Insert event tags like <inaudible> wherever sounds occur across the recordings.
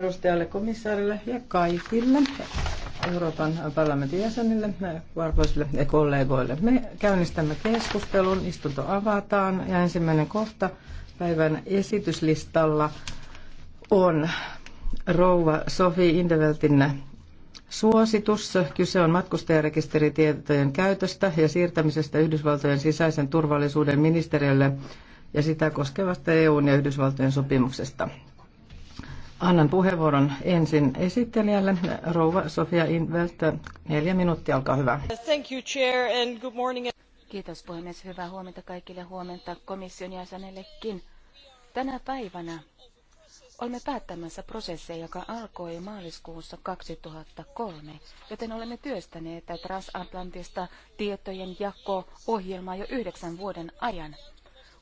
edustajalle, komissaarille ja kaikille Euroopan parlamentin jäsenille, arvoisille ja kollegoille. Me käynnistämme keskustelun, istunto avataan ja ensimmäinen kohta päivän esityslistalla on rouva Sofi Indeveltin suositus. Kyse on matkustajarekisteritietojen käytöstä ja siirtämisestä Yhdysvaltojen sisäisen turvallisuuden ministeriölle ja sitä koskevasta EUn ja Yhdysvaltojen sopimuksesta. Annan puheenvuoron ensin esittelijälle, rouva Sofia Invelt. Neljä minuuttia, olkaa hyvä. Thank you, chair, and good morning. Kiitos puhemies. Hyvää huomenta kaikille huomenta komission jäsenellekin. Tänä päivänä olemme päättämässä prosessia, joka alkoi maaliskuussa 2003, joten olemme työstäneet transatlanttista tietojen jako-ohjelmaa jo yhdeksän vuoden ajan.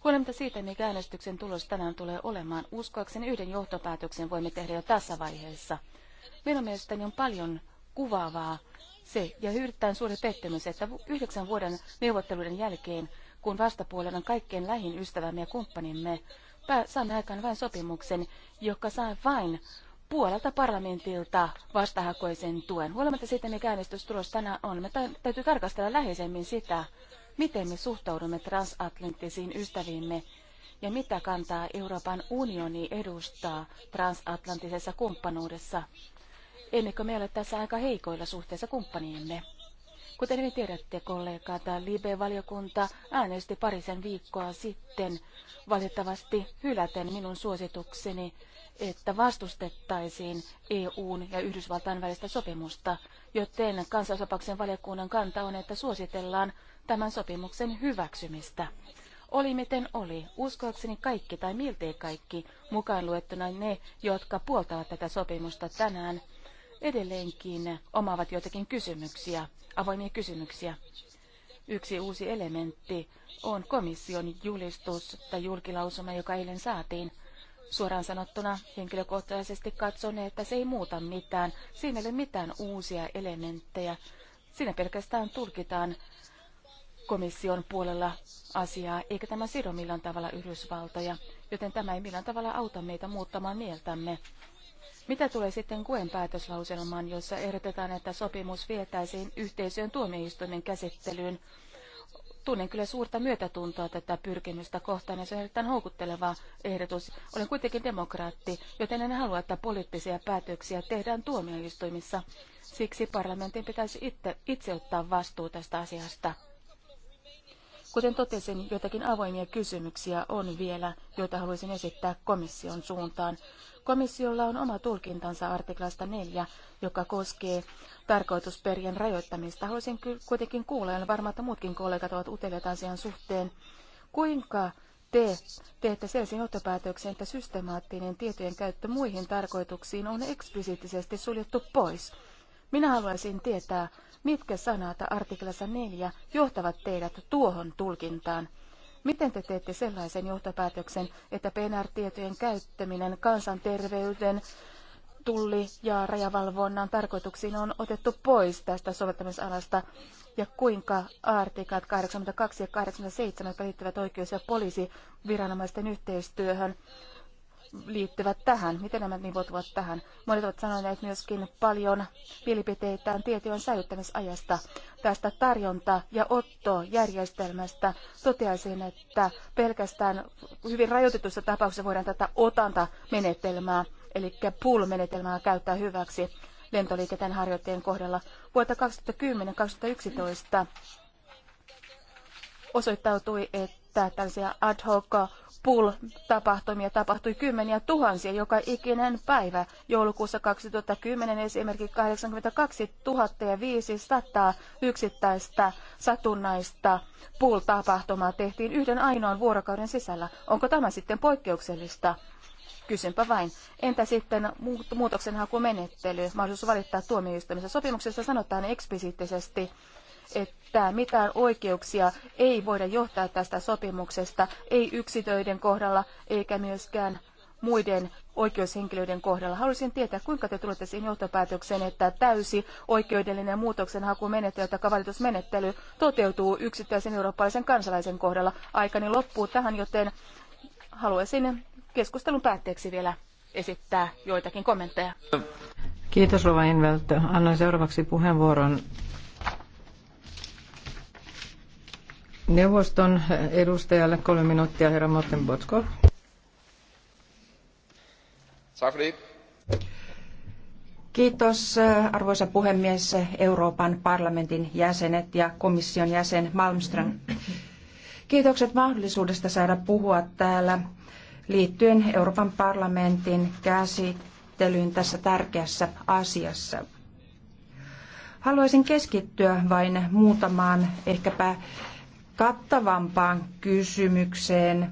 Huolimatta siitä, mikä äänestyksen tulos tänään tulee olemaan, uskoakseni yhden johtopäätöksen voimme tehdä jo tässä vaiheessa. Minun mielestäni on paljon kuvaavaa se ja yrittäen suuri pettymys, että yhdeksän vuoden neuvotteluiden jälkeen, kun vastapuolella on kaikkein lähin ystävämme ja kumppanimme, saamme aikaan vain sopimuksen, joka saa vain puolelta parlamentilta vastahakoisen tuen. Huolimatta siitä, mikä äänestystulos tänään on, me täytyy tarkastella läheisemmin sitä, miten me suhtaudumme transatlanttisiin ystäviimme ja mitä kantaa Euroopan unioni edustaa transatlanttisessa kumppanuudessa. Emmekö me ole tässä aika heikoilla suhteessa kumppaniimme? Kuten me tiedätte, kollegat, Libe-valiokunta äänesti parisen viikkoa sitten valitettavasti hyläten minun suositukseni, että vastustettaisiin EUn ja Yhdysvaltain välistä sopimusta, joten kansansopauksen valiokunnan kanta on, että suositellaan tämän sopimuksen hyväksymistä. Oli miten oli, uskoakseni kaikki tai miltei kaikki, mukaan luettuna ne, jotka puoltavat tätä sopimusta tänään, edelleenkin omaavat joitakin kysymyksiä, avoimia kysymyksiä. Yksi uusi elementti on komission julistus tai julkilausuma, joka eilen saatiin. Suoraan sanottuna henkilökohtaisesti katson, että se ei muuta mitään. Siinä ei ole mitään uusia elementtejä. Siinä pelkästään tulkitaan komission puolella asiaa, eikä tämä sido millään tavalla Yhdysvaltoja, joten tämä ei millään tavalla auta meitä muuttamaan mieltämme. Mitä tulee sitten kuen päätöslauselmaan, jossa ehdotetaan, että sopimus vietäisiin yhteisön tuomioistuimen käsittelyyn? Tunnen kyllä suurta myötätuntoa tätä pyrkimystä kohtaan, ja se on erittäin houkutteleva ehdotus. Olen kuitenkin demokraatti, joten en halua, että poliittisia päätöksiä tehdään tuomioistuimissa. Siksi parlamentin pitäisi itse, itse ottaa vastuu tästä asiasta. Kuten totesin, joitakin avoimia kysymyksiä on vielä, joita haluaisin esittää komission suuntaan. Komissiolla on oma tulkintansa artiklasta 4, joka koskee tarkoitusperien rajoittamista. Haluaisin kuitenkin kuulla, ja varmaan, että muutkin kollegat ovat uteliaita asian suhteen, kuinka te teette sellaisen johtopäätöksen, että systemaattinen tietojen käyttö muihin tarkoituksiin on eksplisiittisesti suljettu pois – minä haluaisin tietää, mitkä sanat artiklassa 4 johtavat teidät tuohon tulkintaan. Miten te teette sellaisen johtopäätöksen, että PNR-tietojen käyttäminen kansanterveyden, tulli- ja rajavalvonnan tarkoituksiin on otettu pois tästä soveltamisalasta, ja kuinka artikat 82 ja 87, liittyvät oikeus- ja poliisiviranomaisten yhteistyöhön, liittyvät tähän, miten nämä nivoutuvat tähän. Monet ovat sanoneet myöskin paljon mielipiteitään tietojen säilyttämisajasta tästä tarjonta- ja ottojärjestelmästä. Toteaisin, että pelkästään hyvin rajoitetussa tapauksessa voidaan tätä otantamenetelmää, eli pool-menetelmää käyttää hyväksi lentoliikenteen harjoittajien kohdalla. Vuotta 2010-2011 osoittautui, että tällaisia ad hoc pull tapahtumia tapahtui kymmeniä tuhansia joka ikinen päivä. Joulukuussa 2010 esimerkiksi 82 500 yksittäistä satunnaista pull tapahtumaa tehtiin yhden ainoan vuorokauden sisällä. Onko tämä sitten poikkeuksellista? Kysynpä vain. Entä sitten muutoksenhakumenettely, mahdollisuus valittaa tuomioistuimessa? Sopimuksessa sanotaan eksplisiittisesti, että mitään oikeuksia ei voida johtaa tästä sopimuksesta, ei yksitöiden kohdalla eikä myöskään muiden oikeushenkilöiden kohdalla. Haluaisin tietää, kuinka te tulette siihen johtopäätökseen, että täysi oikeudellinen muutoksenhakumenettely tai valitusmenettely toteutuu yksittäisen eurooppalaisen kansalaisen kohdalla. Aikani loppuu tähän, joten haluaisin keskustelun päätteeksi vielä esittää joitakin kommentteja. Kiitos Rova Invelt. Annan seuraavaksi puheenvuoron Neuvoston edustajalle kolme minuuttia, herra Morten Botskov. Kiitos arvoisa puhemies Euroopan parlamentin jäsenet ja komission jäsen Malmström. Kiitokset mahdollisuudesta saada puhua täällä liittyen Euroopan parlamentin käsittelyyn tässä tärkeässä asiassa. Haluaisin keskittyä vain muutamaan ehkäpä kattavampaan kysymykseen,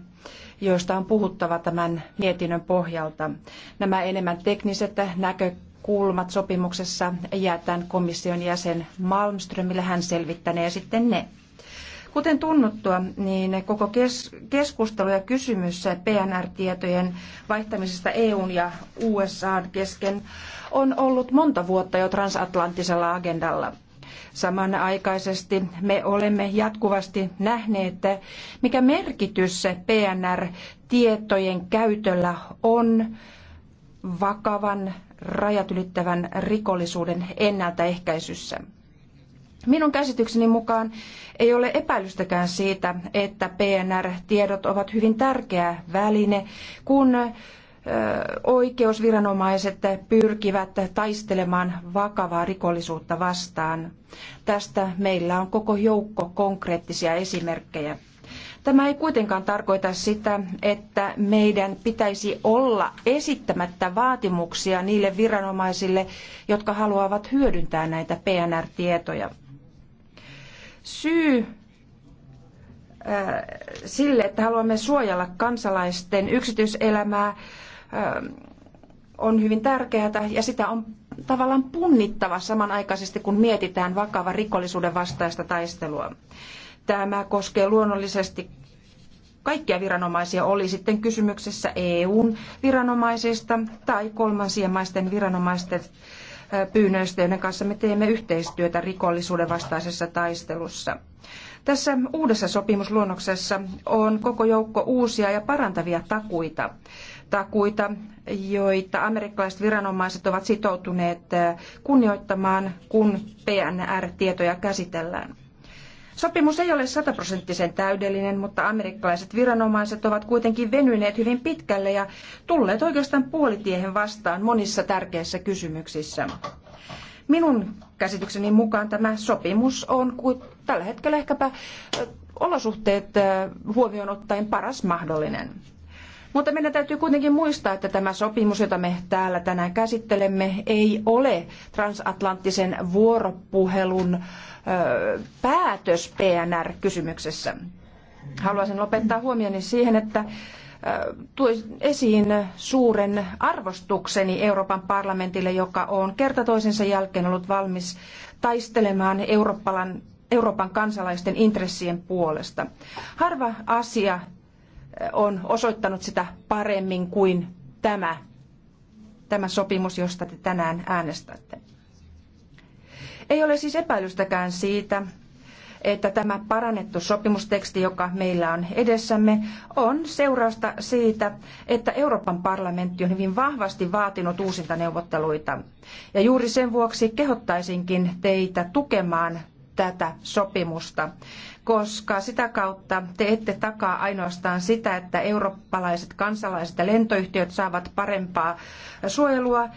joista on puhuttava tämän mietinnön pohjalta. Nämä enemmän tekniset näkökulmat sopimuksessa jätän komission jäsen Malmströmille. Hän selvittänee sitten ne. Kuten tunnuttua, niin koko kes- keskustelu ja kysymys PNR-tietojen vaihtamisesta EUn ja USAn kesken on ollut monta vuotta jo transatlanttisella agendalla. Samanaikaisesti me olemme jatkuvasti nähneet, mikä merkitys PNR-tietojen käytöllä on vakavan rajat ylittävän rikollisuuden ennaltaehkäisyssä. Minun käsitykseni mukaan ei ole epäilystäkään siitä, että PNR-tiedot ovat hyvin tärkeä väline, kun oikeusviranomaiset pyrkivät taistelemaan vakavaa rikollisuutta vastaan. Tästä meillä on koko joukko konkreettisia esimerkkejä. Tämä ei kuitenkaan tarkoita sitä, että meidän pitäisi olla esittämättä vaatimuksia niille viranomaisille, jotka haluavat hyödyntää näitä PNR-tietoja. Syy sille, että haluamme suojella kansalaisten yksityiselämää, Ähm, on hyvin tärkeää ja sitä on tavallaan punnittava samanaikaisesti, kun mietitään vakava rikollisuuden vastaista taistelua. Tämä koskee luonnollisesti kaikkia viranomaisia, oli sitten kysymyksessä EUn viranomaisista tai kolmansien maisten viranomaisten pyynnöistä, joiden kanssa me teemme yhteistyötä rikollisuuden vastaisessa taistelussa. Tässä uudessa sopimusluonnoksessa on koko joukko uusia ja parantavia takuita takuita, joita amerikkalaiset viranomaiset ovat sitoutuneet eh, kunnioittamaan, kun PNR-tietoja käsitellään. Sopimus ei ole sataprosenttisen täydellinen, mutta amerikkalaiset viranomaiset ovat kuitenkin venyneet hyvin pitkälle ja tulleet oikeastaan puolitiehen vastaan monissa tärkeissä kysymyksissä. Minun käsitykseni mukaan tämä sopimus on tällä hetkellä ehkäpä eh, olosuhteet eh, huomioon ottaen paras mahdollinen. Mutta meidän täytyy kuitenkin muistaa, että tämä sopimus, jota me täällä tänään käsittelemme, ei ole transatlanttisen vuoropuhelun päätös PNR-kysymyksessä. Haluaisin lopettaa huomioni siihen, että tuin esiin suuren arvostukseni Euroopan parlamentille, joka on kerta toisensa jälkeen ollut valmis taistelemaan Euroopan, Euroopan kansalaisten intressien puolesta. Harva asia on osoittanut sitä paremmin kuin tämä, tämä sopimus, josta te tänään äänestätte. Ei ole siis epäilystäkään siitä, että tämä parannettu sopimusteksti, joka meillä on edessämme, on seurausta siitä, että Euroopan parlamentti on hyvin vahvasti vaatinut uusinta neuvotteluita. Ja juuri sen vuoksi kehottaisinkin teitä tukemaan tätä sopimusta koska sitä kautta te ette takaa ainoastaan sitä, että eurooppalaiset kansalaiset ja lentoyhtiöt saavat parempaa suojelua, äh,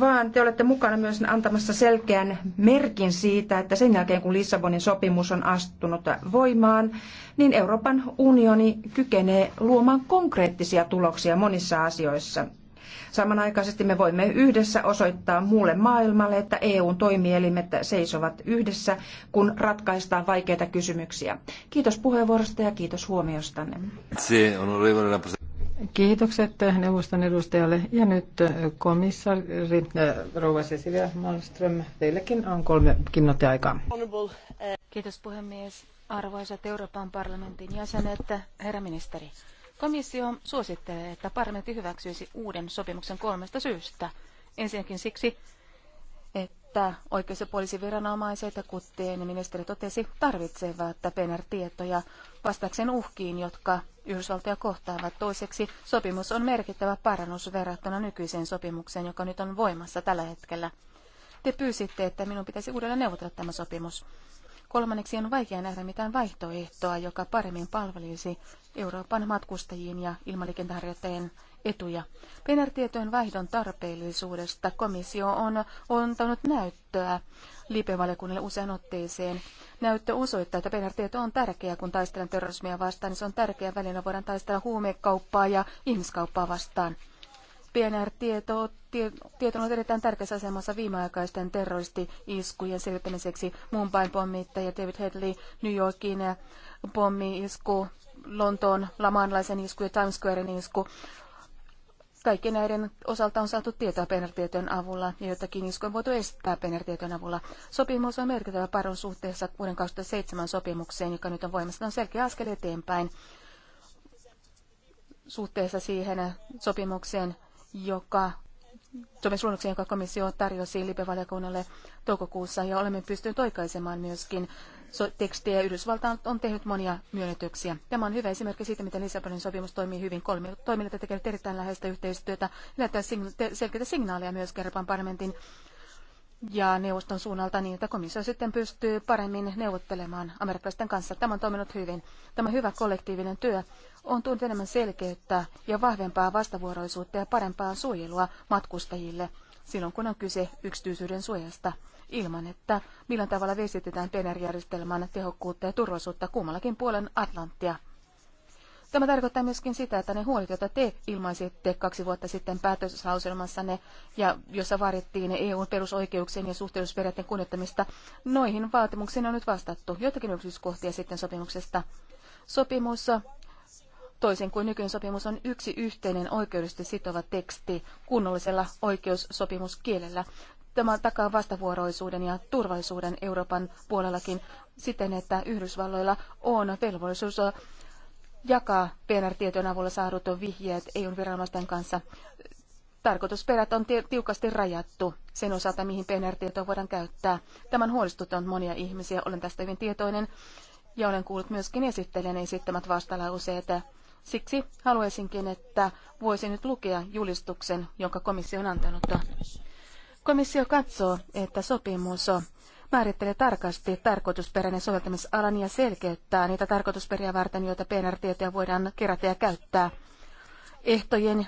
vaan te olette mukana myös antamassa selkeän merkin siitä, että sen jälkeen kun Lissabonin sopimus on astunut voimaan, niin Euroopan unioni kykenee luomaan konkreettisia tuloksia monissa asioissa. Samanaikaisesti me voimme yhdessä osoittaa muulle maailmalle, että EUn toimielimet seisovat yhdessä, kun ratkaistaan vaikeita kysymyksiä. Kiitos puheenvuorosta ja kiitos huomiostanne. Kiitokset neuvoston edustajalle. Ja nyt äh, komissaari äh, rouva Cecilia Malmström, teillekin on kolme minuuttia aikaa. Kiitos puhemies. Arvoisat Euroopan parlamentin jäsenet, herra ministeri. Komissio suosittelee, että parlamentti hyväksyisi uuden sopimuksen kolmesta syystä. Ensinnäkin siksi, että oikeus- ja poliisiviranomaiset, kuten ministeri totesi, tarvitsevat PNR-tietoja vastaakseen uhkiin, jotka Yhdysvaltoja kohtaavat. Toiseksi sopimus on merkittävä parannus verrattuna nykyiseen sopimukseen, joka nyt on voimassa tällä hetkellä. Te pyysitte, että minun pitäisi uudelleen neuvotella tämä sopimus. Kolmanneksi on vaikea nähdä mitään vaihtoehtoa, joka paremmin palvelisi Euroopan matkustajien ja ilmaliikenteharjoittajien etuja. PNR-tietojen vaihdon tarpeellisuudesta komissio on antanut näyttöä liipevaliokunnalle usein otteeseen. Näyttö osoittaa, että PNR-tieto on tärkeä, kun taistellaan terrorismia vastaan, niin se on tärkeä väline, voidaan taistella huumekauppaa ja ihmiskauppaa vastaan. PNR-tieto on erittäin tärkeässä asemassa viimeaikaisten terroristi-iskujen selvittämiseksi. Mumbain pommittaja David Headley, New Yorkin eh, pommi-isku, Lontoon lamaanlaisen isku ja Times Squaren isku. Kaikki näiden osalta on saatu tietoa PNR-tietojen avulla ja jotakin iskuja on voitu estää PNR-tietojen avulla. Sopimus on merkittävä paron suhteessa vuoden 2007 sopimukseen, joka nyt on voimassa. Tämä on selkeä askel eteenpäin suhteessa siihen sopimukseen, joka sopimusluonnoksen, joka komissio tarjosi Libe-valiokunnalle toukokuussa, ja olemme pystyneet oikaisemaan myöskin tekstiä. Yhdysvalta on tehnyt monia myönnytyksiä. Tämä on hyvä esimerkki siitä, miten Lissabonin sopimus toimii hyvin. Kolme toiminnat tekevät erittäin läheistä yhteistyötä, Näyttää selkeitä signaaleja myös Euroopan parlamentin ja neuvoston suunnalta niin, että komissio sitten pystyy paremmin neuvottelemaan amerikkalaisten kanssa. Tämä on toiminut hyvin. Tämä hyvä kollektiivinen työ on tuonut enemmän selkeyttä ja vahvempaa vastavuoroisuutta ja parempaa suojelua matkustajille silloin, kun on kyse yksityisyyden suojasta ilman, että millä tavalla viestitetään PNR-järjestelmän tehokkuutta ja turvallisuutta kummallakin puolen Atlanttia. Tämä tarkoittaa myöskin sitä, että ne huolet, joita te ilmaisitte kaksi vuotta sitten päätöslauselmassanne ja jossa vaadittiin EUn perusoikeuksien ja suhteellisuusperiaatteen kunnioittamista, noihin vaatimuksiin on nyt vastattu. Jotakin yksityiskohtia sitten sopimuksesta. Sopimus Toisin kuin nykyinen sopimus on yksi yhteinen oikeudellisesti sitova teksti kunnollisella oikeussopimuskielellä. Tämä takaa vastavuoroisuuden ja turvallisuuden Euroopan puolellakin siten, että Yhdysvalloilla on velvollisuus jakaa PNR-tietojen avulla saadut vihjeet EU-viranomaisten kanssa. Tarkoitusperät on tiukasti rajattu sen osalta, mihin PNR-tietoa voidaan käyttää. Tämän huolestuttanut monia ihmisiä, olen tästä hyvin tietoinen ja olen kuullut myöskin esittelijän esittämät vastalauseet. Siksi haluaisinkin, että voisin nyt lukea julistuksen, jonka komissio on antanut. Komissio katsoo, että sopimus määrittelee tarkasti tarkoitusperäinen soveltamisalan ja selkeyttää niitä tarkoitusperiä varten, joita PNR-tietoja voidaan kerätä ja käyttää. Ehtojen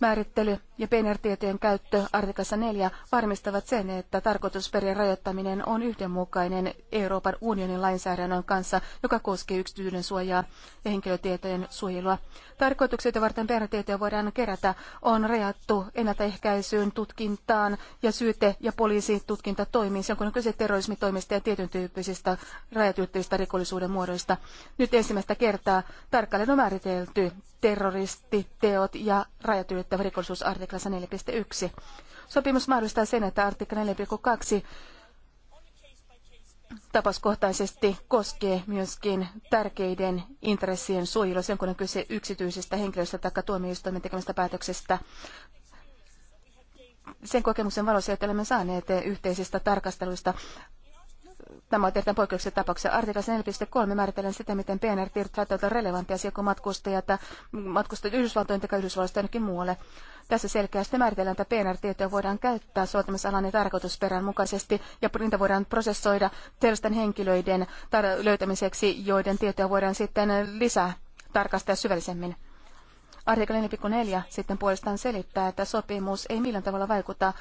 määrittely ja PNR-tietojen käyttö artikassa 4 varmistavat sen, että tarkoitusperien rajoittaminen on yhdenmukainen Euroopan unionin lainsäädännön kanssa, joka koskee yksityisyyden suojaa ja henkilötietojen suojelua. Tarkoitukset, joita varten PNR-tietoja voidaan kerätä, on rajattu ennaltaehkäisyyn, tutkintaan ja syyte- ja poliisitutkintatoimiin, silloin kun on kyse terrorismitoimista ja tietyn tyyppisistä rajatyyppistä rikollisuuden muodoista. Nyt ensimmäistä kertaa tarkalleen on määritelty terroristiteot ja rajat ylittävä rikollisuus artiklassa 4.1. Sopimus mahdollistaa sen, että artikla 4.2 tapauskohtaisesti koskee myöskin tärkeiden intressien suojelua, sen kun on kyse yksityisestä henkilöstä tai tuomioistuimen tekemästä päätöksestä. Sen kokemuksen valossa, että olemme saaneet yhteisistä tarkasteluista Tämä on erittäin poikkeuksellinen tapauksessa. Artiklassa 4.3 määritellään sitä, miten PNR tiedot ovat relevantti asia, kun matkustajat, matkustajat Yhdysvaltojen tai Yhdysvalloista jonnekin muualle. Tässä selkeästi määritellään, että PNR-tietoja voidaan käyttää soveltamisalan ja tarkoitusperän mukaisesti, ja niitä voidaan prosessoida sellaisten henkilöiden löytämiseksi, joiden tietoja voidaan sitten lisää tarkastaa syvällisemmin. Artikla 4.4 sitten puolestaan selittää, että sopimus ei millään tavalla vaikuta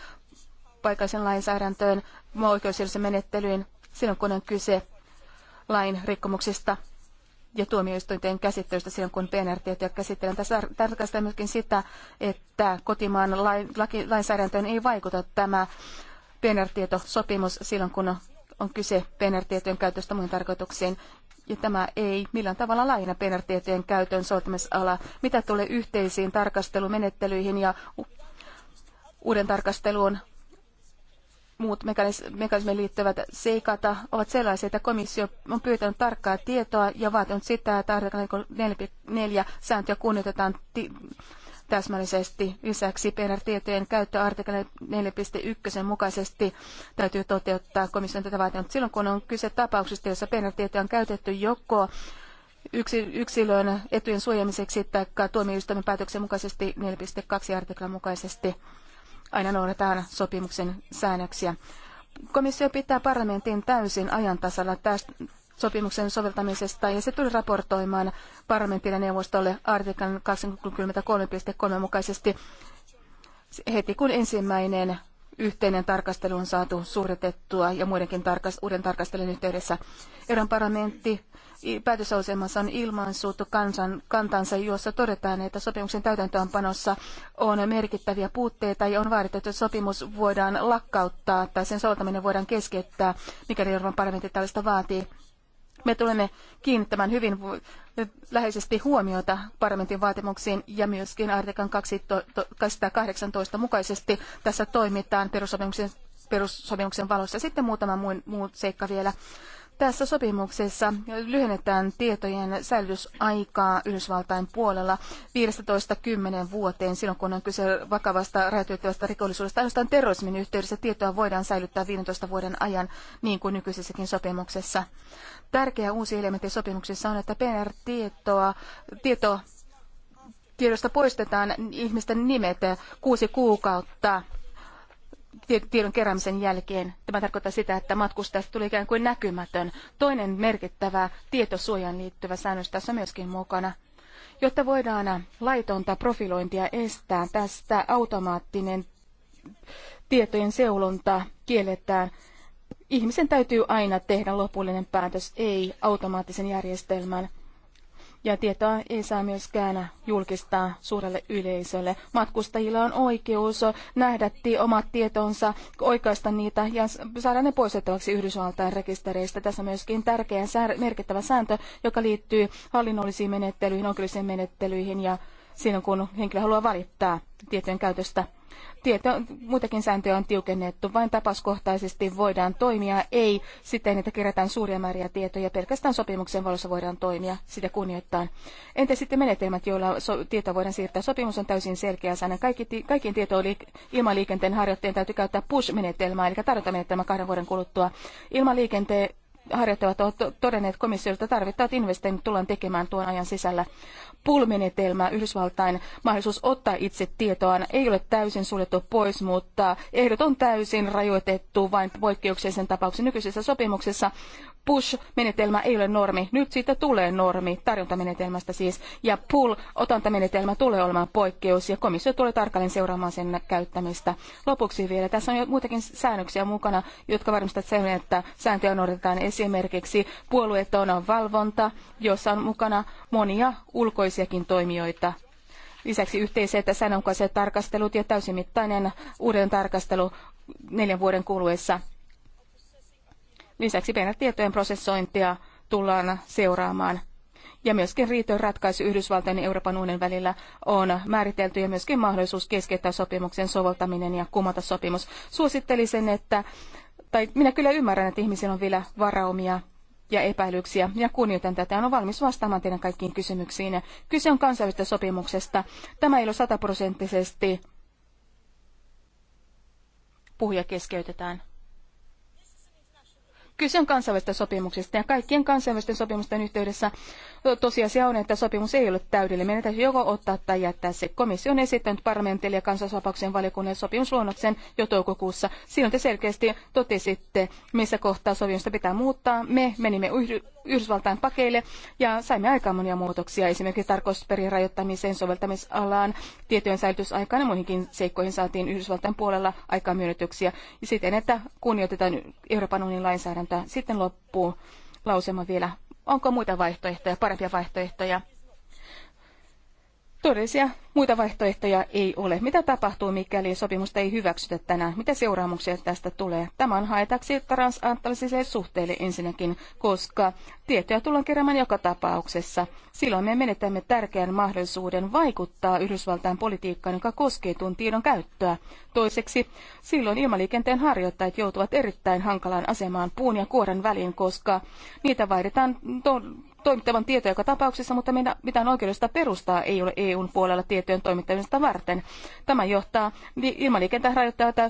paikallisen lainsäädäntöön, oikeusjärjestelmän menettelyyn silloin, kun on kyse lain rikkomuksista ja tuomioistuinten käsittelystä silloin, kun PNR-tietoja käsitellään. Tässä tarkastetaan myöskin sitä, että kotimaan lain, laki, lainsäädäntöön ei vaikuta tämä PNR-tietosopimus silloin, kun on kyse PNR-tietojen käytöstä muihin tarkoituksiin. Ja tämä ei millään tavalla laajena PNR-tietojen käytön soittamisala. Mitä tulee yhteisiin tarkastelumenettelyihin ja uuden tarkasteluun, muut mekanismiin liittyvät seikat ovat sellaisia, että komissio on pyytänyt tarkkaa tietoa ja vaatinut sitä, että artikla 4 sääntöjä kunnioitetaan täsmällisesti. Lisäksi PNR-tietojen käyttö artikla 4.1 mukaisesti täytyy toteuttaa komission tätä vaatinut silloin, kun on kyse tapauksista, jossa PNR-tietoja on käytetty joko yksilön etujen suojamiseksi tai tuomioistuimen päätöksen mukaisesti 4.2 artiklan mukaisesti aina noudatetaan sopimuksen säännöksiä. Komissio pitää parlamentin täysin ajantasalla tästä sopimuksen soveltamisesta ja se tuli raportoimaan parlamentille neuvostolle artiklan 23.3 mukaisesti heti kun ensimmäinen yhteinen tarkastelu on saatu suoritettua ja muidenkin tarkast- uuden tarkastelun yhteydessä. Euroopan parlamentti päätösasemassa on ilmansuttu kansan, kantansa, jossa todetaan, että sopimuksen täytäntöönpanossa on merkittäviä puutteita ja on vaadittu, että sopimus voidaan lakkauttaa tai sen soveltaminen voidaan keskeyttää, mikäli Euroopan parlamentti tällaista vaatii. Me tulemme kiinnittämään hyvin läheisesti huomiota parlamentin vaatimuksiin ja myöskin artikan 218 mukaisesti tässä toimitaan perussopimuksen, perussopimuksen valossa. Sitten muutama muu seikka vielä. Tässä sopimuksessa lyhennetään tietojen säilytysaikaa Yhdysvaltain puolella 15-10 vuoteen silloin, kun on kyse vakavasta rajoittavasta rikollisuudesta. Ainoastaan terrorismin yhteydessä tietoa voidaan säilyttää 15 vuoden ajan, niin kuin nykyisessäkin sopimuksessa. Tärkeä uusi elementti sopimuksessa on, että PNR-tietoa tieto, tiedosta poistetaan ihmisten nimet kuusi kuukautta tiedon keräämisen jälkeen. Tämä tarkoittaa sitä, että matkustajasta tuli ikään kuin näkymätön. Toinen merkittävä tietosuojaan liittyvä säännös tässä on myöskin mukana. Jotta voidaan laitonta profilointia estää, tästä automaattinen tietojen seulonta kielletään. Ihmisen täytyy aina tehdä lopullinen päätös, ei automaattisen järjestelmän ja tietoa ei saa myöskään julkistaa suurelle yleisölle. Matkustajilla on oikeus nähdä omat tietonsa, oikaista niitä ja saada ne poistettavaksi Yhdysvaltain rekistereistä. Tässä on myöskin tärkeä merkittävä sääntö, joka liittyy hallinnollisiin menettelyihin, oikeudellisiin menettelyihin ja silloin kun henkilö haluaa valittaa tietojen käytöstä. Tieto, muitakin sääntöjä on tiukennettu. Vain tapauskohtaisesti voidaan toimia, ei siten, että kerätään suuria määriä tietoja. Pelkästään sopimuksen valossa voidaan toimia, sitä kunnioittaa. Entä sitten menetelmät, joilla so- tietoa voidaan siirtää? Sopimus on täysin selkeä sana. Kaikki, kaikkien tietoa liik- ilmaliikenteen harjoitteen täytyy käyttää push-menetelmää, eli tarjontamenetelmää kahden vuoden kuluttua. Ilmaliikenteen harjoittavat ovat todenneet komissiolta tarvittavat investoinnit tullaan tekemään tuon ajan sisällä. Pulmenetelmä Yhdysvaltain mahdollisuus ottaa itse tietoaan ei ole täysin suljettu pois, mutta ehdot on täysin rajoitettu vain poikkeuksellisen tapauksen nykyisessä sopimuksessa. Push-menetelmä ei ole normi. Nyt siitä tulee normi, tarjontamenetelmästä siis. Ja pull-otantamenetelmä tulee olemaan poikkeus ja komissio tulee tarkalleen seuraamaan sen käyttämistä. Lopuksi vielä, tässä on jo muitakin säännöksiä mukana, jotka varmistavat sen, että sääntöjä noudatetaan esimerkiksi esimerkiksi puolueeton valvonta, jossa on mukana monia ulkoisiakin toimijoita. Lisäksi yhteiset säännönmukaiset tarkastelut ja täysimittainen uuden tarkastelu neljän vuoden kuluessa. Lisäksi meidän tietojen prosessointia tullaan seuraamaan. Ja myöskin riitojen ratkaisu Yhdysvaltain ja Euroopan unionin välillä on määritelty ja myöskin mahdollisuus keskeyttää sopimuksen soveltaminen ja kumota sopimus. Suosittelisin, että tai minä kyllä ymmärrän, että ihmisillä on vielä varaumia ja epäilyksiä ja kunnioitan tätä. on valmis vastaamaan teidän kaikkiin kysymyksiin. Kyse on kansainvälisestä sopimuksesta. Tämä ei ole sataprosenttisesti puhuja keskeytetään. Kyse on kansainvälistä sopimuksista ja kaikkien kansainvälisten sopimusten yhteydessä tosiasia on, että sopimus ei ole täydellinen. Meidän täytyy joko ottaa tai jättää se. Komissio on esittänyt parlamentille ja kansallisvapauksen valiokunnalle sopimusluonnoksen jo toukokuussa. Silloin te selkeästi totesitte, missä kohtaa sopimusta pitää muuttaa. Me menimme Yhdysvaltain pakeille ja saimme aikaan monia muutoksia, esimerkiksi tarkoitusperien rajoittamiseen, soveltamisalaan, tietojen säilytysaikaan ja muihinkin seikkoihin saatiin Yhdysvaltain puolella aikaan myönnytyksiä siten, että kunnioitetaan Euroopan unionin lainsäädäntöä ääntä. Sitten loppuu lausema vielä. Onko muita vaihtoehtoja, parempia vaihtoehtoja? Todellisia muita vaihtoehtoja ei ole. Mitä tapahtuu, mikäli sopimusta ei hyväksytä tänään? Mitä seuraamuksia tästä tulee? Tämän haetaksi transatlanttisille suhteille ensinnäkin, koska tietoja tullaan keräämään joka tapauksessa. Silloin me menetämme tärkeän mahdollisuuden vaikuttaa Yhdysvaltain politiikkaan, joka koskee tuon tiedon käyttöä. Toiseksi, silloin ilmaliikenteen harjoittajat joutuvat erittäin hankalaan asemaan puun ja kuoren väliin, koska niitä vaihdetaan toimittavan tietoja joka tapauksessa, mutta mitään oikeudellista perustaa ei ole EUn puolella tietojen toimittamista varten. Tämä johtaa ilmaliikenteen rajoittajalta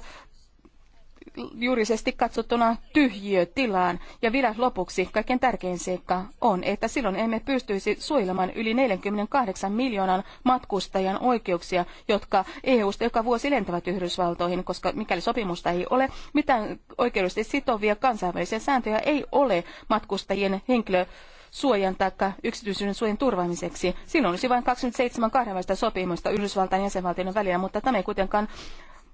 juurisesti katsottuna tyhjiötilaan. Ja vielä lopuksi kaikkein tärkein seikka on, että silloin emme pystyisi suojelemaan yli 48 miljoonan matkustajan oikeuksia, jotka EU-sta joka vuosi lentävät Yhdysvaltoihin, koska mikäli sopimusta ei ole, mitään oikeudellisesti sitovia kansainvälisiä sääntöjä ei ole matkustajien henkilö suojan tai yksityisyyden suojan turvaamiseksi. Siinä olisi vain 27 kahdenvälistä sopimusta Yhdysvaltain jäsenvaltioiden välillä, mutta tämä ei kuitenkaan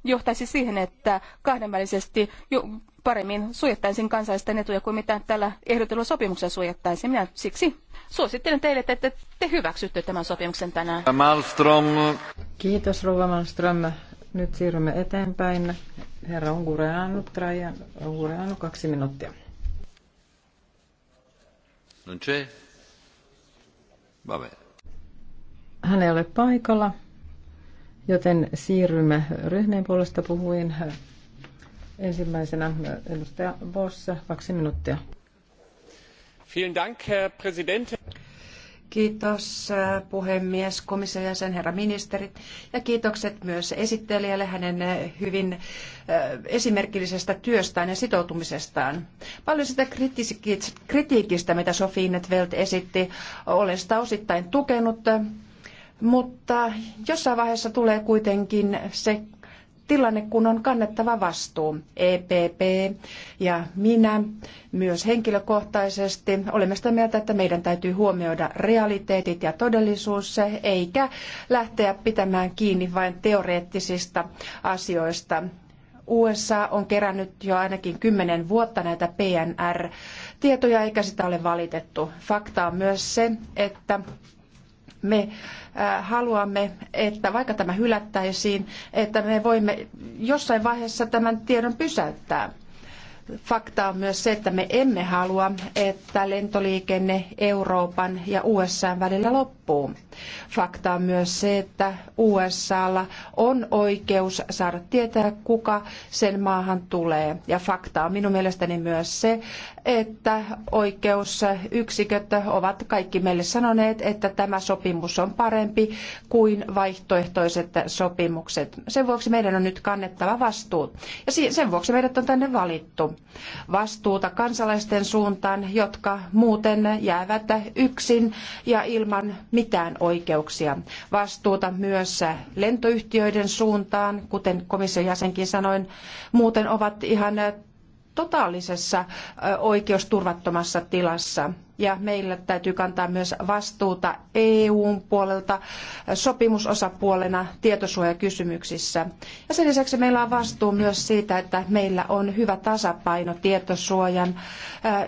johtaisi siihen, että kahdenvälisesti jo paremmin suojattaisiin kansallisten etuja kuin mitä tällä ehdotetulla sopimuksella suojattaisiin. Minä siksi suosittelen teille, että te hyväksytte tämän sopimuksen tänään. Malmström. Kiitos Rova Malmström. Nyt siirrymme eteenpäin. Herra Ungureanu, Traian Ungureanu, kaksi minuuttia. Hän ei ole paikalla, joten siirrymme ryhmien puolesta puhuin. Ensimmäisenä edustaja Vossa, kaksi minuuttia. Vielen Dank, Herr Präsident. Kiitos äh, puhemies, komission jäsen, herra ministeri ja kiitokset myös esittelijälle hänen äh, hyvin äh, esimerkillisestä työstään ja sitoutumisestaan. Paljon sitä kritiikistä, mitä Sofie Netvelt esitti, olen sitä osittain tukenut, mutta jossain vaiheessa tulee kuitenkin se tilanne, kun on kannettava vastuu. EPP ja minä myös henkilökohtaisesti olemme sitä mieltä, että meidän täytyy huomioida realiteetit ja todellisuus, eikä lähteä pitämään kiinni vain teoreettisista asioista. USA on kerännyt jo ainakin kymmenen vuotta näitä PNR-tietoja, eikä sitä ole valitettu. Fakta on myös se, että me äh, haluamme, että vaikka tämä hylättäisiin, että me voimme jossain vaiheessa tämän tiedon pysäyttää fakta on myös se, että me emme halua, että lentoliikenne Euroopan ja USA välillä loppuu. Fakta on myös se, että USAlla on oikeus saada tietää, kuka sen maahan tulee. Ja fakta on minun mielestäni myös se, että oikeusyksiköt ovat kaikki meille sanoneet, että tämä sopimus on parempi kuin vaihtoehtoiset sopimukset. Sen vuoksi meidän on nyt kannettava vastuu. Ja sen vuoksi meidät on tänne valittu vastuuta kansalaisten suuntaan, jotka muuten jäävät yksin ja ilman mitään oikeuksia. Vastuuta myös lentoyhtiöiden suuntaan, kuten komission jäsenkin sanoin, muuten ovat ihan totaalisessa oikeusturvattomassa tilassa. Ja meillä täytyy kantaa myös vastuuta EUn puolelta sopimusosapuolena tietosuojakysymyksissä. Ja sen lisäksi meillä on vastuu myös siitä, että meillä on hyvä tasapaino tietosuojan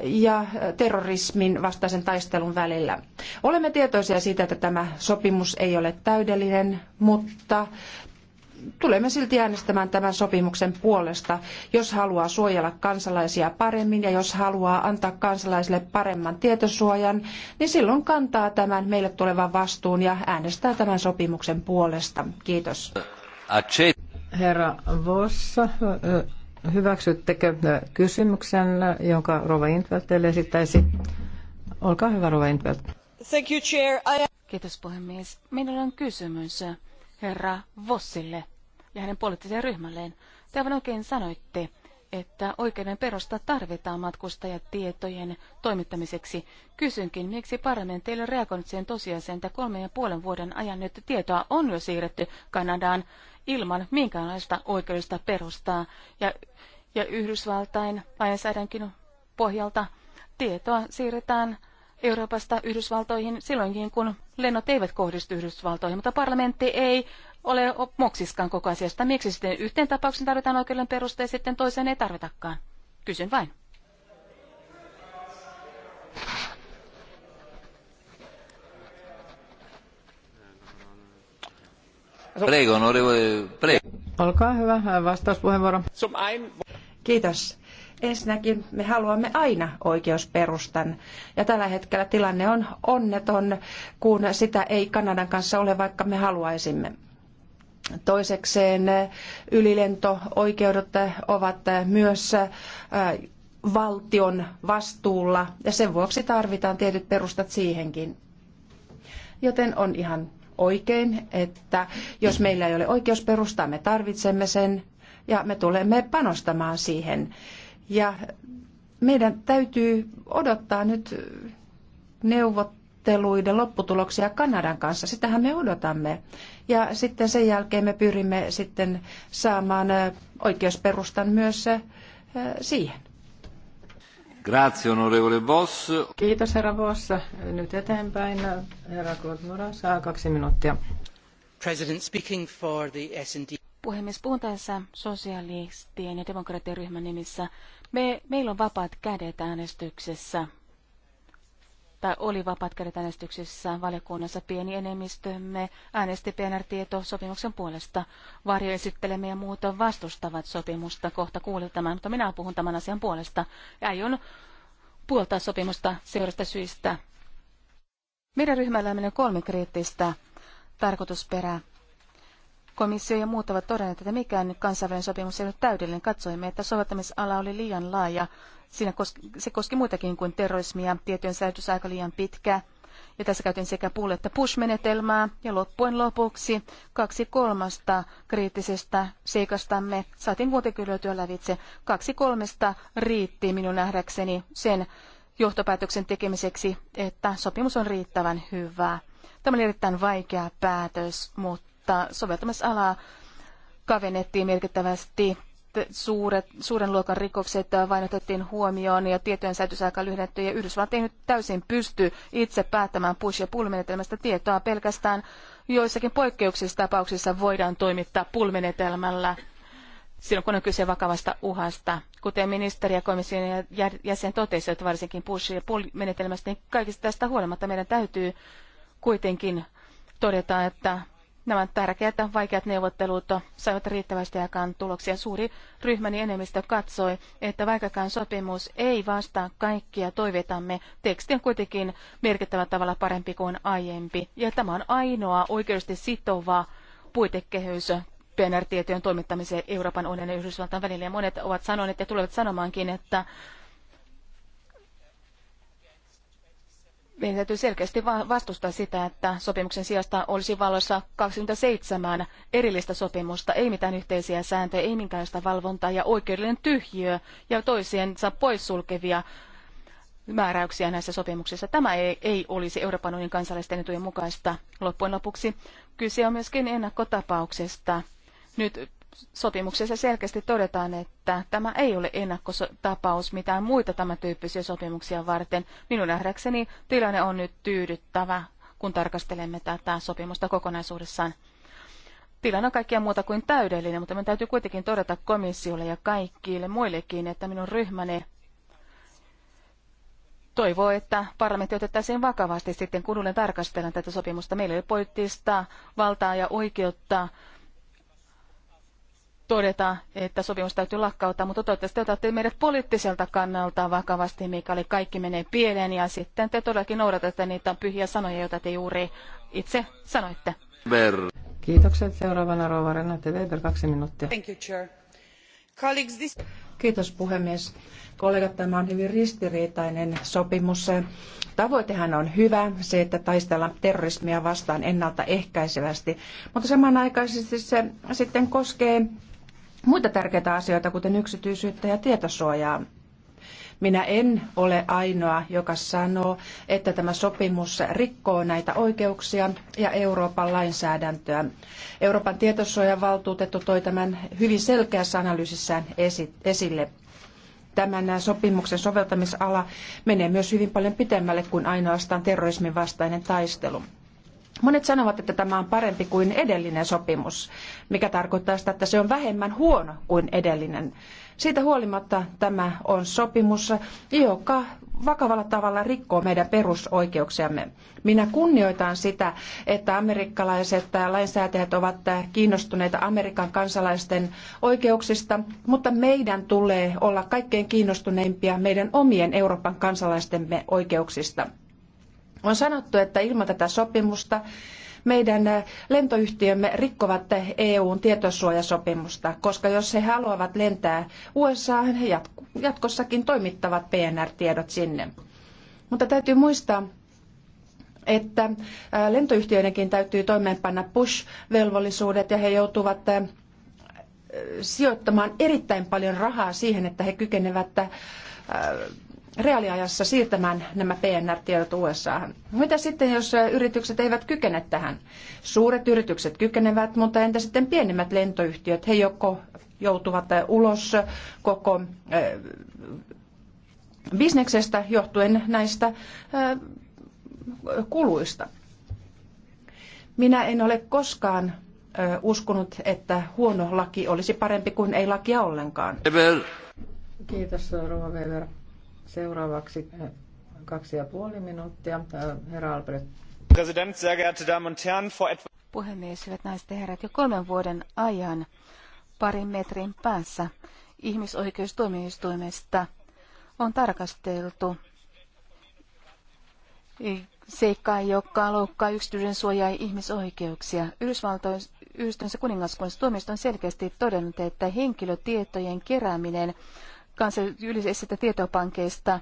ja terrorismin vastaisen taistelun välillä. Olemme tietoisia siitä, että tämä sopimus ei ole täydellinen, mutta tulemme silti äänestämään tämän sopimuksen puolesta, jos haluaa suojella kansalaisia paremmin ja jos haluaa antaa kansalaisille paremman tietosuojan, niin silloin kantaa tämän meille tulevan vastuun ja äänestää tämän sopimuksen puolesta. Kiitos. Herra Vossa, hyväksyttekö kysymyksen, jonka Rova Intveld teille esittäisi? Olkaa hyvä, Rova Intveld. Thank you, chair. I... Kiitos puhemies. Minulla on kysymys herra Vossille ja hänen poliittiseen ryhmälleen. Te aivan oikein sanoitte, että oikeuden perusta tarvitaan matkustajatietojen toimittamiseksi. Kysynkin, miksi parlamentti ei ole reagoinut siihen tosiasiaan, että kolmen ja puolen vuoden ajan nyt tietoa on jo siirretty Kanadaan ilman minkäänlaista oikeudellista perustaa. Ja, ja Yhdysvaltain lainsäädännön pohjalta tietoa siirretään Euroopasta Yhdysvaltoihin silloinkin, kun lennot eivät kohdistu Yhdysvaltoihin, mutta parlamentti ei ole moksiskaan koko asiasta. Miksi sitten yhteen tapauksen tarvitaan oikeuden peruste ja sitten toiseen ei tarvitakaan? Kysyn vain. Prego, prego. Olkaa hyvä, vastauspuheenvuoro. Kiitos. Ensinnäkin me haluamme aina oikeusperustan ja tällä hetkellä tilanne on onneton, kun sitä ei Kanadan kanssa ole, vaikka me haluaisimme. Toisekseen eh, ylilento-oikeudet eh, ovat eh, myös valtion vastuulla ja sen vuoksi tarvitaan tietyt perustat siihenkin. Joten on ihan oikein, että jos meillä ei ole oikeusperustaa, me tarvitsemme sen ja me tulemme panostamaan siihen. Ja meidän täytyy odottaa nyt neuvotteluiden lopputuloksia Kanadan kanssa. Sitähän me odotamme. Ja sitten sen jälkeen me pyrimme sitten saamaan oikeusperustan myös siihen. Grazie, onorevole Voss. Kiitos, herra Voss. Nyt eteenpäin herra Kultmura saa kaksi minuuttia. President speaking for the S&D. Puhemies, puhun tässä sosialistien ja demokratiaryhmän nimissä. Me, meillä on vapaat kädet äänestyksessä tai oli vapaat kädet äänestyksessä valiokunnassa pieni enemmistömme äänesti PNR-tieto sopimuksen puolesta. esittelemme ja muut vastustavat sopimusta. Kohta kuulee tämän, mutta minä puhun tämän asian puolesta. Ja aion puoltaa sopimusta seurasta syistä. Meidän ryhmällä on kolme kriittistä tarkoitusperää. Komissio ja muut ovat todenneet, että mikään kansainvälinen sopimus ei ole täydellinen. Katsoimme, että soveltamisala oli liian laaja. Siinä koski, se koski muitakin kuin terrorismia, tietojen säilytysaika liian pitkä. Ja tässä käytiin sekä pull- että push-menetelmää. Ja loppujen lopuksi kaksi kolmasta kriittisestä seikastamme saatiin kuitenkin löytyä lävitse. Kaksi kolmesta riitti minun nähdäkseni sen johtopäätöksen tekemiseksi, että sopimus on riittävän hyvä. Tämä oli erittäin vaikea päätös, mutta mutta soveltamisalaa kavennettiin merkittävästi suuret, suuren luokan rikokset vain otettiin huomioon ja tietojen säilytysaika lyhennetty ja Yhdysvallat ei nyt täysin pysty itse päättämään push- ja pull-menetelmästä tietoa. Pelkästään joissakin poikkeuksissa tapauksissa voidaan toimittaa pull-menetelmällä silloin, kun on kyse vakavasta uhasta. Kuten ministeri ja komission jäsen totesivat varsinkin push- ja pull-menetelmästä, niin kaikista tästä huolimatta meidän täytyy kuitenkin todeta, että Nämä tärkeät vaikeat neuvottelut saivat riittävästi aikaan tuloksia. Suuri ryhmäni enemmistö katsoi, että vaikkakaan sopimus ei vastaa kaikkia toiveitamme, teksti on kuitenkin merkittävällä tavalla parempi kuin aiempi. Ja tämä on ainoa oikeudellisesti sitova puitekehys PNR-tietojen toimittamiseen Euroopan unionin ja Yhdysvaltain välillä. Ja monet ovat sanoneet ja tulevat sanomaankin, että meidän täytyy selkeästi vastustaa sitä, että sopimuksen sijasta olisi valossa 27 erillistä sopimusta, ei mitään yhteisiä sääntöjä, ei minkäänlaista valvontaa ja oikeudellinen tyhjiö ja toisiensa poissulkevia määräyksiä näissä sopimuksissa. Tämä ei, ei olisi Euroopan unionin kansallisten etujen mukaista. Loppujen lopuksi kyse on myöskin ennakkotapauksesta. Nyt sopimuksessa selkeästi todetaan, että tämä ei ole ennakkotapaus mitään muita tämän tyyppisiä sopimuksia varten. Minun nähdäkseni tilanne on nyt tyydyttävä, kun tarkastelemme tätä sopimusta kokonaisuudessaan. Tilanne on kaikkea muuta kuin täydellinen, mutta minun täytyy kuitenkin todeta komissiolle ja kaikille muillekin, että minun ryhmäni toivoo, että parlamentti otettaisiin vakavasti sitten, kun tarkastella tätä sopimusta. Meillä ei poliittista valtaa ja oikeutta todeta, että sopimus täytyy lakkauttaa, mutta toivottavasti otatte meidät poliittiselta kannalta vakavasti, mikäli kaikki menee pieleen ja sitten te todellakin noudatatte niitä pyhiä sanoja, joita te juuri itse sanoitte. Ver. Kiitokset. Seuraavana rouva Renate Weber, kaksi minuuttia. Thank you, chair. Colleagues, this... Kiitos puhemies. Kollegat, tämä on hyvin ristiriitainen sopimus. Tavoitehan on hyvä, se, että taistellaan terrorismia vastaan ennaltaehkäisevästi, mutta samanaikaisesti se sitten koskee muita tärkeitä asioita, kuten yksityisyyttä ja tietosuojaa. Minä en ole ainoa, joka sanoo, että tämä sopimus rikkoo näitä oikeuksia ja Euroopan lainsäädäntöä. Euroopan valtuutettu toi tämän hyvin selkeässä analyysissään esille. Tämän sopimuksen soveltamisala menee myös hyvin paljon pitemmälle kuin ainoastaan terrorismin vastainen taistelu. Monet sanovat, että tämä on parempi kuin edellinen sopimus, mikä tarkoittaa sitä, että se on vähemmän huono kuin edellinen. Siitä huolimatta tämä on sopimus, joka vakavalla tavalla rikkoo meidän perusoikeuksiamme. Minä kunnioitan sitä, että amerikkalaiset lainsäätäjät ovat kiinnostuneita Amerikan kansalaisten oikeuksista, mutta meidän tulee olla kaikkein kiinnostuneimpia meidän omien Euroopan kansalaistemme oikeuksista. On sanottu, että ilman tätä sopimusta meidän lentoyhtiömme rikkovat EUn tietosuojasopimusta, koska jos he haluavat lentää USAhan, he jatkossakin toimittavat PNR-tiedot sinne. Mutta täytyy muistaa, että lentoyhtiöidenkin täytyy toimeenpanna push-velvollisuudet ja he joutuvat sijoittamaan erittäin paljon rahaa siihen, että he kykenevät reaaliajassa siirtämään nämä PNR-tiedot USAhan. Mitä sitten, jos yritykset eivät kykene tähän? Suuret yritykset kykenevät, mutta entä sitten pienemmät lentoyhtiöt? He joko joutuvat ulos koko bisneksestä johtuen näistä kuluista. Minä en ole koskaan uskonut, että huono laki olisi parempi kuin ei lakia ollenkaan. Kiitos, Rova Weber. Seuraavaksi äh, kaksi ja puoli minuuttia. Äh, herra Albrecht. President, sehr geehrte Damen und Herren, vor etwa... Puhemies, hyvät naiset ja herrat, jo kolmen vuoden ajan parin metrin päässä ihmisoikeustuomioistuimesta on tarkasteltu seikkaa, joka loukkaa yksityisen suojaa ja ihmisoikeuksia. Yhdysvaltoissa kuningaskunnassa tuomioistuin on selkeästi todennut, että henkilötietojen kerääminen kansallisista tietopankeista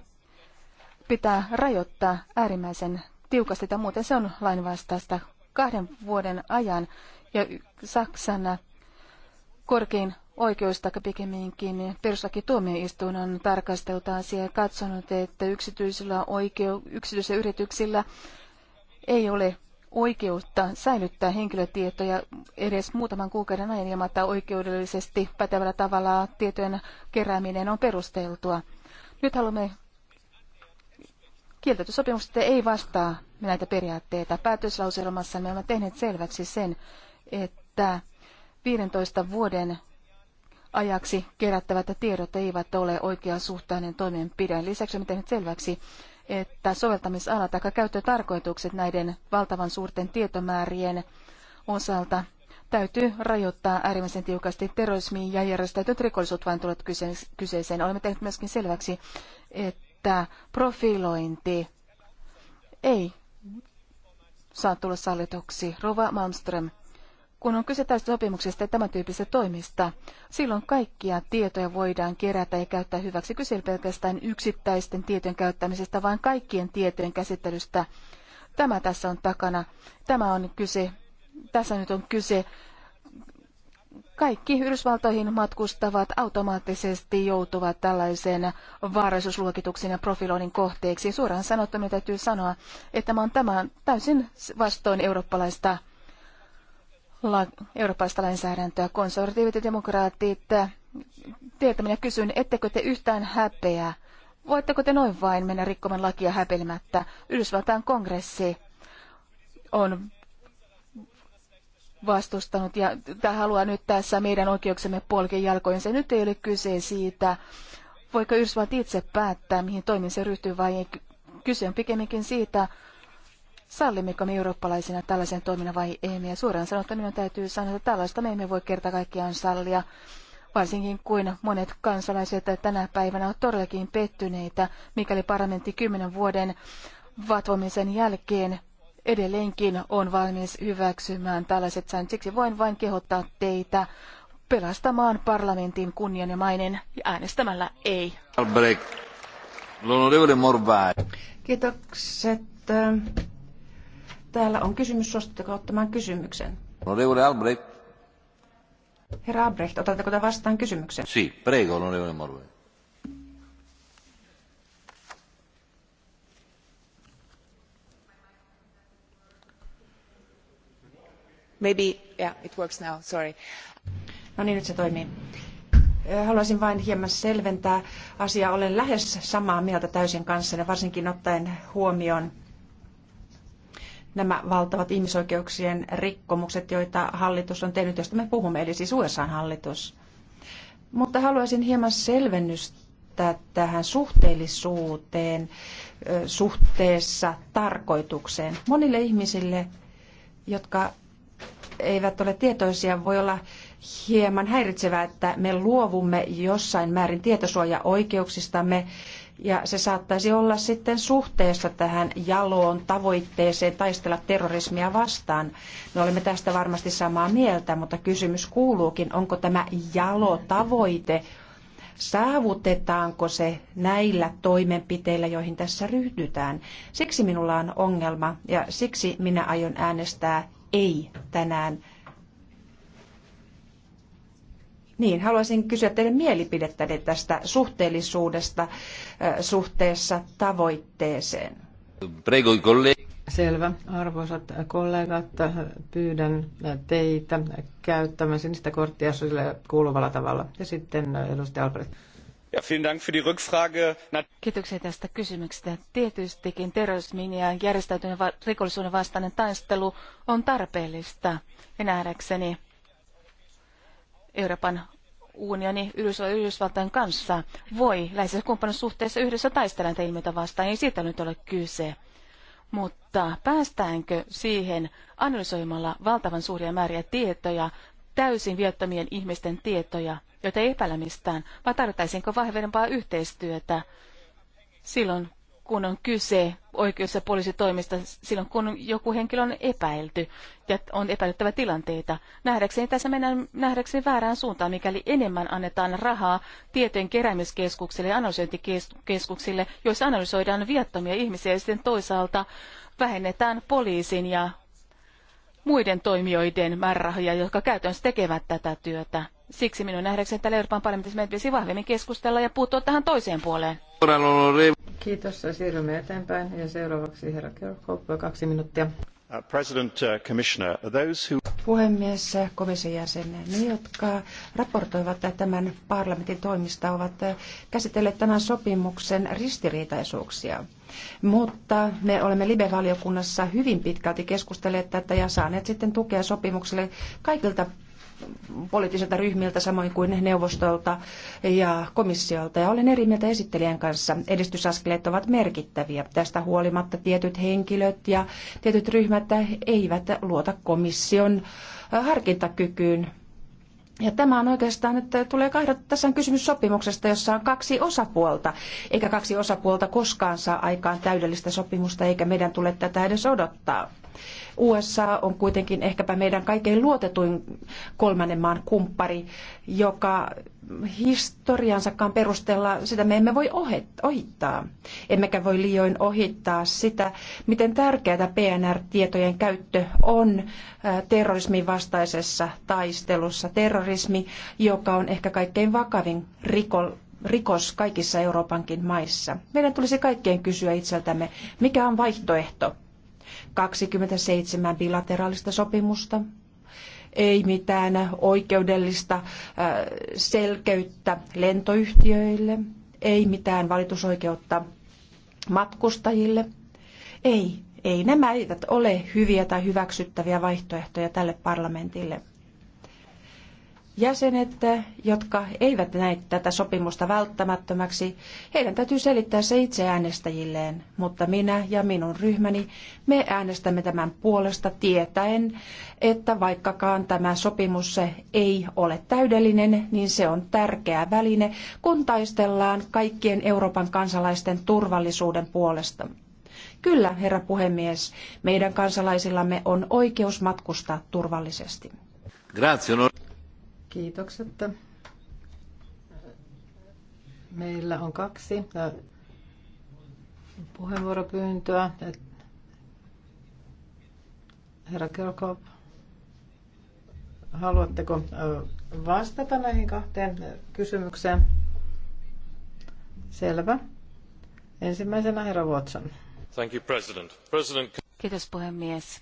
pitää rajoittaa äärimmäisen tiukasti, tai muuten se on lainvastaista kahden vuoden ajan. Ja Saksan korkein oikeus, tai pikemminkin perustuslakituomioistuin on tarkasteltu asiaa ja katsonut, että yksityisillä oikeu- yksityisillä yrityksillä ei ole oikeutta säilyttää henkilötietoja edes muutaman kuukauden ajan ilman, että oikeudellisesti pätevällä tavalla tietojen kerääminen on perusteltua. Nyt haluamme Kieltäytysopimukset ei vastaa näitä periaatteita. Päätöslauselmassa me olemme tehneet selväksi sen, että 15 vuoden ajaksi kerättävät tiedot eivät ole oikeasuhtainen toimenpide. Lisäksi olemme tehneet selväksi, että soveltamisala tai käyttötarkoitukset näiden valtavan suurten tietomäärien osalta täytyy rajoittaa äärimmäisen tiukasti terrorismiin ja järjestäytynyt rikollisuutta vain tulevat kyseeseen. Olemme tehneet myöskin selväksi, että profilointi ei saa tulla sallituksi. Rova Malmström kun on kyse tästä sopimuksesta ja tämän tyyppisestä toimista, silloin kaikkia tietoja voidaan kerätä ja käyttää hyväksi. Kyse ei pelkästään yksittäisten tietojen käyttämisestä, vaan kaikkien tietojen käsittelystä. Tämä tässä on takana. Tämä on kyse, tässä nyt on kyse. Kaikki Yhdysvaltoihin matkustavat automaattisesti joutuvat tällaiseen vaarallisuusluokituksen ja profiloinnin kohteeksi. Suoraan sanottuna täytyy sanoa, että tämä on tämän täysin vastoin eurooppalaista la- eurooppalaista lainsäädäntöä, konservatiivit ja demokraatit, eh, teiltä minä kysyn, ettekö te yhtään häpeää? Voitteko te noin vain mennä rikkomaan lakia häpeilemättä? Yhdysvaltain kongressi on vastustanut ja tämä haluaa nyt tässä meidän oikeuksemme polkien Se Nyt ei ole kyse siitä, voiko Yhdysvallat itse päättää, mihin toimin se ryhtyy vai ei. Kyse on pikemminkin siitä, Sallimmeko me eurooppalaisina tällaisen toiminnan vai emme? Ja suoraan sanottuna minun täytyy sanoa, että tällaista me emme voi kerta kaikkiaan sallia. Varsinkin kuin monet kansalaiset tänä päivänä ovat todellakin pettyneitä, mikäli parlamentti kymmenen vuoden vatvomisen jälkeen edelleenkin on valmis hyväksymään tällaiset säännöt. Siksi voin vain kehottaa teitä pelastamaan parlamentin kunnian ja mainen ja äänestämällä ei. Morvai. Kiitokset. Täällä on kysymys, suostutteko ottamaan kysymyksen? Onorevole Albrecht. Herra Albrecht, otatteko te vastaan kysymyksen? Si, prego, onorevole Morvai. Maybe, yeah, it works now, sorry. No niin, nyt se toimii. Haluaisin vain hieman selventää asiaa. Olen lähes samaa mieltä täysin kanssanne, varsinkin ottaen huomioon nämä valtavat ihmisoikeuksien rikkomukset, joita hallitus on tehnyt, josta me puhumme, eli siis USA-hallitus. Mutta haluaisin hieman selvennystä tähän suhteellisuuteen suhteessa tarkoitukseen. Monille ihmisille, jotka eivät ole tietoisia, voi olla hieman häiritsevää, että me luovumme jossain määrin tietosuojaoikeuksistamme ja se saattaisi olla sitten suhteessa tähän jaloon tavoitteeseen taistella terrorismia vastaan. Me olemme tästä varmasti samaa mieltä, mutta kysymys kuuluukin, onko tämä jalo tavoite, saavutetaanko se näillä toimenpiteillä, joihin tässä ryhdytään. Siksi minulla on ongelma ja siksi minä aion äänestää ei tänään niin, haluaisin kysyä teidän mielipidettänne tästä suhteellisuudesta suhteessa tavoitteeseen. Prego, Selvä. Arvoisat kollegat, pyydän teitä käyttämään sinistä korttia sille kuuluvalla tavalla. Ja sitten edustaja Albert. Ja, Dank für die Rückfrage. Kiitoksia tästä kysymyksestä. Tietystikin terrorismin ja järjestäytyneen rikollisuuden vastainen taistelu on tarpeellista. Ja nähdäkseni Euroopan unioni Yhdysvaltain kanssa voi läheisessä kumppanuussuhteessa yhdessä taistella ilmiötä vastaan, ei siitä nyt ole kyse. Mutta päästäänkö siihen analysoimalla valtavan suuria määriä tietoja, täysin viettomien ihmisten tietoja, joita ei epäillä mistään, vai tarvittaisiinko vahvempaa yhteistyötä silloin, kun on kyse oikeus- ja poliisitoimista silloin, kun joku henkilö on epäilty ja on epäilyttävä tilanteita. Nähdäkseni tässä mennään nähdäkseni väärään suuntaan, mikäli enemmän annetaan rahaa tietojen keräämiskeskuksille ja analysointikeskuksille, joissa analysoidaan viattomia ihmisiä ja sitten toisaalta vähennetään poliisin ja muiden toimijoiden määrärahoja, jotka käytännössä tekevät tätä työtä. Siksi minun nähdäkseni että Euroopan parlamentissa meidän pitäisi vahvemmin keskustella ja puuttua tähän toiseen puoleen. Kiitos. Siirrymme eteenpäin. Ja seuraavaksi herra Kirkhope, kaksi minuuttia. Uh, President, uh, Commissioner, those who... Puhemies, uh, komission jäsen, ne jotka raportoivat tämän parlamentin toimista ovat käsitelleet tämän sopimuksen ristiriitaisuuksia. Mutta me olemme libe valiokunnassa hyvin pitkälti keskustelleet tätä ja saaneet sitten tukea sopimukselle kaikilta poliittisilta ryhmiltä, samoin kuin neuvostolta ja komissiolta. Ja olen eri mieltä esittelijän kanssa. Edistysaskeleet ovat merkittäviä. Tästä huolimatta tietyt henkilöt ja tietyt ryhmät eivät luota komission harkintakykyyn. Ja tämä on oikeastaan, että tulee kahdata, tässä on kysymys sopimuksesta, jossa on kaksi osapuolta, eikä kaksi osapuolta koskaan saa aikaan täydellistä sopimusta, eikä meidän tule tätä edes odottaa. USA on kuitenkin ehkäpä meidän kaikkein luotetuin kolmannen maan kumppari, joka historiansakaan perusteella sitä me emme voi ohittaa. Emmekä voi liioin ohittaa sitä, miten tärkeää PNR-tietojen käyttö on äh, terrorismin vastaisessa taistelussa. Terrorismi, joka on ehkä kaikkein vakavin rikos rikos kaikissa Euroopankin maissa. Meidän tulisi kaikkien kysyä itseltämme, mikä on vaihtoehto. 27 bilateraalista sopimusta, ei mitään oikeudellista äh, selkeyttä lentoyhtiöille, ei mitään valitusoikeutta matkustajille. Ei, ei nämä eivät ole hyviä tai hyväksyttäviä vaihtoehtoja tälle parlamentille jäsenet, jotka eivät näe tätä sopimusta välttämättömäksi, heidän täytyy selittää se itse äänestäjilleen, mutta minä ja minun ryhmäni, me äänestämme tämän puolesta tietäen, että vaikkakaan tämä sopimus ei ole täydellinen, niin se on tärkeä väline, kun taistellaan kaikkien Euroopan kansalaisten turvallisuuden puolesta. Kyllä, herra puhemies, meidän kansalaisillamme on oikeus matkustaa turvallisesti. Grazie. Kiitokset. Meillä on kaksi äh, puheenvuoropyyntöä. Herra Kirkhoff, haluatteko äh, vastata näihin kahteen äh, kysymykseen? Selvä. Ensimmäisenä herra Watson. Thank you, President. President... Kiitos puhemies.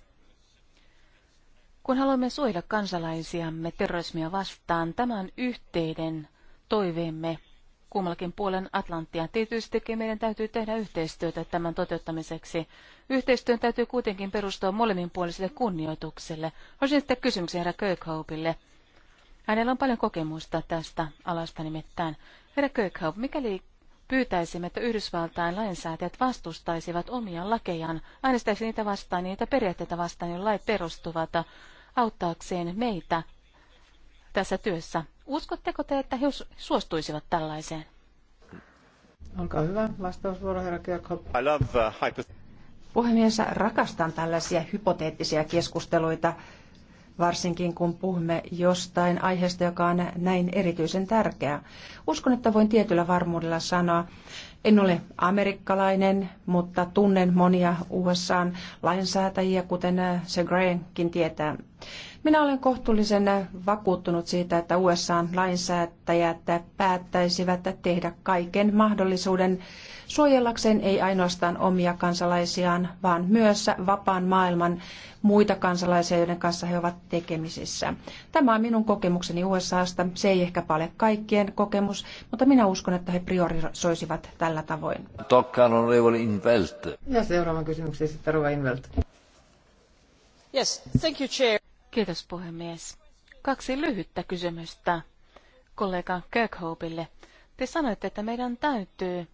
Kun haluamme suojella kansalaisiamme terrorismia vastaan, tämän yhteiden yhteinen toiveemme kummallakin puolen Atlanttia. tietysti meidän täytyy tehdä yhteistyötä tämän toteuttamiseksi. Yhteistyön täytyy kuitenkin perustua molemminpuoliselle kunnioitukselle. Olisin sitten kysymyksiä herra Kirkhopeille. Hänellä on paljon kokemusta tästä alasta nimittäin. Herra Kirkhope, mikäli pyytäisimme, että Yhdysvaltain lainsäätäjät vastustaisivat omia lakejaan, äänestäisi niitä vastaan, niitä periaatteita vastaan, joilla lait perustuvat, auttaakseen meitä tässä työssä. Uskotteko te, että he suostuisivat tällaiseen? Olkaa hyvä. Vastausvuoro, herra Kirkhoff. I love, uh, hypo- Puhemies, rakastan tällaisia hypoteettisia keskusteluita varsinkin kun puhumme jostain aiheesta, joka on näin erityisen tärkeä. Uskon, että voin tietyllä varmuudella sanoa, en ole amerikkalainen, mutta tunnen monia usa lainsäätäjiä, kuten se Grahamkin tietää. Minä olen kohtuullisen vakuuttunut siitä, että USAn lainsäätäjät päättäisivät tehdä kaiken mahdollisuuden suojellakseen ei ainoastaan omia kansalaisiaan, vaan myös vapaan maailman muita kansalaisia, joiden kanssa he ovat tekemisissä. Tämä on minun kokemukseni USAsta. Se ei ehkä ole kaikkien kokemus, mutta minä uskon, että he priorisoisivat tällä tavoin. Tokkaan on Invelt. Ja sitten Invelt. Yes, thank you, chair. Kiitos puhemies. Kaksi lyhyttä kysymystä kollega Kirkhopeille. Te sanoitte, että meidän täytyy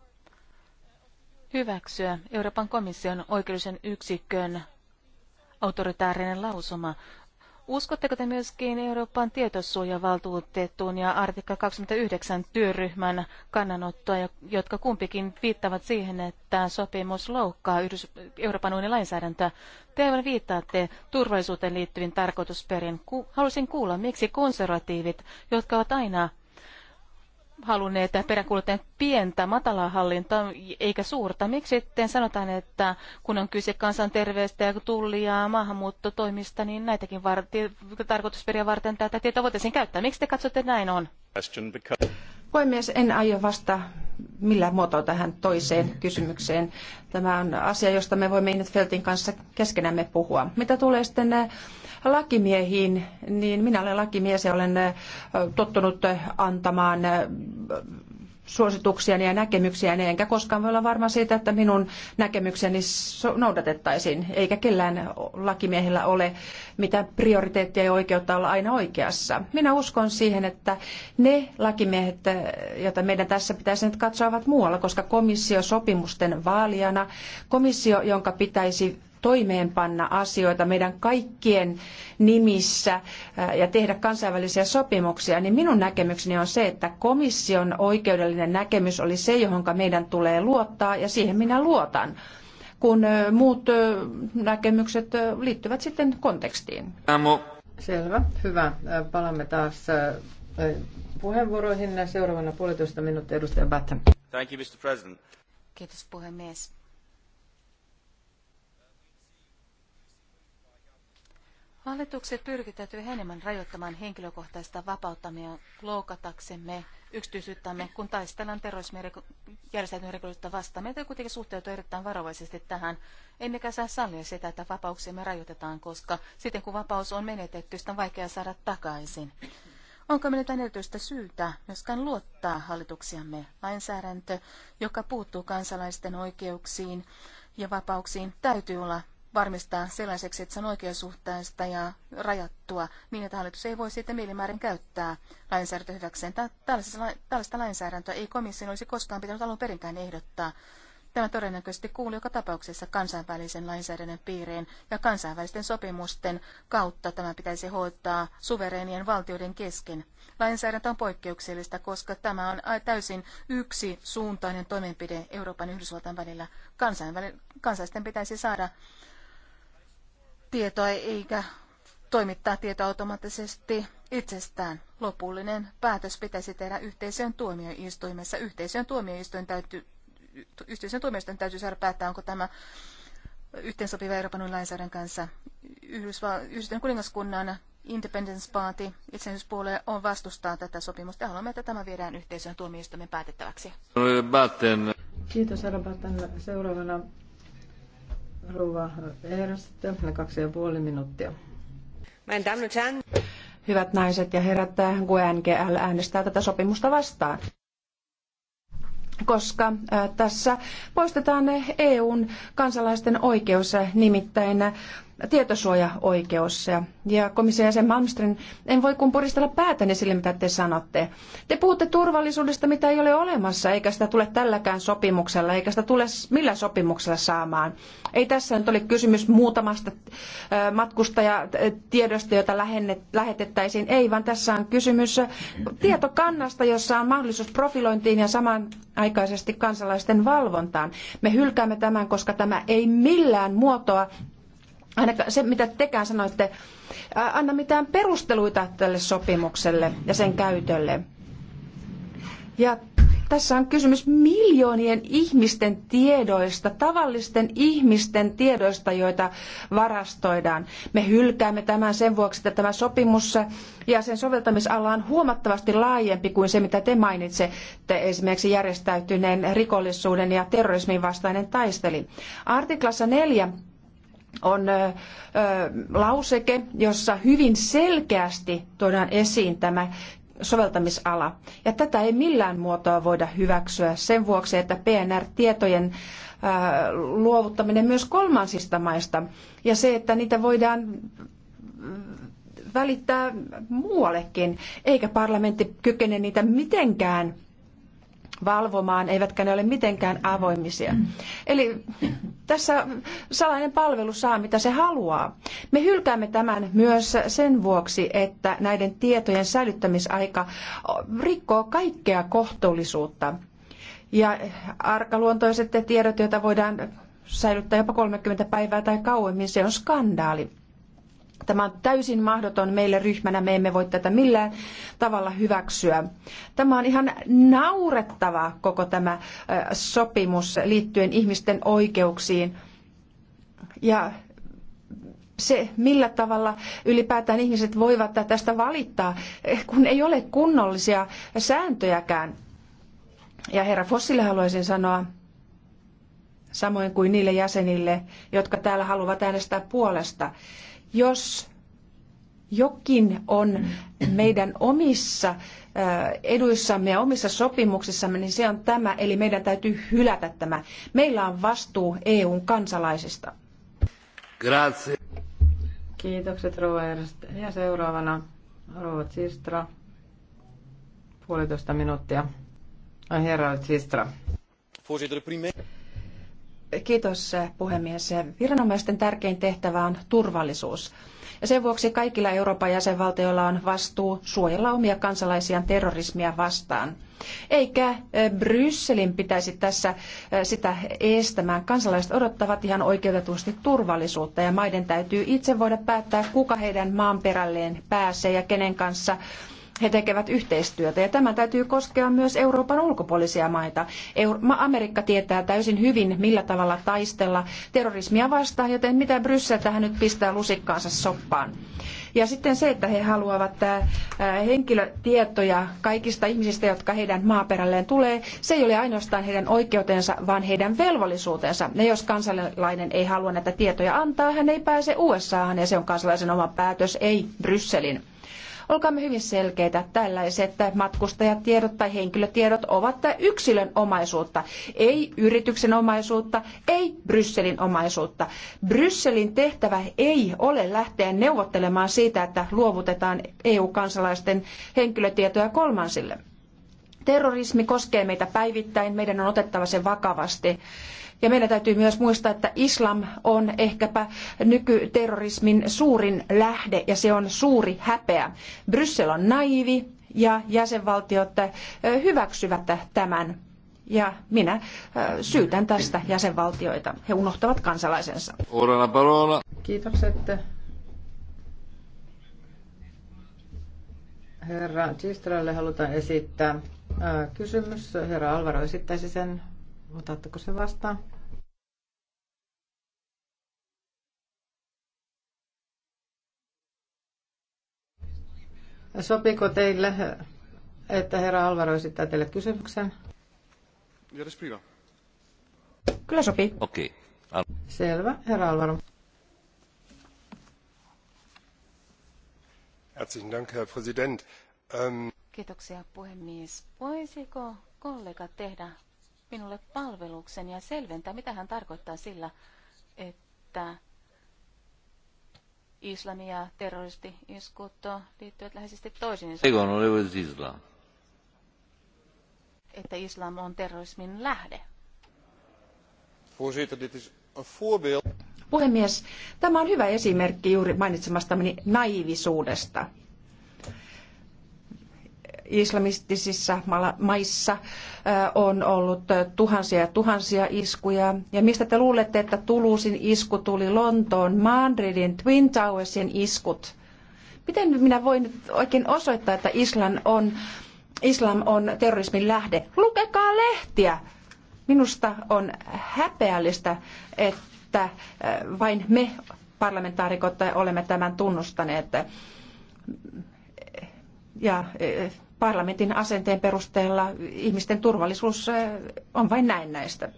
hyväksyä Euroopan komission oikeudellisen yksikön autoritaarinen lausuma. Uskotteko te myöskin Euroopan tietosuojavaltuutettuun ja artikka 29 työryhmän kannanottoa, jotka kumpikin viittavat siihen, että sopimus loukkaa Yhdys- Euroopan unionin lainsäädäntöä? Te aivan viittaatte turvallisuuteen liittyvin tarkoitusperin. Ku- haluaisin kuulla, miksi konservatiivit, jotka ovat aina halunneet peräkuulutteen pientä, matalaa hallintoa eikä suurta. Miksi sitten sanotaan, että kun on kyse kansanterveystä ja tulli- ja maahanmuuttotoimista, niin näitäkin var- Tarkoitusperia varten tätä tietoa voitaisiin käyttää? Miksi te katsotte, että näin on? Puhemies, en aio vastata millään muotoa tähän toiseen kysymykseen. Tämä on asia, josta me voimme Feltin kanssa keskenämme puhua. Mitä tulee sitten äh, lakimiehiin, niin minä olen lakimies ja olen äh, tottunut äh, antamaan suosituksiani ja näkemyksiäni, enkä koskaan voi olla varma siitä, että minun näkemykseni noudatettaisiin, eikä kellään lakimiehellä ole mitään prioriteettia ja oikeutta olla aina oikeassa. Minä uskon siihen, että ne lakimiehet, joita meidän tässä pitäisi nyt katsoa, ovat muualla, koska komissio sopimusten vaalijana, komissio, jonka pitäisi toimeenpanna asioita meidän kaikkien nimissä äh, ja tehdä kansainvälisiä sopimuksia, niin minun näkemykseni on se, että komission oikeudellinen näkemys oli se, johon meidän tulee luottaa ja siihen minä luotan kun äh, muut äh, näkemykset liittyvät sitten kontekstiin. Selvä, hyvä. Palaamme taas puheenvuoroihin. Seuraavana puolitoista minuuttia edustaja Batten. Thank you, Mr. President. Kiitos puhemies. Hallitukset pyrkivät yhä enemmän rajoittamaan henkilökohtaista vapauttamia loukataksemme yksityisyyttämme, kun taistellaan terrorismijärjestäytyneen rikollisuutta vastaan. Meitä kuitenkin suhteutuu erittäin varovaisesti tähän. Emmekä saa sallia sitä, että vapauksiamme rajoitetaan, koska sitten kun vapaus on menetetty, sitä on vaikea saada takaisin. Onko meillä jotain erityistä syytä myöskään luottaa hallituksiamme lainsäädäntö, joka puuttuu kansalaisten oikeuksiin ja vapauksiin, täytyy olla varmistaa sellaiseksi, että se on oikeasuhtaista ja rajattua, niin että hallitus ei voi sitten mielimäärin käyttää lainsäädäntö hyväkseen. Tällaista lainsäädäntöä ei komission olisi koskaan pitänyt alun perinkään ehdottaa. Tämä todennäköisesti kuuluu joka tapauksessa kansainvälisen lainsäädännön piiriin ja kansainvälisten sopimusten kautta tämä pitäisi hoitaa suvereenien valtioiden kesken. Lainsäädäntö on poikkeuksellista, koska tämä on täysin yksi suuntainen toimenpide Euroopan ja Yhdysvaltain välillä. Kansainväl... Kansaisten pitäisi saada tietoa eikä toimittaa tietoa automaattisesti itsestään. Lopullinen päätös pitäisi tehdä yhteisön tuomioistuimessa. Yhteisön tuomioistuin täytyy, yhteisön tuomioistuin täytyy saada päättää, onko tämä yhteensopiva Euroopan unionin lainsäädännön kanssa. Yhdysva- Yhdistyneen kuningaskunnan Independence Party, itsenäisyyspuolue, on vastustaa tätä sopimusta ja haluamme, että tämä viedään yhteisön tuomioistuimen päätettäväksi. Kiitos, Arabatan. Seuraavana Rouva Erstö, kaksi ja puoli minuuttia. Hyvät naiset ja herrat, GNGL äänestää tätä sopimusta vastaan koska äh, tässä poistetaan e EUn kansalaisten oikeus nimittäin tietosuojaoikeus. Ja komission jäsen Malmström, en voi kuin puristella päätäni sille, mitä te sanotte. Te puhutte turvallisuudesta, mitä ei ole olemassa, eikä sitä tule tälläkään sopimuksella, eikä sitä tule millä sopimuksella saamaan. Ei tässä nyt ole kysymys muutamasta matkustajatiedosta, jota lähetettäisiin. Ei, vaan tässä on kysymys tietokannasta, jossa on mahdollisuus profilointiin ja samanaikaisesti kansalaisten valvontaan. Me hylkäämme tämän, koska tämä ei millään muotoa ainakaan se, mitä tekään sanoitte, anna mitään perusteluita tälle sopimukselle ja sen käytölle. Ja tässä on kysymys miljoonien ihmisten tiedoista, tavallisten ihmisten tiedoista, joita varastoidaan. Me hylkäämme tämän sen vuoksi, että tämä sopimus ja sen soveltamisala on huomattavasti laajempi kuin se, mitä te mainitsette, esimerkiksi järjestäytyneen rikollisuuden ja terrorismin vastainen taisteli. Artiklassa neljä on lauseke, jossa hyvin selkeästi tuodaan esiin tämä soveltamisala. Ja tätä ei millään muotoa voida hyväksyä sen vuoksi, että PNR-tietojen luovuttaminen myös kolmansista maista ja se, että niitä voidaan välittää muuallekin, eikä parlamentti kykene niitä mitenkään valvomaan, eivätkä ne ole mitenkään avoimisia. Eli tässä salainen palvelu saa mitä se haluaa. Me hylkäämme tämän myös sen vuoksi, että näiden tietojen säilyttämisaika rikkoo kaikkea kohtuullisuutta. Ja arkaluontoiset tiedot, joita voidaan säilyttää jopa 30 päivää tai kauemmin, se on skandaali. Tämä on täysin mahdoton meille ryhmänä, me emme voi tätä millään tavalla hyväksyä. Tämä on ihan naurettava koko tämä sopimus liittyen ihmisten oikeuksiin. Ja se, millä tavalla ylipäätään ihmiset voivat tästä valittaa, kun ei ole kunnollisia sääntöjäkään. Ja herra Fossille haluaisin sanoa, samoin kuin niille jäsenille, jotka täällä haluavat äänestää puolesta, jos jokin on meidän omissa eduissamme ja omissa sopimuksissamme, niin se on tämä, eli meidän täytyy hylätä tämä. Meillä on vastuu EUn kansalaisista. Grazie. Kiitokset Robert. Ja seuraavana Robert Sistra, puolitoista minuuttia. Herra Sistra. Kiitos puhemies. Viranomaisten tärkein tehtävä on turvallisuus. Ja sen vuoksi kaikilla Euroopan jäsenvaltioilla on vastuu suojella omia kansalaisiaan terrorismia vastaan. Eikä eh, Brysselin pitäisi tässä eh, sitä estämään. Kansalaiset odottavat ihan oikeutetusti turvallisuutta ja maiden täytyy itse voida päättää, kuka heidän maanperälleen pääsee ja kenen kanssa he tekevät yhteistyötä ja tämän täytyy koskea myös Euroopan ulkopuolisia maita. Amerikka tietää täysin hyvin, millä tavalla taistella terrorismia vastaan, joten mitä Bryssel tähän nyt pistää lusikkaansa soppaan. Ja sitten se, että he haluavat äh, äh, henkilötietoja kaikista ihmisistä, jotka heidän maaperälleen tulee, se ei ole ainoastaan heidän oikeutensa, vaan heidän velvollisuutensa. Ja jos kansalainen ei halua näitä tietoja antaa, hän ei pääse USAhan ja se on kansalaisen oma päätös, ei Brysselin. Olkaamme hyvin selkeitä, tällaiset matkustajatiedot tai henkilötiedot ovat yksilön omaisuutta, ei yrityksen omaisuutta, ei Brysselin omaisuutta. Brysselin tehtävä ei ole lähteä neuvottelemaan siitä, että luovutetaan EU-kansalaisten henkilötietoja kolmansille. Terrorismi koskee meitä päivittäin, meidän on otettava se vakavasti ja meidän täytyy myös muistaa, että islam on ehkäpä nykyterrorismin suurin lähde ja se on suuri häpeä. Bryssel on naivi ja jäsenvaltiot hyväksyvät tämän. Ja minä syytän tästä jäsenvaltioita. He unohtavat kansalaisensa. Kiitokset. Herra Gistralle halutaan esittää kysymys. Herra Alvaro esittäisi sen. Otatteko se vastaan? Sopiko teille, että herra Alvaro esittää teille kysymyksen? Kyllä sopii. Okei. Okay. Selvä, herra Alvaro. Herzlichen Dank, Herr Präsident. Ähm... Kiitoksia, puhemies. Voisiko kollega tehdä minulle palveluksen ja selventää, mitä hän tarkoittaa sillä, että islami ja terroristi-iskut liittyvät läheisesti toisiinsa. islam? Että islam on terrorismin lähde. Voorzitter, dit is een voorbeeld puhemies, tämä on hyvä esimerkki juuri mainitsemastani naivisuudesta islamistisissa maissa on ollut tuhansia ja tuhansia iskuja. Ja mistä te luulette, että Tuluusin isku tuli Lontoon, Madridin, Twin Towersin iskut? Miten minä voin oikein osoittaa, että islam on, islam on terrorismin lähde? Lukekaa lehtiä! Minusta on häpeällistä, että vain me parlamentaarikot olemme tämän tunnustaneet ja parlamentin asenteen perusteella ihmisten turvallisuus on vain näennäistä.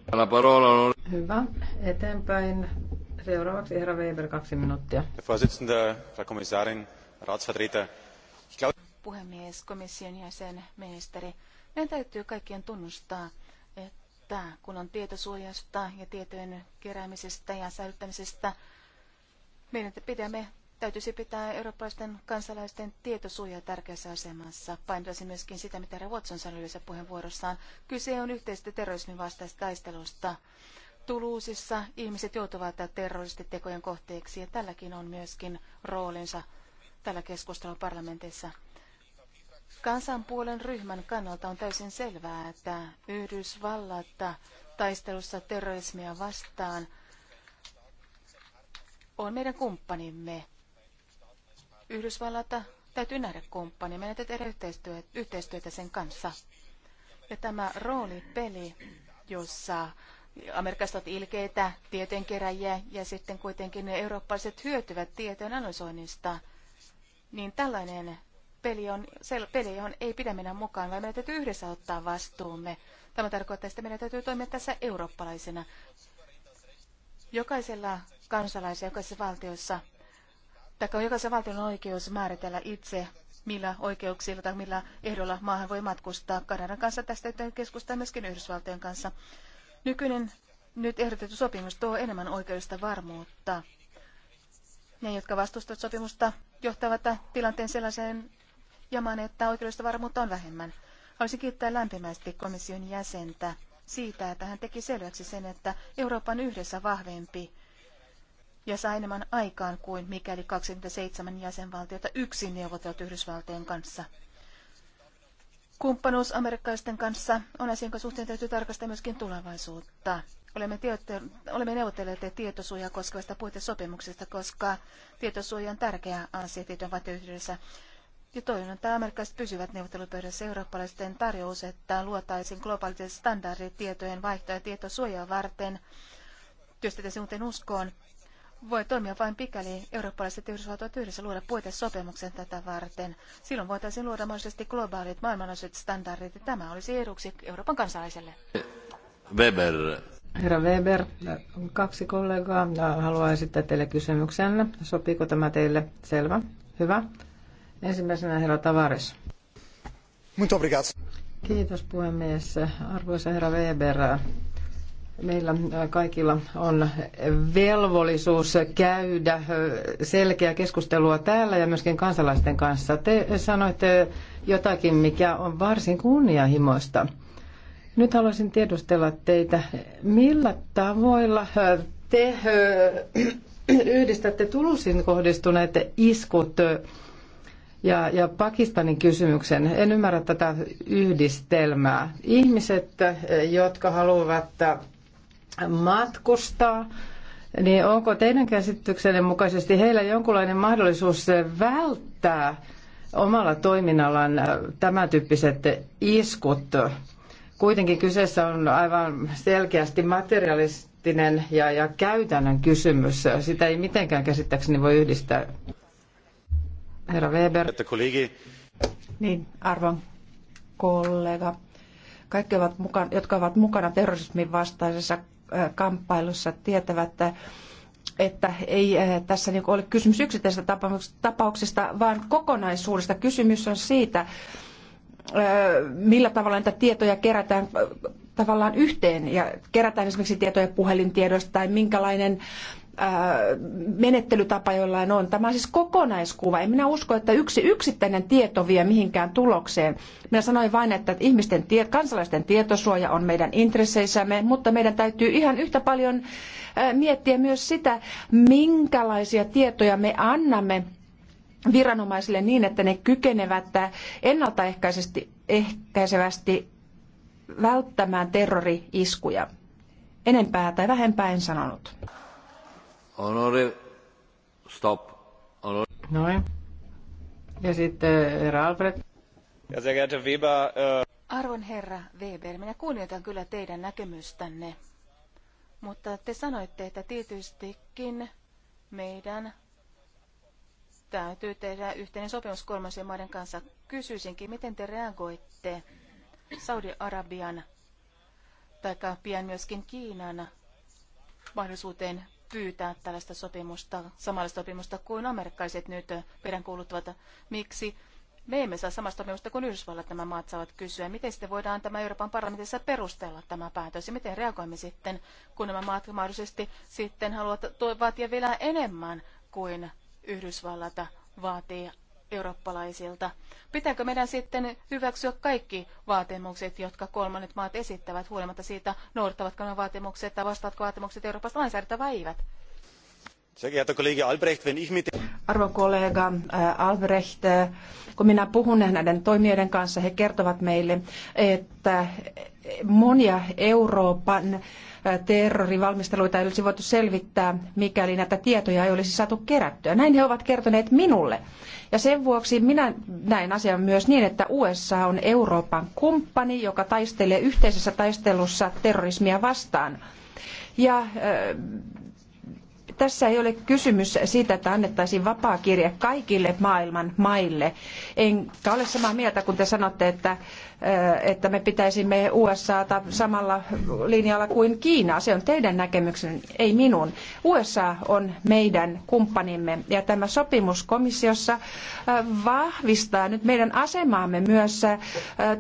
Hyvä. Eteenpäin. Seuraavaksi herra Weber, kaksi minuuttia. Puhemies, komission jäsen, ministeri. Meidän täytyy kaikkien tunnustaa, että kun on tietosuojasta ja tietojen keräämisestä ja säilyttämisestä, meidän pitämme täytyisi pitää eurooppalaisten kansalaisten tietosuojaa tärkeässä asemassa. Painotaisi myöskin sitä, mitä Watson sanoi yleensä puheenvuorossaan. Kyse on yhteisestä terrorismin vastaista taistelusta. Tuluusissa ihmiset joutuvat terroristitekojen kohteeksi ja tälläkin on myöskin roolinsa tällä keskustelulla parlamentissa. Kansanpuolen ryhmän kannalta on täysin selvää, että Yhdysvallat taistelussa terrorismia vastaan on meidän kumppanimme Yhdysvallat täytyy nähdä kumppani. Meidän täytyy tehdä yhteistyötä, sen kanssa. Ja tämä roolipeli, jossa amerikkalaiset ovat ilkeitä tieteenkeräjiä ja sitten kuitenkin ne eurooppalaiset hyötyvät tieteen analysoinnista, niin tällainen peli, on, sel, peli, johon ei pidä mennä mukaan, vaan meidän täytyy yhdessä ottaa vastuumme. Tämä tarkoittaa, että meidän täytyy toimia tässä eurooppalaisena. Jokaisella kansalaisella, jokaisessa valtiossa Taikka jokaisen valtion on oikeus määritellä itse, millä oikeuksilla tai millä ehdolla maahan voi matkustaa. Kanadan kanssa tästä keskustaa myöskin Yhdysvaltojen kanssa. Nykyinen nyt ehdotettu sopimus tuo enemmän oikeudellista varmuutta. Ne, jotka vastustavat sopimusta, johtavat tilanteen sellaiseen jamaan, että oikeudellista varmuutta on vähemmän. Haluaisin kiittää lämpimästi komission jäsentä siitä, että hän teki selväksi sen, että Eurooppa on yhdessä vahvempi ja saa enemmän aikaan kuin mikäli 27 jäsenvaltiota yksin neuvotelut Yhdysvaltojen kanssa. Kumppanuus amerikkalaisten kanssa on asia, jonka suhteen täytyy tarkastaa myöskin tulevaisuutta. Olemme, tieto, olemme neuvotelleet tietosuojaa koskevasta puitesopimuksesta, koska tietosuoja on tärkeä asia tietojenvaihtoyhdessä. Ja toinen, että amerikkalaiset pysyvät neuvottelupöydässä eurooppalaisten tarjous, että luotaisiin globaaliset standardit tietojen vaihtoa ja tietosuojaa varten, työstetään uuteen uskoon voi toimia vain pikäli eurooppalaiset Yhdysvallat ovat yhdessä luoda puitesopimuksen tätä varten. Silloin voitaisiin luoda mahdollisesti globaalit maailmanlaajuiset standardit, ja tämä olisi eduksi Euroopan kansalaiselle. Weber. Herra Weber, kaksi kollegaa haluaa esittää teille kysymyksen. Sopiiko tämä teille? Selvä. Hyvä. Ensimmäisenä herra Tavares. Muito obrigado. Kiitos puhemies. Arvoisa herra Weber, Meillä äh, kaikilla on velvollisuus käydä äh, selkeää keskustelua täällä ja myöskin kansalaisten kanssa. Te sanoitte jotakin, mikä on varsin kunnianhimoista. Nyt haluaisin tiedustella teitä, millä tavoilla äh, te <clears throat> yhdistätte Tulusin kohdistuneet iskut ja, ja Pakistanin kysymyksen. En ymmärrä tätä yhdistelmää. Ihmiset, jotka haluavat matkustaa, niin onko teidän käsityksenne mukaisesti heillä jonkunlainen mahdollisuus välttää omalla toiminnallaan äh, tämän tyyppiset iskut? Kuitenkin kyseessä on aivan selkeästi materialistinen ja, ja käytännön kysymys. Sitä ei mitenkään käsittääkseni voi yhdistää. Herra Weber. Että kollegi. Niin, arvon kollega. Kaikki, ovat mukana, jotka ovat mukana terrorismin vastaisessa kamppailussa tietävät, että ei eh, tässä niin ole kysymys yksittäisestä tapauksesta, vaan kokonaisuudesta. Kysymys on siitä, eh, millä tavalla niitä tietoja kerätään eh, tavallaan yhteen ja kerätään esimerkiksi tietoja puhelintiedoista tai minkälainen menettelytapa jollain on. Tämä on siis kokonaiskuva. En minä usko, että yksi yksittäinen tieto vie mihinkään tulokseen. Minä sanoin vain, että ihmisten, kansalaisten tietosuoja on meidän intresseissämme, mutta meidän täytyy ihan yhtä paljon miettiä myös sitä, minkälaisia tietoja me annamme viranomaisille niin, että ne kykenevät ennaltaehkäisesti ehkäisevästi välttämään terrori-iskuja. Enempää tai vähempää en sanonut arvoisa stop. Eh, herra Weber, äh- Arvon herra Weber, minä kunnioitan kyllä teidän näkemystänne. Mutta te sanoitte, että tietystikin meidän täytyy tehdä yhteinen sopimus kolmansien maiden kanssa. Kysyisinkin, miten te reagoitte Saudi-Arabian tai pian myöskin Kiinan mahdollisuuteen pyytää tällaista sopimusta, samanlaista sopimusta kuin amerikkalaiset nyt peräänkuuluttavat. Miksi me emme saa samasta sopimusta kuin Yhdysvallat nämä maat saavat kysyä? Miten sitten voidaan tämä Euroopan parlamentissa perustella tämä päätös ja miten reagoimme sitten, kun nämä maat mahdollisesti sitten haluavat vaatia vielä enemmän kuin Yhdysvallat vaatii eurooppalaisilta. Pitääkö meidän sitten hyväksyä kaikki vaatimukset, jotka kolmannet maat esittävät, huolimatta siitä, noudattavatko ne vaatimukset tai vastaavatko vaatimukset Euroopasta lainsäädäntöä vai eivät? Arvon kollega äh, Albrecht, äh, kun minä puhun näiden toimijoiden kanssa, he kertovat meille, että monia Euroopan äh, terrorivalmisteluita ei olisi voitu selvittää, mikäli näitä tietoja ei olisi saatu kerättyä. Näin he ovat kertoneet minulle. Ja sen vuoksi minä näen asian myös niin, että USA on Euroopan kumppani, joka taistelee yhteisessä taistelussa terrorismia vastaan. Ja äh, tässä ei ole kysymys siitä, että annettaisiin vapaa kirja kaikille maailman maille. Enkä ole samaa mieltä, kun te sanotte, että, eh, että me pitäisimme USAta samalla linjalla kuin Kiinaa. Se on teidän näkemyksen, ei minun. USA on meidän kumppanimme ja tämä sopimus komissiossa eh, vahvistaa nyt meidän asemaamme myös eh,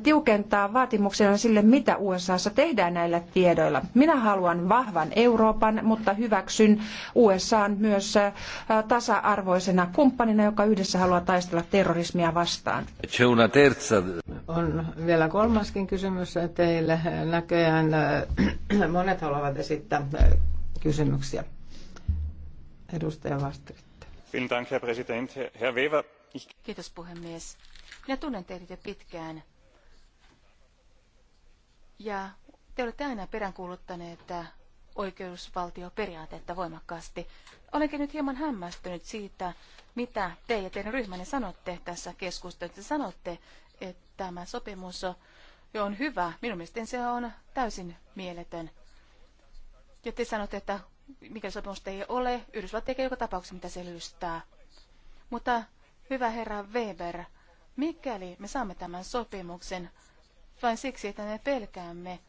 tiukentaa vaatimuksena sille, mitä USAssa tehdään näillä tiedoilla. Minä haluan vahvan Euroopan, mutta hyväksyn USA USAan myös tasa-arvoisena kumppanina, joka yhdessä haluaa taistella terrorismia vastaan. On vielä kolmaskin kysymys teille. Näköjään äh, <clears throat> monet haluavat esittää äh, kysymyksiä. Edustaja Vastrit. Kiitos puhemies. Minä tunnen teidät jo pitkään. Ja te olette aina peräänkuuluttaneet oikeusvaltioperiaatetta voimakkaasti. Olenkin nyt hieman hämmästynyt siitä, mitä te ja teidän ryhmänne sanotte tässä keskustelussa. Sanotte, että tämä sopimus on hyvä. Minun mielestäni se on täysin mieletön. Ja te sanotte, että mikä sopimusta ei ole, Yhdysvallat tekee joka tapauksessa, mitä se lystää. Mutta hyvä herra Weber, mikäli me saamme tämän sopimuksen vain siksi, että me pelkäämme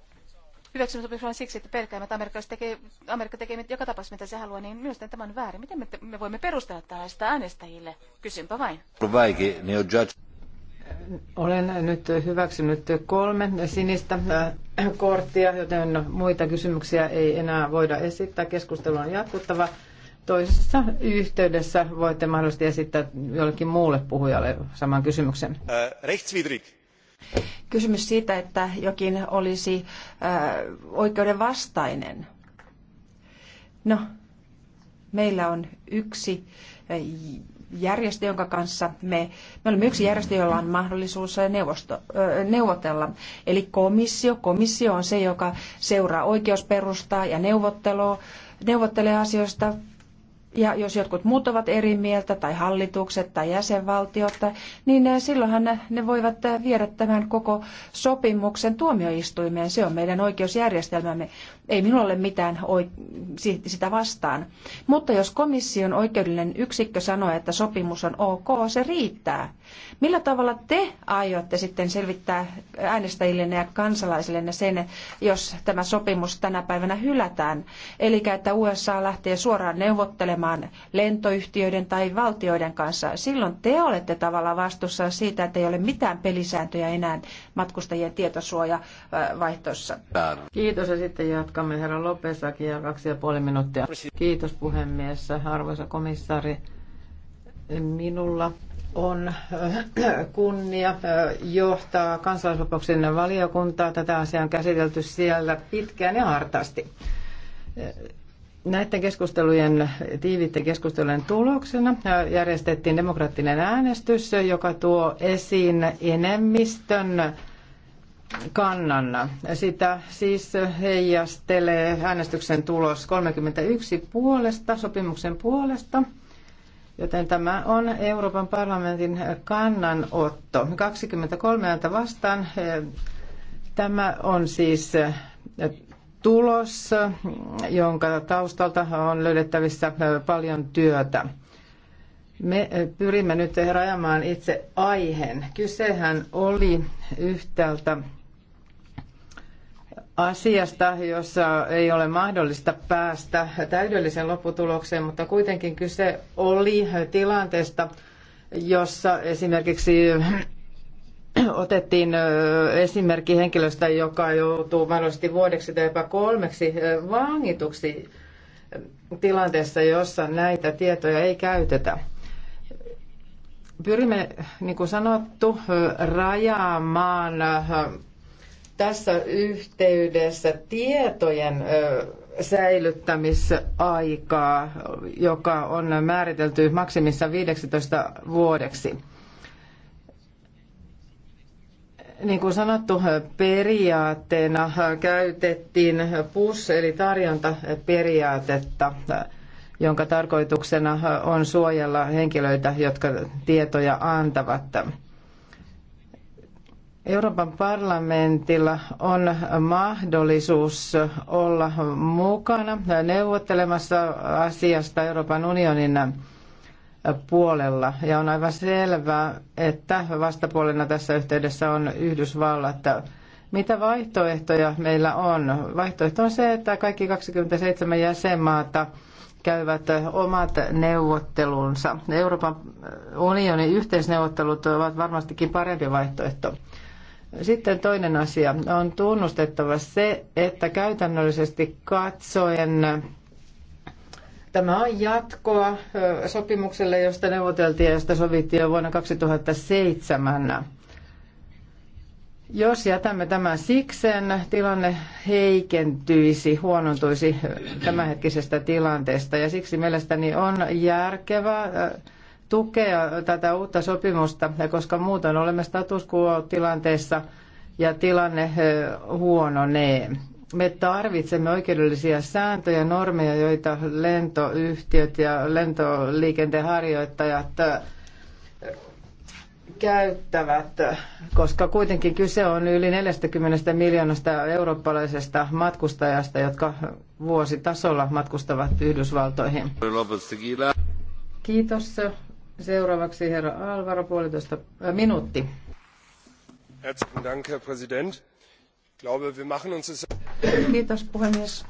hyväksymme sopimuksen siksi, että pelkäämme, että Amerikka tekee, Amerikka tekee joka tapauksessa mitä se haluaa, niin myös tämä on väärin. Miten me, me voimme perustella tällaista äänestäjille? Kysynpä vain. Olen nyt hyväksynyt kolme sinistä äh, korttia, joten muita kysymyksiä ei enää voida esittää. Keskustelu on jatkuttava. Toisessa yhteydessä voitte mahdollisesti esittää jollekin muulle puhujalle saman kysymyksen. Uh, rechtswidrig Kysymys siitä, että jokin olisi äh, oikeuden vastainen. No, meillä on yksi äh, järjestö, jonka kanssa me, me olemme yksi järjestö, jolla on mahdollisuus äh, neuvosto, neuvotella. Eli komissio, komissio on se, joka seuraa oikeusperustaa ja neuvottelee asioista ja jos jotkut muut ovat eri mieltä, tai hallitukset tai jäsenvaltiot, niin eh, silloinhan ne voivat eh, viedä tämän koko sopimuksen tuomioistuimeen. Se on meidän oikeusjärjestelmämme. Ei minulla ole mitään sitä vastaan. Mutta jos komission oikeudellinen yksikkö sanoo, että sopimus on ok, se riittää. Millä tavalla te aiotte sitten selvittää äänestäjille ja kansalaisille sen, jos tämä sopimus tänä päivänä hylätään? Eli että USA lähtee suoraan neuvottelemaan lentoyhtiöiden tai valtioiden kanssa. Silloin te olette tavallaan vastuussa siitä, että ei ole mitään pelisääntöjä enää matkustajien tietosuoja vaihtossa. Kiitos ja sitten jatkamme herra Lopesakin ja kaksi ja puoli minuuttia. Kiitos puhemies, arvoisa komissaari. Minulla on äh, kunnia äh, johtaa kansalaisvapauksen valiokuntaa. Tätä asiaa on käsitelty siellä pitkään ja hartaasti. Äh, näiden keskustelujen, tiiviiden keskustelujen tuloksena järjestettiin demokraattinen äänestys, joka tuo esiin enemmistön kannan. Sitä siis heijastelee äänestyksen tulos 31 puolesta, sopimuksen puolesta, Joten tämä on Euroopan parlamentin kannanotto. 23 ääntä vastaan. Tämä on siis tulos, jonka taustalta on löydettävissä paljon työtä. Me pyrimme nyt rajamaan itse aiheen. Kysehän oli yhtäältä asiasta, jossa ei ole mahdollista päästä täydelliseen lopputulokseen, mutta kuitenkin kyse oli tilanteesta, jossa esimerkiksi otettiin esimerkki henkilöstä, joka joutuu mahdollisesti vuodeksi tai jopa kolmeksi vangituksi tilanteessa, jossa näitä tietoja ei käytetä. Pyrimme, niin kuin sanottu, rajaamaan tässä yhteydessä tietojen säilyttämisaikaa, joka on määritelty maksimissa 15 vuodeksi. Niin kuin sanottu, periaatteena käytettiin PUS eli tarjontaperiaatetta, jonka tarkoituksena on suojella henkilöitä, jotka tietoja antavat. Euroopan parlamentilla on mahdollisuus olla mukana neuvottelemassa asiasta Euroopan unionin puolella. Ja on aivan selvää, että vastapuolena tässä yhteydessä on Yhdysvallat. Mitä vaihtoehtoja meillä on? Vaihtoehto on se, että kaikki 27 jäsenmaata käyvät omat neuvottelunsa. Euroopan unionin yhteisneuvottelut ovat varmastikin parempi vaihtoehto. Sitten toinen asia. On tunnustettava se, että käytännöllisesti katsoen tämä on jatkoa sopimukselle, josta neuvoteltiin ja josta sovittiin jo vuonna 2007. Jos jätämme tämän sikseen, tilanne heikentyisi, huonontuisi tämänhetkisestä tilanteesta ja siksi mielestäni on järkevää tukea tätä uutta sopimusta, koska muuten olemme status quo-tilanteessa ja tilanne eh, huononee. Me tarvitsemme oikeudellisia sääntöjä, normeja, joita lentoyhtiöt ja lentoliikenteen harjoittajat eh, käyttävät, koska kuitenkin kyse on yli 40 miljoonasta eurooppalaisesta matkustajasta, jotka vuositasolla matkustavat Yhdysvaltoihin. Kiitos. Seuraavaksi herra Alvaro, puolitoista äh, minuutti. Herzlichen Dank, Herr Präsident. Glaube, wir machen uns Kiitos puhemies.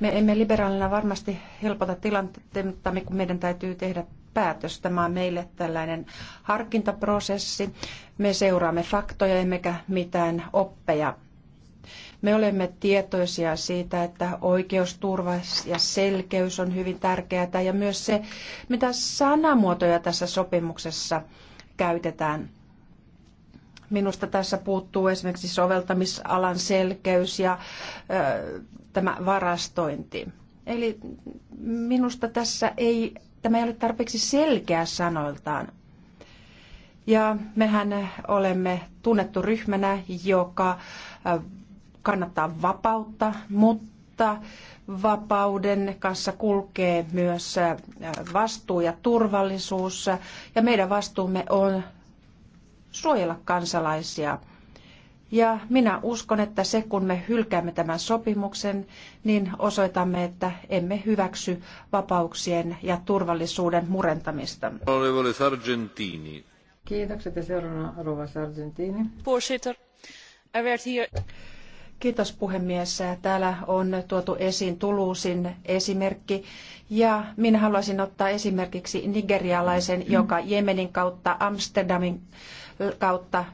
Me emme liberaalina varmasti helpota tilanteemme, kun meidän täytyy tehdä päätös. Tämä on meille tällainen harkintaprosessi. Me seuraamme faktoja emmekä mitään oppeja. Me olemme tietoisia siitä, että oikeusturva ja selkeys on hyvin tärkeää ja myös se, mitä sanamuotoja tässä sopimuksessa käytetään. Minusta tässä puuttuu esimerkiksi soveltamisalan selkeys ja ö, tämä varastointi. Eli minusta tässä ei, tämä ei ole tarpeeksi selkeä sanoiltaan. Ja mehän olemme tunnettu ryhmänä, joka kannattaa vapautta, mutta vapauden kanssa kulkee myös äh, vastuu ja turvallisuus. Ja meidän vastuumme on suojella kansalaisia. Ja minä uskon, että se kun me hylkäämme tämän sopimuksen, niin osoitamme, että emme hyväksy vapauksien ja turvallisuuden murentamista. Kiitokset ja seuraavana Rova Sargentini. Kiitos puhemies. Täällä on tuotu esiin Tuluusin esimerkki ja minä haluaisin ottaa esimerkiksi nigerialaisen, joka Jemenin kautta Amsterdamin kautta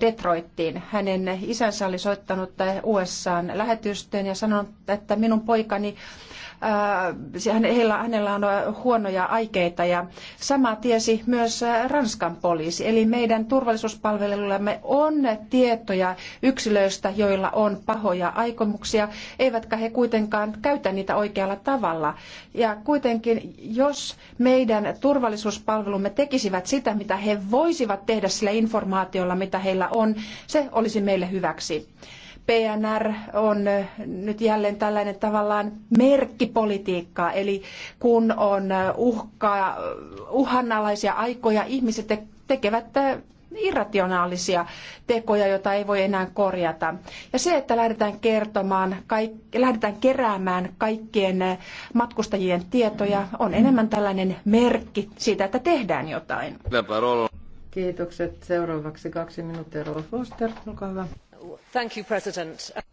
Detroittiin. Hänen isänsä oli soittanut USAan lähetystöön ja sanonut, että minun poikani Äh, hänellä, hänellä on äh, huonoja aikeita ja sama tiesi myös äh, Ranskan poliisi. Eli meidän turvallisuuspalvelullamme on tietoja yksilöistä, joilla on pahoja aikomuksia, eivätkä he kuitenkaan käytä niitä oikealla tavalla. Ja kuitenkin, jos meidän turvallisuuspalvelumme tekisivät sitä, mitä he voisivat tehdä sillä informaatiolla, mitä heillä on, se olisi meille hyväksi. PNR on nyt jälleen tällainen tavallaan merkkipolitiikkaa, eli kun on uhkaa, uhanalaisia aikoja, ihmiset tekevät irrationaalisia tekoja, joita ei voi enää korjata. Ja se, että lähdetään kertomaan, kaik, lähdetään keräämään kaikkien matkustajien tietoja, on enemmän tällainen merkki siitä, että tehdään jotain. Kiitokset. Seuraavaksi kaksi minuuttia, Rolf Foster. Olkaa hyvä.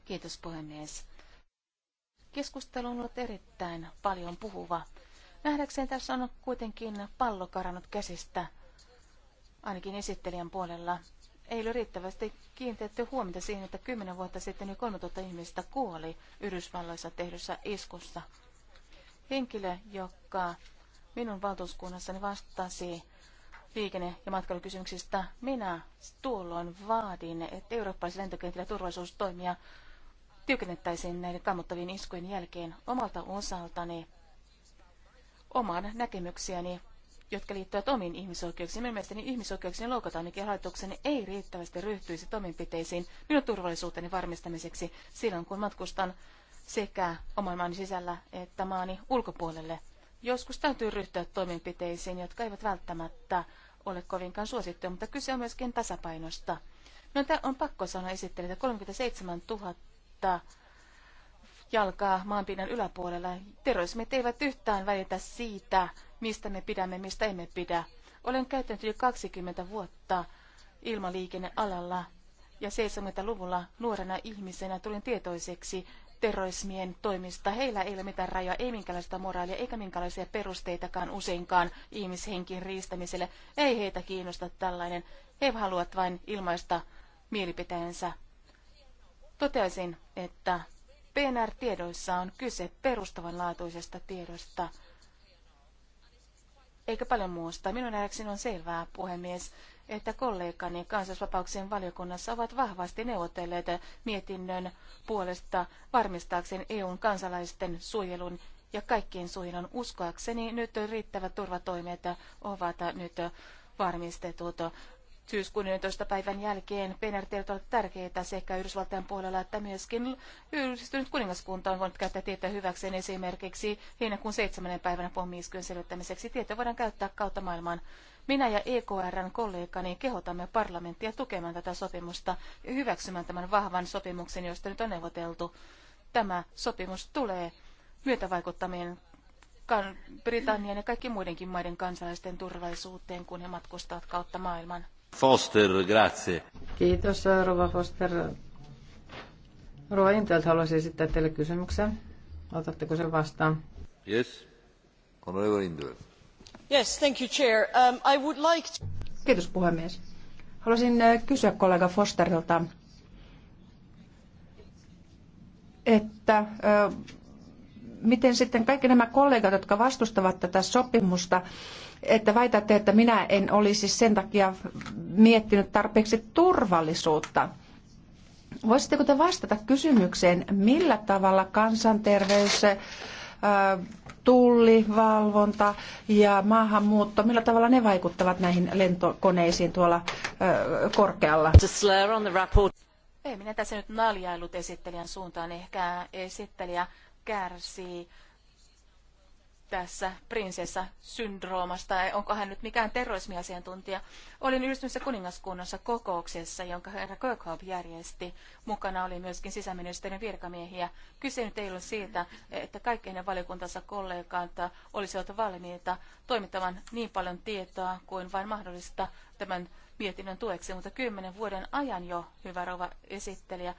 Kiitos puhemies. Keskustelu on ollut erittäin paljon puhuva. Nähdäkseni tässä on kuitenkin pallo karannut käsistä, ainakin esittelijän puolella. Ei ole riittävästi kiinnitetty huomiota siihen, että kymmenen vuotta sitten yli 3000 ihmistä kuoli Yhdysvalloissa tehdyssä iskussa. Henkilö, joka minun valtuuskunnassani vastasi liikenne- ja matkailukysymyksistä, minä tuolloin vaadin, että eurooppalaisen lentokentillä turvallisuustoimia tiukennettaisiin näiden kammottavien iskujen jälkeen omalta osaltani oman näkemyksiäni, jotka liittyvät omiin ihmisoikeuksiin. Minun mielestäni ihmisoikeuksien loukataan, mikä hallitukseni ei riittävästi ryhtyisi toimenpiteisiin minun turvallisuuteni varmistamiseksi silloin, kun matkustan sekä oman maani sisällä että maani ulkopuolelle – Joskus täytyy ryhtyä toimenpiteisiin, jotka eivät välttämättä ole kovinkaan suosittuja, mutta kyse on myöskin tasapainosta. No, on pakko sanoa esittelijä, että 37 000 jalkaa maanpinnan yläpuolella. Terrorismit eivät yhtään välitä siitä, mistä me pidämme, mistä emme pidä. Olen käyttänyt yli 20 vuotta ilmaliikennealalla ja 70-luvulla nuorena ihmisenä tulin tietoiseksi terrorismien toimista. Heillä ei ole mitään rajoja, ei minkäänlaista moraalia eikä minkäänlaisia perusteitakaan useinkaan ihmishenkin riistämiselle. Ei heitä kiinnosta tällainen. He haluavat vain ilmaista mielipiteensä. Toteaisin, että PNR-tiedoissa on kyse perustavanlaatuisesta tiedosta, eikä paljon muusta. Minun nähdäkseni on selvää, puhemies, että kollegani kansallisvapauksien valiokunnassa ovat vahvasti neuvotelleet mietinnön puolesta varmistaakseen EUn kansalaisten suojelun ja kaikkien suojelun uskoakseni nyt riittävät turvatoimet ovat nyt varmistetut. Syyskuun 11. päivän jälkeen PNR-tiedot ovat tärkeitä sekä Yhdysvaltain puolella että myöskin yhdistynyt kuningaskunta on voinut käyttää tietoa hyväkseen esimerkiksi heinäkuun 7. päivänä pommiiskyön selvittämiseksi. Tietoa voidaan käyttää kautta maailman minä ja EKRn kollegani kehotamme parlamenttia tukemaan tätä sopimusta ja hyväksymään tämän vahvan sopimuksen, josta nyt on neuvoteltu. Tämä sopimus tulee myötävaikuttamien Britannian ja kaikki muidenkin maiden kansalaisten turvallisuuteen, kun he matkustavat kautta maailman. Foster, grazie. Kiitos, Rova Foster. Rova Intelt haluaisi esittää teille kysymyksen. Otatteko sen vastaan? Yes, honorable Intelt. Um, Kiitos puhemies. Haluaisin äh, kysyä kollega Fosterilta, että äh, miten sitten kaikki nämä kollegat, jotka vastustavat tätä sopimusta, että väitätte, että minä en olisi sen takia miettinyt tarpeeksi turvallisuutta. Voisitteko te vastata kysymykseen, millä tavalla kansanterveys tulli, valvonta ja maahanmuutto, millä tavalla ne vaikuttavat näihin lentokoneisiin tuolla korkealla? Ei minä tässä nyt naljailut esittelijän suuntaan. Ehkä esittelijä kärsii tässä prinsessa-syndroomasta, onko hän nyt mikään terrorismiasiantuntija. Olin yhdistyneessä kuningaskunnassa kokouksessa, jonka herra Kirkhope järjesti. Mukana oli myöskin sisäministeriön virkamiehiä. Kyse nyt ei ole siitä, että kaikki hänen valiokuntansa kollegat olisivat valmiita toimittamaan niin paljon tietoa kuin vain mahdollista tämän mietinnön tueksi, mutta kymmenen vuoden ajan jo, hyvä rouva esittelijä,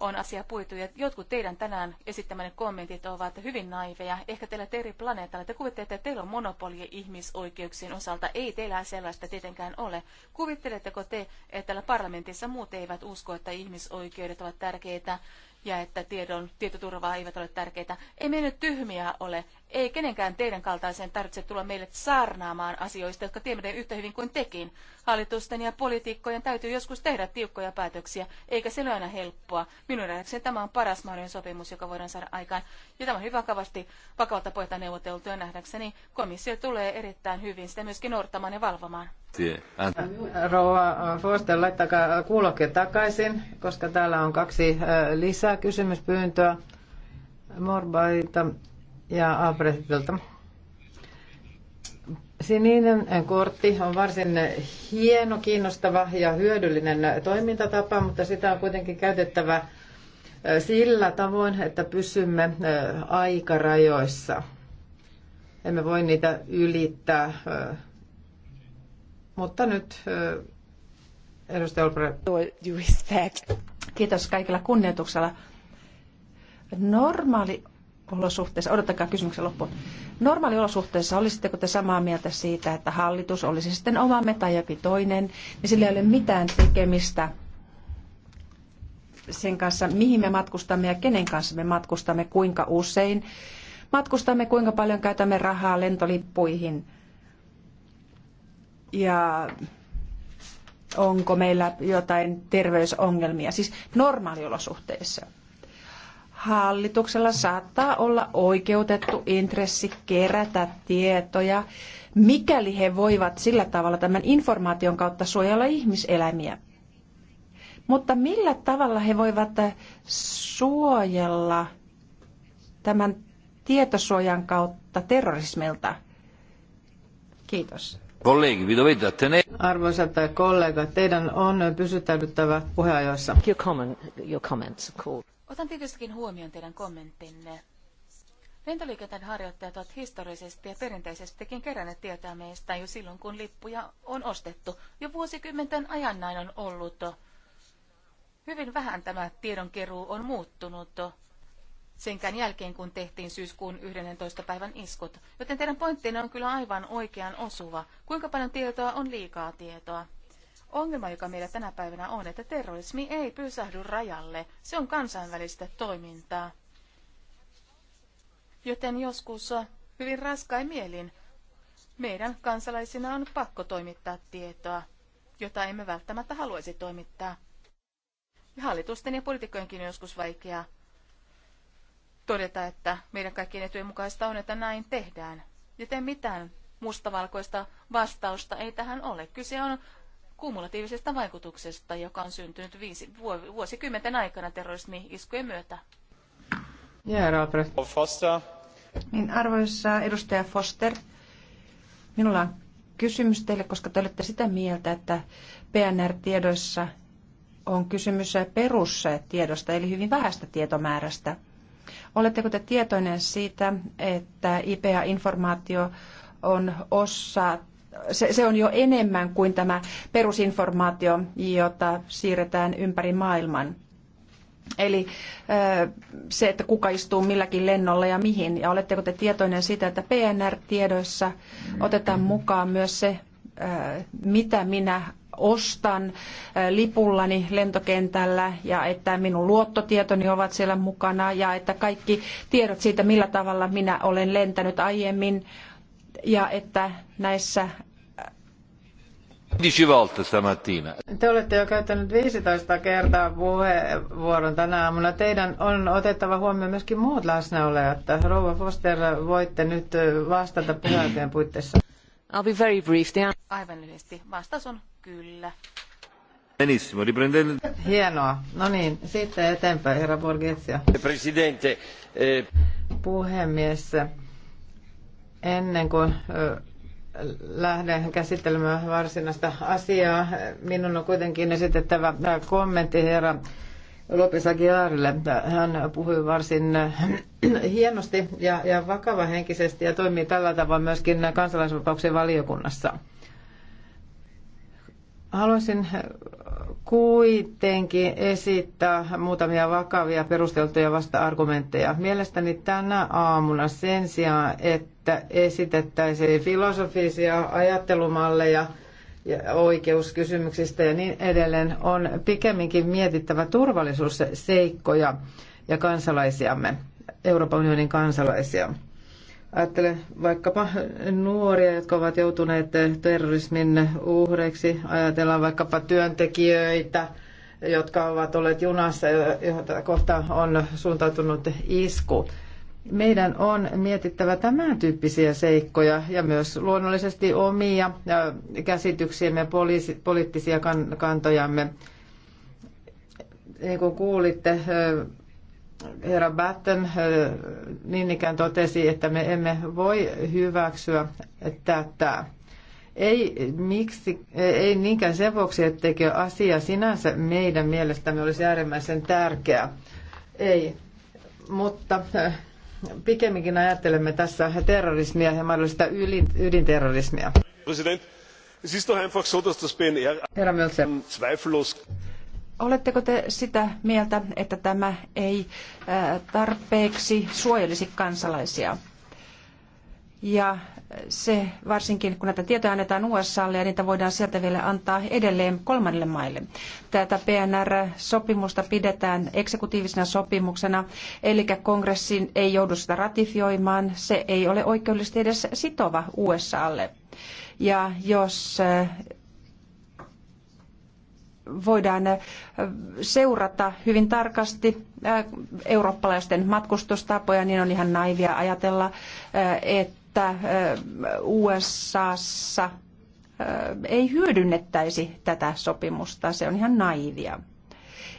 on asia puitu. Ja jotkut teidän tänään esittämänne kommentit ovat hyvin naiveja. Ehkä teillä eri planeetalla. Te kuvittelette, että teillä on monopoli ihmisoikeuksien osalta. Ei teillä sellaista tietenkään ole. Kuvitteletteko te, että täällä parlamentissa muut eivät usko, että ihmisoikeudet ovat tärkeitä ja että tiedon, tietoturvaa eivät ole tärkeitä? Ei me nyt tyhmiä ole. Ei kenenkään teidän kaltaiseen tarvitse tulla meille saarnaamaan asioista, jotka tiedämme yhtä hyvin kuin tekin. Hallitusten ja poliitikkojen täytyy joskus tehdä tiukkoja päätöksiä, eikä se ole aina helppoa. Minun nähdäkseni tämä on paras mahdollinen sopimus, joka voidaan saada aikaan. Ja tämä on hyvin vakavasti vakavalta pohjalta neuvoteltu ja nähdäkseni komissio tulee erittäin hyvin sitä myöskin noudattamaan ja valvomaan. Rouva Foster, laittakaa kuulokke takaisin, koska täällä on kaksi äh, lisää kysymyspyyntöä. Morbaita ja Albrechtilta. Sininen kortti on varsin hieno, kiinnostava ja hyödyllinen toimintatapa, mutta sitä on kuitenkin käytettävä sillä tavoin, että pysymme aikarajoissa. Emme voi niitä ylittää. Mutta nyt edustaja Olbrecht. Kiitos kaikilla kunnioituksella. Normaali olosuhteissa, odottakaa kysymyksen loppuun. Normaaliolosuhteissa olisitteko te samaa mieltä siitä, että hallitus olisi sitten oma tai jokin toinen, niin sillä ei ole mitään tekemistä sen kanssa, mihin me matkustamme ja kenen kanssa me matkustamme, kuinka usein matkustamme, kuinka paljon käytämme rahaa lentolippuihin ja onko meillä jotain terveysongelmia, siis normaaliolosuhteissa hallituksella saattaa olla oikeutettu intressi kerätä tietoja, mikäli he voivat sillä tavalla tämän informaation kautta suojella ihmiselämiä. Mutta millä tavalla he voivat suojella tämän tietosuojan kautta terrorismilta? Kiitos. Arvoisat kollegat, teidän on pysyttäydyttävä puheajoissa. Your comment, your comments, cool. Otan tietystikin huomioon teidän kommenttinne. Lentoliikenteen harjoittajat ovat historiallisesti ja perinteisestikin keränneet tietää meistä jo silloin, kun lippuja on ostettu. Jo vuosikymmenten ajan näin on ollut. Hyvin vähän tämä tiedonkeruu on muuttunut senkään jälkeen, kun tehtiin syyskuun 11. päivän iskut. Joten teidän pointtinne on kyllä aivan oikean osuva. Kuinka paljon tietoa on liikaa tietoa? Ongelma, joka meillä tänä päivänä on, että terrorismi ei pysähdy rajalle. Se on kansainvälistä toimintaa. Joten joskus äh, hyvin raskain mielin meidän kansalaisina on pakko toimittaa tietoa, jota emme välttämättä haluaisi toimittaa. Ja hallitusten ja poliitikkojenkin on joskus vaikeaa todeta, että meidän kaikkien etujen mukaista on, että näin tehdään. Joten mitään mustavalkoista vastausta ei tähän ole. Kyse on kumulatiivisesta vaikutuksesta, joka on syntynyt viisi, vuosikymmenten aikana terrorismi-iskujen myötä. Foster. Niin, arvoisa edustaja Foster, minulla on kysymys teille, koska te olette sitä mieltä, että PNR-tiedoissa on kysymys perustiedosta, eli hyvin vähästä tietomäärästä. Oletteko te tietoinen siitä, että IPA-informaatio on osa se, se on jo enemmän kuin tämä perusinformaatio, jota siirretään ympäri maailman. Eli se, että kuka istuu milläkin lennolla ja mihin. Ja oletteko te tietoinen siitä, että PNR-tiedoissa otetaan mukaan myös se, mitä minä ostan lipullani lentokentällä ja että minun luottotietoni ovat siellä mukana ja että kaikki tiedot siitä, millä tavalla minä olen lentänyt aiemmin ja että näissä te olette jo käyttänyt 15 kertaa puheenvuoron tänä aamuna. Teidän on otettava huomioon myöskin muut läsnäolijat. Rouva Foster, voitte nyt vastata puheenjohtajan puitteissa. I'll be very brief. The... Aivan lyhyesti. Vastaus on kyllä. Benissimo, riprendendo... Hienoa. No niin, sitten eteenpäin, herra Borgezia. Presidente, eh... Puhemies, ennen kuin lähde käsittelemään varsinaista asiaa. Minun on kuitenkin esitettävä kommentti herra Lopes Aguilarille. Hän puhui varsin hienosti ja, ja vakavahenkisesti ja toimii tällä tavalla myöskin kansalaisvapauksien valiokunnassa. Haluaisin kuitenkin esittää muutamia vakavia perusteltuja vasta-argumentteja. Mielestäni tänä aamuna sen sijaan, että esitettäisiin filosofisia ajattelumalleja ja oikeuskysymyksistä ja niin edelleen, on pikemminkin mietittävä turvallisuusseikkoja ja kansalaisiamme, Euroopan unionin kansalaisia. Ajattele vaikkapa nuoria, jotka ovat joutuneet terrorismin uhreiksi. Ajatellaan vaikkapa työntekijöitä, jotka ovat olleet junassa, jota kohta on suuntautunut isku. Meidän on mietittävä tämän tyyppisiä seikkoja ja myös luonnollisesti omia käsityksiämme, ja poliittisia kantojamme. Niin kuin kuulitte, Herra Batten äh, niin ikään totesi, että me emme voi hyväksyä tätä. Ei, miksi, ei niinkään sen vuoksi, etteikö asia sinänsä meidän mielestämme olisi äärimmäisen tärkeä. Ei, mutta äh, pikemminkin ajattelemme tässä terrorismia ja mahdollista ylin, ydinterrorismia. President, es ist doch einfach so, dass das BNR zweifellos Oletteko te sitä mieltä, että tämä ei tarpeeksi suojelisi kansalaisia? Ja se varsinkin, kun näitä tietoja annetaan USAlle ja niitä voidaan sieltä vielä antaa edelleen kolmannelle maille. Tätä PNR-sopimusta pidetään eksekutiivisena sopimuksena, eli kongressin ei joudu sitä ratifioimaan. Se ei ole oikeudellisesti edes sitova USAlle. Ja jos voidaan eh, seurata hyvin tarkasti eh, eurooppalaisten matkustustapoja, niin on ihan naivia ajatella, eh, että USAssa ei hyödynnettäisi tätä sopimusta. Se on ihan naivia.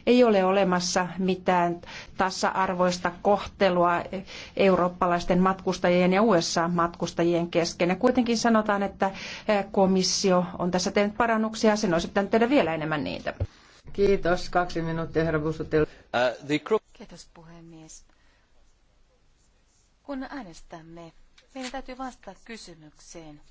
Ei ole olemassa mitään tasa-arvoista kohtelua eurooppalaisten matkustajien ja USA-matkustajien kesken. Ja kuitenkin sanotaan, että eh, komissio on tässä tehnyt parannuksia, sen olisi pitänyt tehdä vielä enemmän niitä. Kiitos. Kaksi minuuttia, herra Busutil. Uh, Kiitos, puhemies. Kun äänestämme, meidän täytyy vastata kysymykseen,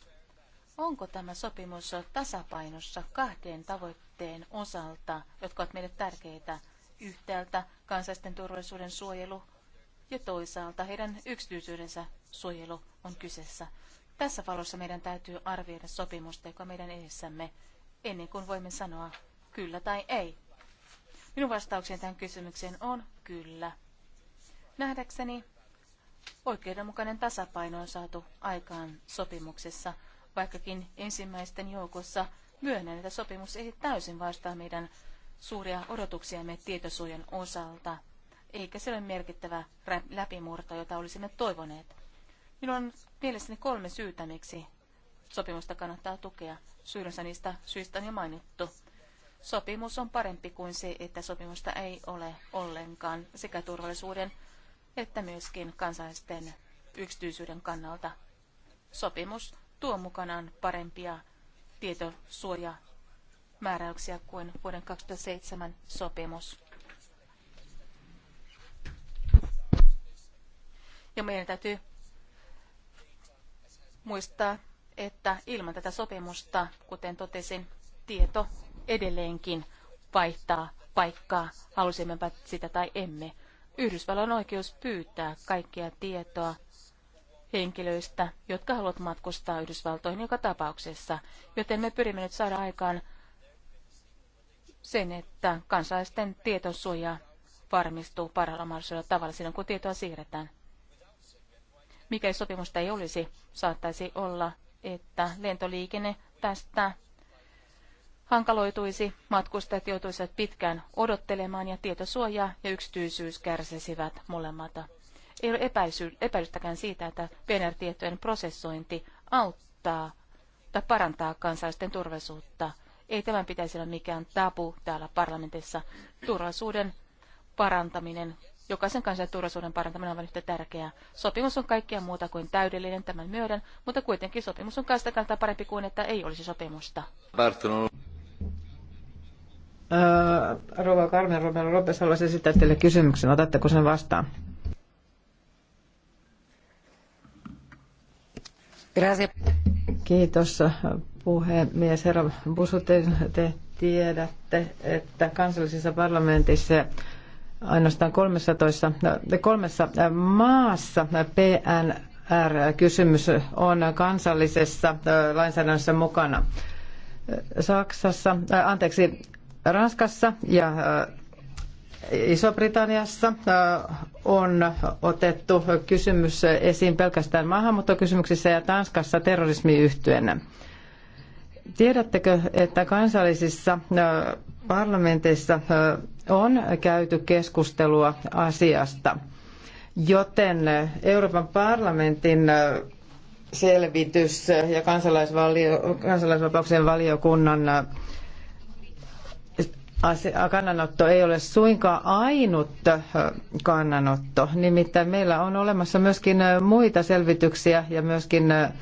onko tämä sopimus tasapainossa kahteen tavoitteeseen? tavoitteen osalta, jotka ovat meille tärkeitä. Yhtäältä kansallisten turvallisuuden suojelu ja toisaalta heidän yksityisyydensä suojelu on kyseessä. Tässä valossa meidän täytyy arvioida sopimusta, joka meidän edessämme, ennen kuin voimme sanoa kyllä tai ei. Minun vastaukseni tähän kysymykseen on kyllä. Nähdäkseni oikeudenmukainen tasapaino on saatu aikaan sopimuksessa, vaikkakin ensimmäisten joukossa – myönnän, että sopimus ei täysin vastaa meidän suuria odotuksiamme tietosuojan osalta, eikä se ole merkittävä läpimurto, jota olisimme toivoneet. Minulla on mielestäni kolme syytä, miksi sopimusta kannattaa tukea. Syynsä niistä syistä on jo mainittu. Sopimus on parempi kuin se, että sopimusta ei ole ollenkaan sekä turvallisuuden että myöskin kansalaisten yksityisyyden kannalta. Sopimus tuo mukanaan parempia tietosuojamääräyksiä kuin vuoden 2007 sopimus. Ja meidän täytyy muistaa, että ilman tätä sopimusta, kuten totesin, tieto edelleenkin vaihtaa paikkaa, halusimmepä sitä tai emme. Yhdysvallan oikeus pyytää kaikkea tietoa henkilöistä, jotka haluavat matkustaa Yhdysvaltoihin joka tapauksessa, joten me pyrimme nyt saada aikaan sen, että kansalaisten tietosuoja varmistuu parhaalla mahdollisella tavalla silloin, kun tietoa siirretään. Mikäli sopimusta ei olisi, saattaisi olla, että lentoliikenne tästä hankaloituisi, matkustajat joutuisivat pitkään odottelemaan ja tietosuoja ja yksityisyys kärsisivät molemmat. Ei ole epäisy, epäilystäkään siitä, että PNR-tietojen prosessointi auttaa tai parantaa kansalaisten turvallisuutta. Ei tämän pitäisi olla mikään tabu täällä parlamentissa. Turvallisuuden parantaminen, jokaisen kansan turvallisuuden parantaminen on aivan yhtä tärkeää. Sopimus on kaikkia muuta kuin täydellinen tämän myöden, mutta kuitenkin sopimus on kanssa kannalta parempi kuin, että ei olisi sopimusta. Äh, Rova Carmen Romero Robes, haluaisi esittää teille kysymyksen. Otatteko sen vastaan? Gracias. Kiitos puhemies. Herra Busute, te tiedätte, että kansallisissa parlamenteissa ainoastaan 13, kolmessa maassa PNR-kysymys on kansallisessa lainsäädännössä mukana. Saksassa, anteeksi, Ranskassa ja Iso-Britanniassa äh, on otettu kysymys esiin pelkästään maahanmuuttokysymyksissä ja Tanskassa terrorismiyhtyenä. Tiedättekö, että kansallisissa äh, parlamenteissa äh, on käyty keskustelua asiasta, joten Euroopan parlamentin selvitys ja kansalaisvapauksien valiokunnan kannanotto ei ole suinkaan ainut äh, kannanotto. Nimittäin meillä on olemassa myöskin äh, muita selvityksiä ja myöskin äh,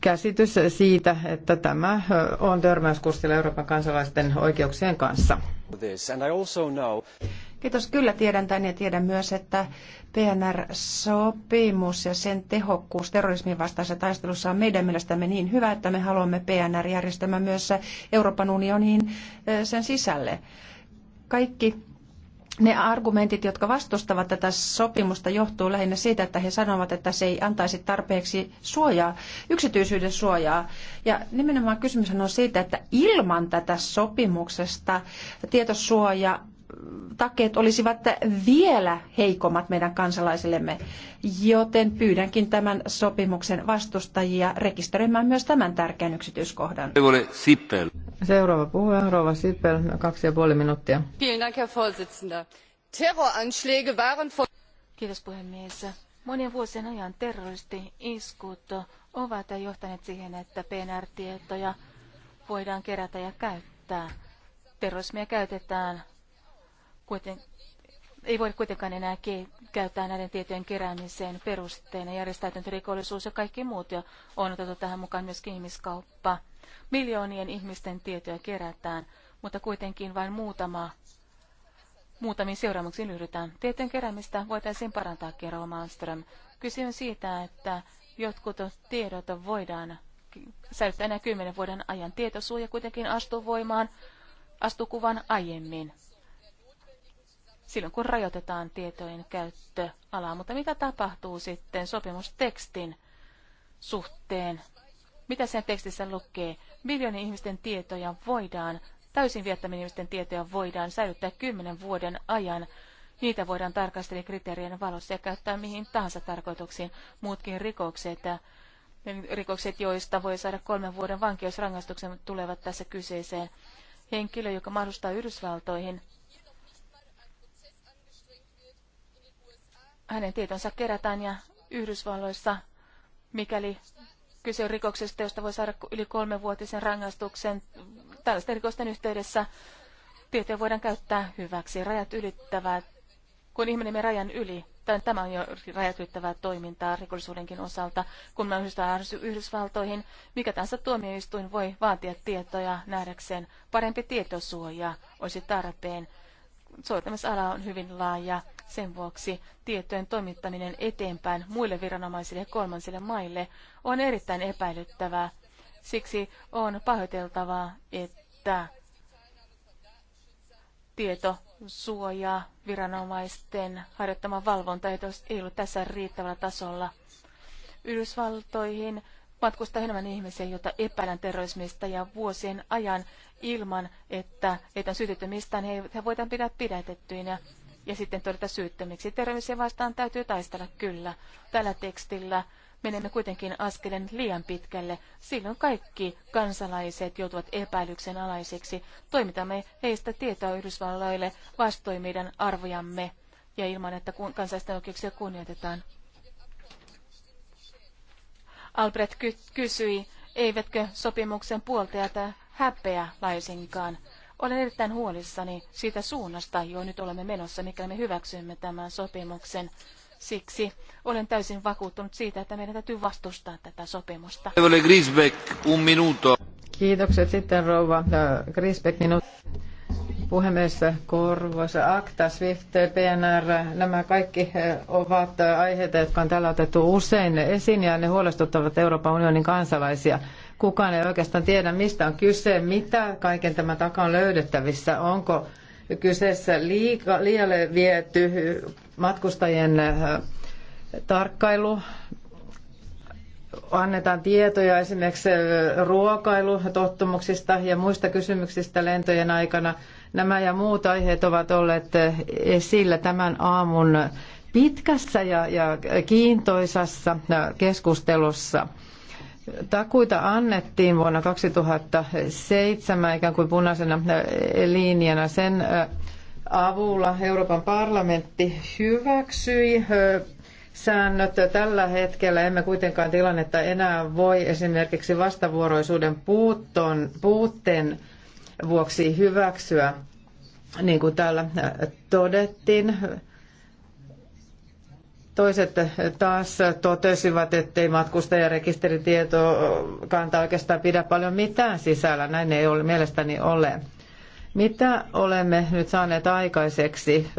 käsitys siitä, että tämä on törmäyskurssilla Euroopan kansalaisten oikeuksien kanssa. Kiitos. Kyllä tiedän tämän ja tiedän myös, että PNR-sopimus ja sen tehokkuus terrorismin vastaisessa taistelussa on meidän mielestämme niin hyvä, että me haluamme PNR-järjestelmän myös Euroopan unioniin sen sisälle. Kaikki ne argumentit, jotka vastustavat tätä sopimusta, johtuu lähinnä siitä, että he sanovat, että se ei antaisi tarpeeksi suojaa, yksityisyyden suojaa. Ja nimenomaan kysymys on siitä, että ilman tätä sopimuksesta tietosuoja takeet olisivat vielä heikommat meidän kansalaisillemme, joten pyydänkin tämän sopimuksen vastustajia rekisteröimään myös tämän tärkeän yksityiskohdan. Seuraava puhuja, Rova Sippel, kaksi ja puoli minuuttia. Kiitos puhemies. Monien vuosien ajan terroristi-iskut ovat johtaneet siihen, että PNR-tietoja voidaan kerätä ja käyttää. Terrorismia käytetään kuiten, ei voida kuitenkaan enää käyttää näiden tietojen keräämiseen perusteena. Järjestäytynyt rikollisuus ja kaikki muut ja on otettu tähän mukaan myös ihmiskauppa. Miljoonien ihmisten tietoja kerätään, mutta kuitenkin vain muutama Muutamiin seuraamuksiin yritetään. Tietojen keräämistä voitaisiin parantaa, kerro Malmström. Kysy on siitä, että jotkut tiedot voidaan säilyttää enää kymmenen vuoden ajan. Tietosuoja kuitenkin astuu voimaan, astuu kuvan aiemmin silloin, kun rajoitetaan tietojen käyttöalaa. Mutta mitä tapahtuu sitten sopimustekstin suhteen? Mitä sen tekstissä lukee? Miljoonien ihmisten tietoja voidaan, täysin viettämien ihmisten tietoja voidaan säilyttää kymmenen vuoden ajan. Niitä voidaan tarkastella kriteerien valossa ja käyttää mihin tahansa tarkoituksiin. Muutkin rikokset, rikokset joista voi saada kolmen vuoden vankeusrangaistuksen, tulevat tässä kyseiseen. Henkilö, joka mahdollistaa Yhdysvaltoihin hänen tietonsa kerätään ja Yhdysvalloissa, mikäli kyse on rikoksesta, josta voi saada yli kolmenvuotisen rangaistuksen, tällaisten rikosten yhteydessä tietoja voidaan käyttää hyväksi. Rajat ylittävää, kun ihminen menee rajan yli, tai tämä on jo rajat ylittävää toimintaa rikollisuudenkin osalta, kun mä yhdistän Yhdysvaltoihin, mikä tahansa tuomioistuin voi vaatia tietoja nähdäkseen. Parempi tietosuoja olisi tarpeen soveltamisala on hyvin laaja. Sen vuoksi tietojen toimittaminen eteenpäin muille viranomaisille ja kolmansille maille on erittäin epäilyttävää. Siksi on pahoiteltavaa, että tietosuoja viranomaisten harjoittama valvonta ei ollut tässä riittävällä tasolla. Yhdysvaltoihin matkustaa enemmän ihmisiä, joita epäilän terrorismista ja vuosien ajan ilman, että heitä on syytetty mistään, niin he voidaan pidää pidätettyinä ja sitten todeta syyttömiksi. Terrorismia vastaan täytyy taistella kyllä. Tällä tekstillä menemme kuitenkin askelen liian pitkälle. Silloin kaikki kansalaiset joutuvat epäilyksen alaisiksi. Toimitamme heistä tietoa Yhdysvalloille vastoin meidän arvojamme ja ilman, että kansalaisten oikeuksia kunnioitetaan. Albrecht kysyi, eivätkö sopimuksen puoltajat häpeä laisinkaan. Olen erittäin huolissani siitä suunnasta, johon nyt olemme menossa, mikäli me hyväksymme tämän sopimuksen. Siksi olen täysin vakuuttunut siitä, että meidän täytyy vastustaa tätä sopimusta. Grisbeck, Kiitokset sitten rouva äh, Grisbeck. Minuutti puhemies, korvoisa Akta, Swift, PNR, nämä kaikki eh, ovat aiheita, jotka on täällä otettu usein esiin ja ne huolestuttavat Euroopan unionin kansalaisia. Kukaan ei oikeastaan tiedä, mistä on kyse, mitä kaiken tämän takaa on löydettävissä, onko kyseessä liika, liialle viety matkustajien eh, tarkkailu, annetaan tietoja esimerkiksi eh, ruokailutottumuksista ja muista kysymyksistä lentojen aikana – Nämä ja muut aiheet ovat olleet eh, esillä tämän aamun pitkässä ja, ja kiintoisassa eh, keskustelussa. Takuita annettiin vuonna 2007 ikään kuin punaisena eh, linjana. Sen avulla Euroopan parlamentti hyväksyi säännöt. Tällä hetkellä emme kuitenkaan tilannetta enää voi esimerkiksi vastavuoroisuuden puutton, puutteen vuoksi hyväksyä. Niin kuin täällä todettiin, Toiset taas totesivat, ettei matkustajarekisteritieto kanta oikeastaan pidä paljon mitään sisällä. Näin ei ole mielestäni ole. Mitä olemme nyt saaneet aikaiseksi?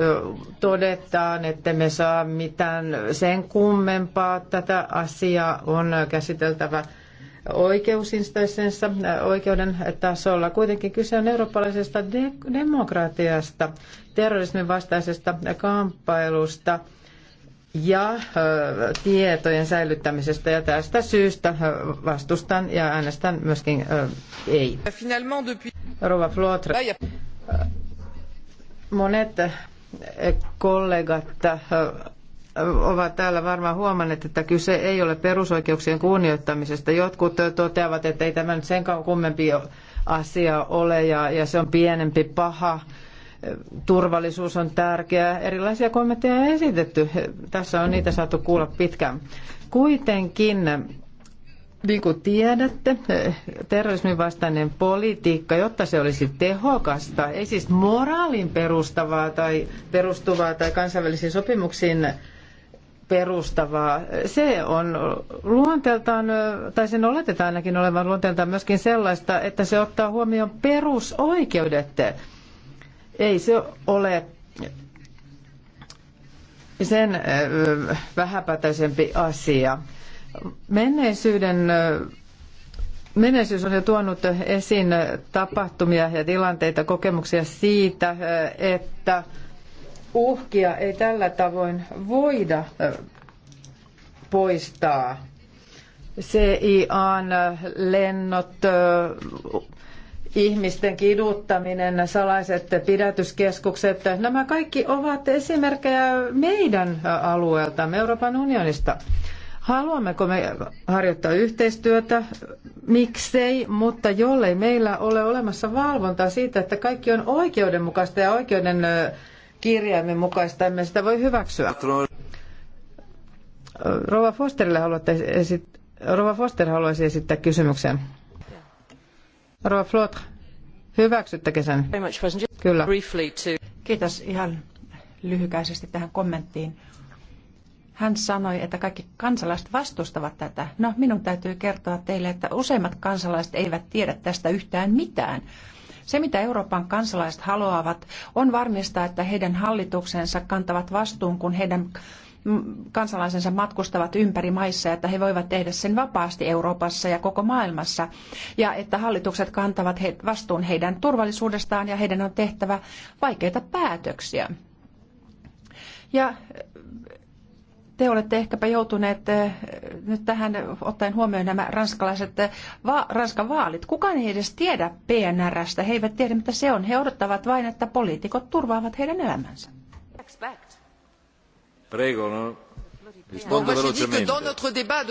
Todetaan, että me saa mitään sen kummempaa. Tätä asiaa on käsiteltävä oikeusinstanssissa äh, oikeuden tasolla. Kuitenkin kyse on eurooppalaisesta de- demokratiasta, terrorismin vastaisesta kamppailusta ja ö, äh, tietojen säilyttämisestä. Ja tästä syystä äh, vastustan ja äänestän myöskin ö, ei. Rova Flotre. Monet kollegat ovat täällä varmaan huomanneet, että kyse ei ole perusoikeuksien kunnioittamisesta. Jotkut toteavat, että ei tämä nyt sen kummempi asia ole ja, ja se on pienempi paha. Turvallisuus on tärkeää. Erilaisia kommentteja on esitetty. Tässä on niitä saatu kuulla pitkään. Kuitenkin niin kuin tiedätte, terrorismin vastainen politiikka, jotta se olisi tehokasta, ei siis moraalin perustavaa tai perustuvaa tai kansainvälisiin sopimuksiin perustavaa. Se on luonteeltaan, tai sen oletetaan ainakin olevan luonteeltaan myöskin sellaista, että se ottaa huomioon perusoikeudet. Ei se ole sen vähäpätäisempi asia. Menneisyyden Menneisyys on jo tuonut esiin tapahtumia ja tilanteita, kokemuksia siitä, että uhkia ei tällä tavoin voida poistaa. CIAn lennot, ihmisten kiduttaminen, salaiset pidätyskeskukset, nämä kaikki ovat esimerkkejä meidän alueelta Euroopan unionista. Haluammeko me harjoittaa yhteistyötä? Miksei, mutta jollei meillä ole olemassa valvontaa siitä, että kaikki on oikeudenmukaista ja oikeuden kirjaimen mukaista, emme sitä voi hyväksyä. Rova, Fosterille haluatte esit- Rova Foster haluaisi esittää kysymyksen. Rova Flot, hyväksyttekö sen? Kyllä. Kiitos ihan lyhykäisesti tähän kommenttiin. Hän sanoi, että kaikki kansalaiset vastustavat tätä. No, minun täytyy kertoa teille, että useimmat kansalaiset eivät tiedä tästä yhtään mitään. Se, mitä Euroopan kansalaiset haluavat, on varmistaa, että heidän hallituksensa kantavat vastuun, kun heidän mm, kansalaisensa matkustavat ympäri maissa, että he voivat tehdä sen vapaasti Euroopassa ja koko maailmassa, ja että hallitukset kantavat vastuun heidän turvallisuudestaan ja heidän on tehtävä vaikeita päätöksiä. Ja te olette ehkäpä joutuneet eh, nyt tähän ottaen huomioon nämä ranskalaiset eh, va- Ranskan vaalit. Kukaan ei edes tiedä PNRstä. He eivät tiedä, mitä se on. He odottavat vain, että poliitikot turvaavat heidän elämänsä. Prego, no.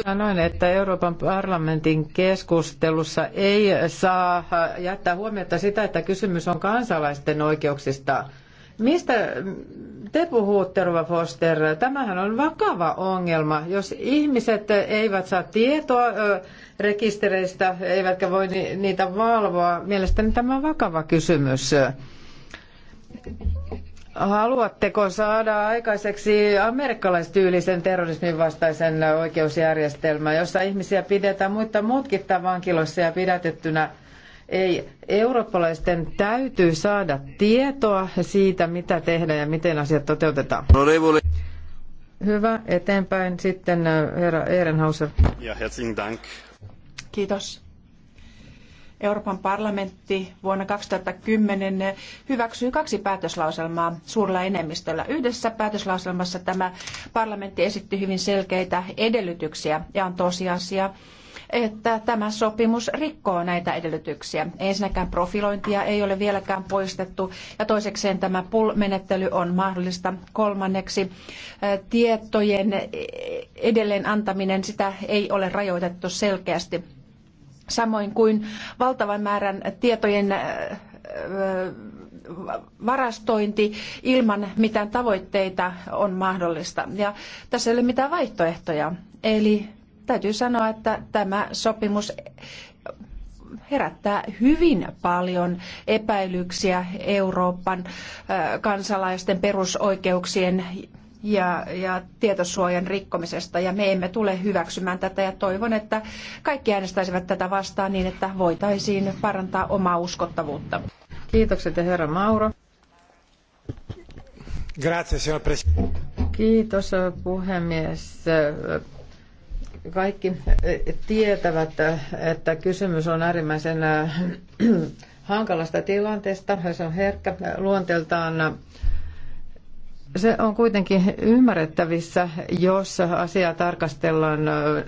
Sanoin, että Euroopan parlamentin keskustelussa ei saa jättää huomiota sitä, että kysymys on kansalaisten oikeuksista Mistä te puhutte, Rova Foster? Tämähän on vakava ongelma. Jos ihmiset eivät saa tietoa rekistereistä, eivätkä voi niitä valvoa, mielestäni tämä on vakava kysymys. Haluatteko saada aikaiseksi amerikkalaistyylisen terrorismin vastaisen oikeusjärjestelmän, jossa ihmisiä pidetään muita mutkittaa vankilossa ja pidätettynä – ei, eurooppalaisten täytyy saada tietoa siitä, mitä tehdään ja miten asiat toteutetaan. Hyvä, eteenpäin sitten äh, herra Ehrenhauser. Ja herzlichen Dank. Kiitos. Euroopan parlamentti vuonna 2010 hyväksyi kaksi päätöslauselmaa suurella enemmistöllä. Yhdessä päätöslauselmassa tämä parlamentti esitti hyvin selkeitä edellytyksiä ja on tosiasia, että tämä sopimus rikkoo näitä edellytyksiä. Ensinnäkään profilointia ei ole vieläkään poistettu ja toisekseen tämä pull-menettely on mahdollista. Kolmanneksi tietojen edelleen antaminen, sitä ei ole rajoitettu selkeästi. Samoin kuin valtavan määrän tietojen varastointi ilman mitään tavoitteita on mahdollista. Ja tässä ei ole mitään vaihtoehtoja. Eli Täytyy sanoa, että tämä sopimus herättää hyvin paljon epäilyksiä Euroopan kansalaisten perusoikeuksien ja, ja tietosuojan rikkomisesta ja me emme tule hyväksymään tätä ja toivon, että kaikki äänestäisivät tätä vastaan niin, että voitaisiin parantaa omaa uskottavuutta. Kiitokset ja herra Mauro. Grazie, signor Presidente. Kiitos puhemies. Kaikki eh, tietävät, eh, että kysymys on äärimmäisen eh, <clears throat> hankalasta tilanteesta. Se on herkkä luonteeltaan. Se on kuitenkin ymmärrettävissä, jos asiaa tarkastellaan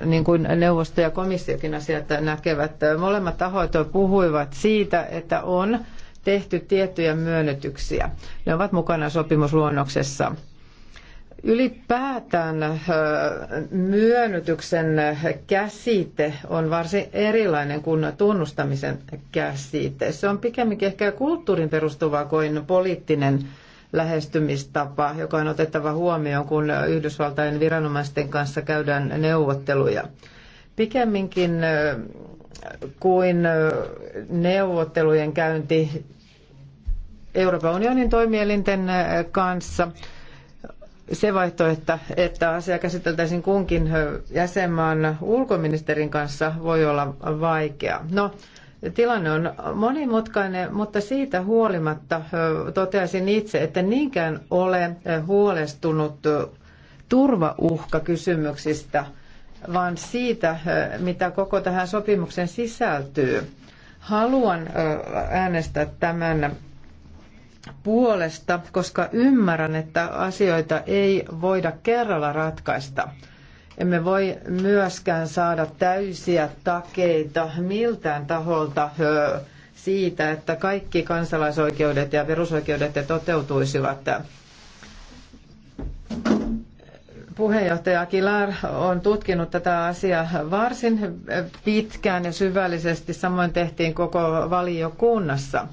niin kuin neuvosto ja komissiokin asiat näkevät. Molemmat tahot puhuivat siitä, että on tehty tiettyjä myönnytyksiä. Ne ovat mukana sopimusluonnoksessa. Ylipäätään myönnytyksen käsite on varsin erilainen kuin tunnustamisen käsite. Se on pikemminkin ehkä kulttuurin perustuva kuin poliittinen lähestymistapa, joka on otettava huomioon, kun Yhdysvaltain viranomaisten kanssa käydään neuvotteluja. Pikemminkin kuin neuvottelujen käynti Euroopan unionin toimielinten kanssa – se vaihtoehto, että asia käsiteltäisiin kunkin jäsenmaan ulkoministerin kanssa, voi olla vaikea. No, tilanne on monimutkainen, mutta siitä huolimatta toteaisin itse, että niinkään ole huolestunut turvauhkakysymyksistä, vaan siitä, mitä koko tähän sopimukseen sisältyy. Haluan äänestää tämän puolesta, koska ymmärrän, että asioita ei voida kerralla ratkaista. Emme voi myöskään saada täysiä takeita miltään taholta siitä, että kaikki kansalaisoikeudet ja perusoikeudet toteutuisivat. Puheenjohtaja Kilar on tutkinut tätä asiaa varsin pitkään ja syvällisesti, samoin tehtiin koko valiokunnassa.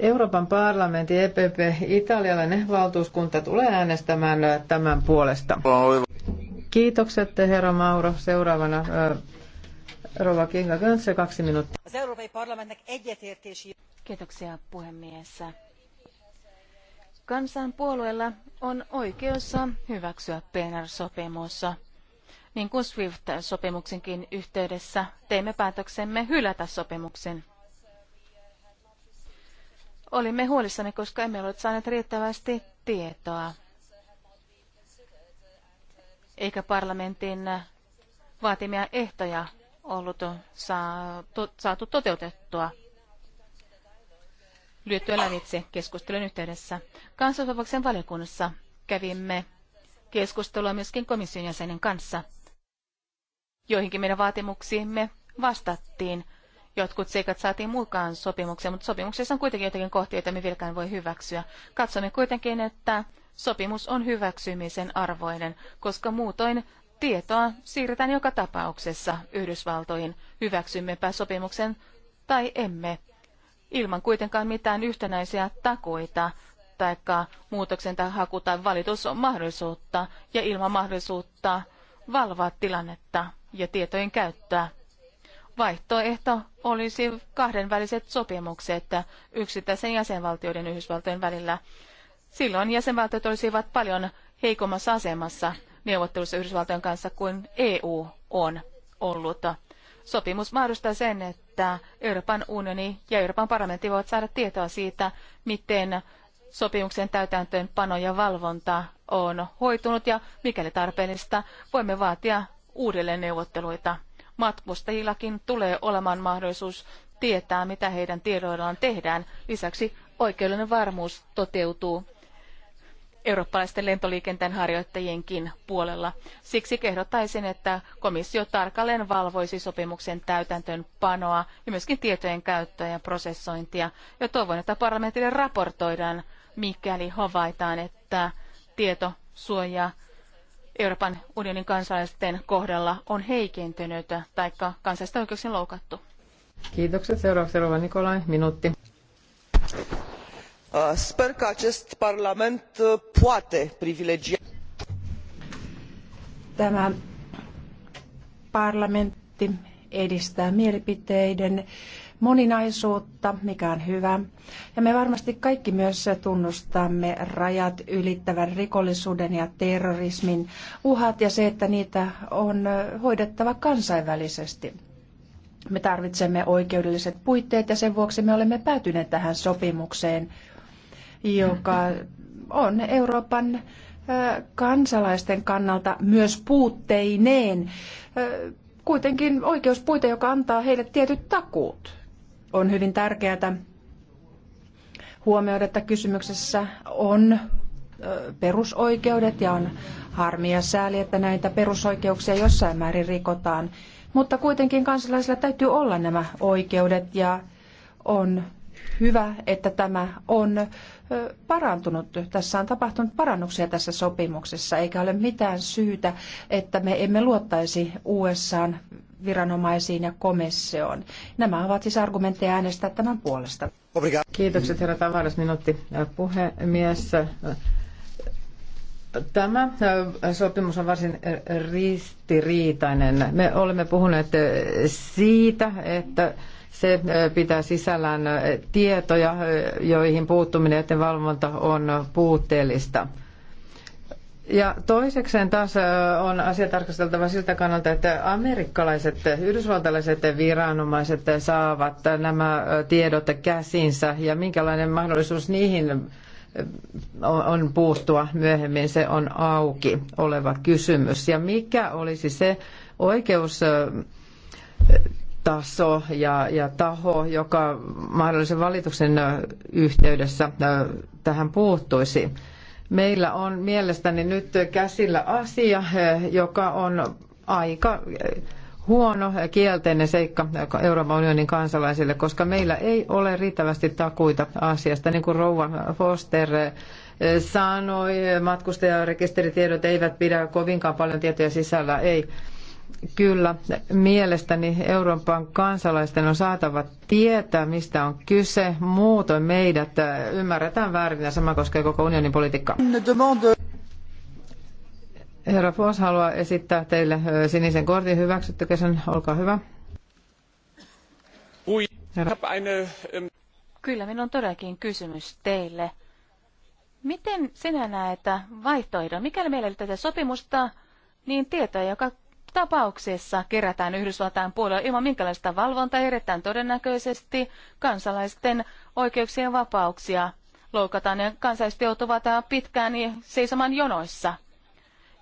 Euroopan parlamentin EPP italialainen valtuuskunta tulee äänestämään äh, tämän puolesta. Kiitokset herra Mauro. Seuraavana äh, Rova Kinga Göntsö, kaksi minuuttia. Kiitoksia puhemies. Kansanpuolueella on oikeus hyväksyä PNR-sopimus. Niin kuin SWIFT-sopimuksenkin yhteydessä teimme päätöksemme hylätä sopimuksen. Olimme huolissani, koska emme ole saaneet riittävästi tietoa. Eikä parlamentin vaatimia ehtoja ollut saatu toteutettua lyöttyä lävitse keskustelun yhteydessä. Kansanvapauksen valiokunnassa kävimme keskustelua myöskin komission jäsenen kanssa. Joihinkin meidän vaatimuksiimme vastattiin jotkut seikat saatiin mukaan sopimukseen, mutta sopimuksessa on kuitenkin jotakin kohtia, joita me vieläkään voi hyväksyä. Katsomme kuitenkin, että sopimus on hyväksymisen arvoinen, koska muutoin tietoa siirretään joka tapauksessa Yhdysvaltoihin. Hyväksymmepä sopimuksen tai emme, ilman kuitenkaan mitään yhtenäisiä takuita tai muutoksen tai haku tai valitus on mahdollisuutta ja ilman mahdollisuutta valvoa tilannetta ja tietojen käyttöä. Vaihtoehto olisi kahdenväliset sopimukset yksittäisen jäsenvaltioiden Yhdysvaltojen välillä. Silloin jäsenvaltiot olisivat paljon heikommassa asemassa neuvottelussa Yhdysvaltojen kanssa kuin EU on ollut. Sopimus mahdollistaa sen, että Euroopan unioni ja Euroopan parlamentti voivat saada tietoa siitä, miten sopimuksen pano ja valvonta on hoitunut ja mikäli tarpeellista, voimme vaatia uudelleen neuvotteluita matkustajillakin tulee olemaan mahdollisuus tietää, mitä heidän tiedoillaan tehdään. Lisäksi oikeudellinen varmuus toteutuu eurooppalaisten lentoliikenteen harjoittajienkin puolella. Siksi kehdottaisin, että komissio tarkalleen valvoisi sopimuksen täytäntöönpanoa ja myöskin tietojen käyttöä ja prosessointia. Ja toivon, että parlamentille raportoidaan, mikäli havaitaan, että tietosuoja Euroopan unionin kansalaisten kohdalla on heikentynyt tai kansallisten oikeuksien loukattu. Kiitokset. Seuraavaksi Rova Nikolai, minuutti. Sper că acest parlament uh, poate privilegia. Tämä parlamentti edistää mielipiteiden moninaisuutta, mikä on hyvä. Ja me varmasti kaikki myös tunnustamme rajat ylittävän rikollisuuden ja terrorismin uhat ja se, että niitä on hoidettava kansainvälisesti. Me tarvitsemme oikeudelliset puitteet ja sen vuoksi me olemme päätyneet tähän sopimukseen, joka on Euroopan kansalaisten kannalta myös puutteineen kuitenkin oikeuspuite, joka antaa heille tietyt takuut. On hyvin tärkeää huomioida, että kysymyksessä on perusoikeudet ja on harmi ja sääli, että näitä perusoikeuksia jossain määrin rikotaan. Mutta kuitenkin kansalaisilla täytyy olla nämä oikeudet ja on hyvä, että tämä on parantunut. Tässä on tapahtunut parannuksia tässä sopimuksessa, eikä ole mitään syytä, että me emme luottaisi USAan viranomaisiin ja komissioon. Nämä ovat siis argumentteja äänestää tämän puolesta. Kiitokset herra Tavares, minuutti puhemies. Tämä sopimus on varsin ristiriitainen. Me olemme puhuneet siitä, että se pitää sisällään tietoja, joihin puuttuminen ja valvonta on puutteellista. Ja toisekseen taas on asia tarkasteltava siltä kannalta, että amerikkalaiset, yhdysvaltalaiset viranomaiset saavat nämä tiedot käsinsä ja minkälainen mahdollisuus niihin on puuttua myöhemmin, se on auki oleva kysymys. Ja mikä olisi se oikeus taso ja, ja taho, joka mahdollisen valituksen yhteydessä tähän puuttuisi. Meillä on mielestäni nyt käsillä asia, joka on aika huono kielteinen seikka Euroopan unionin kansalaisille, koska meillä ei ole riittävästi takuita asiasta. Niin kuin Rouva Foster eh, sanoi, matkustajarekisteritiedot eivät pidä kovinkaan paljon tietoja sisällä, ei. Kyllä, mielestäni Euroopan kansalaisten on saatava tietää, mistä on kyse. Muutoin meidät eh, ymmärretään väärin ja sama koskee koko unionin politiikkaa. Herra Fos haluaa esittää teille sinisen kortin. Hyväksyttekö sen? Olkaa hyvä. Herra. Ähm- Kyllä, minun on todellakin kysymys teille. Miten sinä näet vaihtoehdon? Mikäli meillä ei tätä sopimusta, niin tietoja joka tapauksessa kerätään Yhdysvaltain puolella ilman minkälaista valvontaa erittäin todennäköisesti kansalaisten oikeuksien vapauksia loukataan ja kansalaiset joutuvat pitkään seisomaan jonoissa.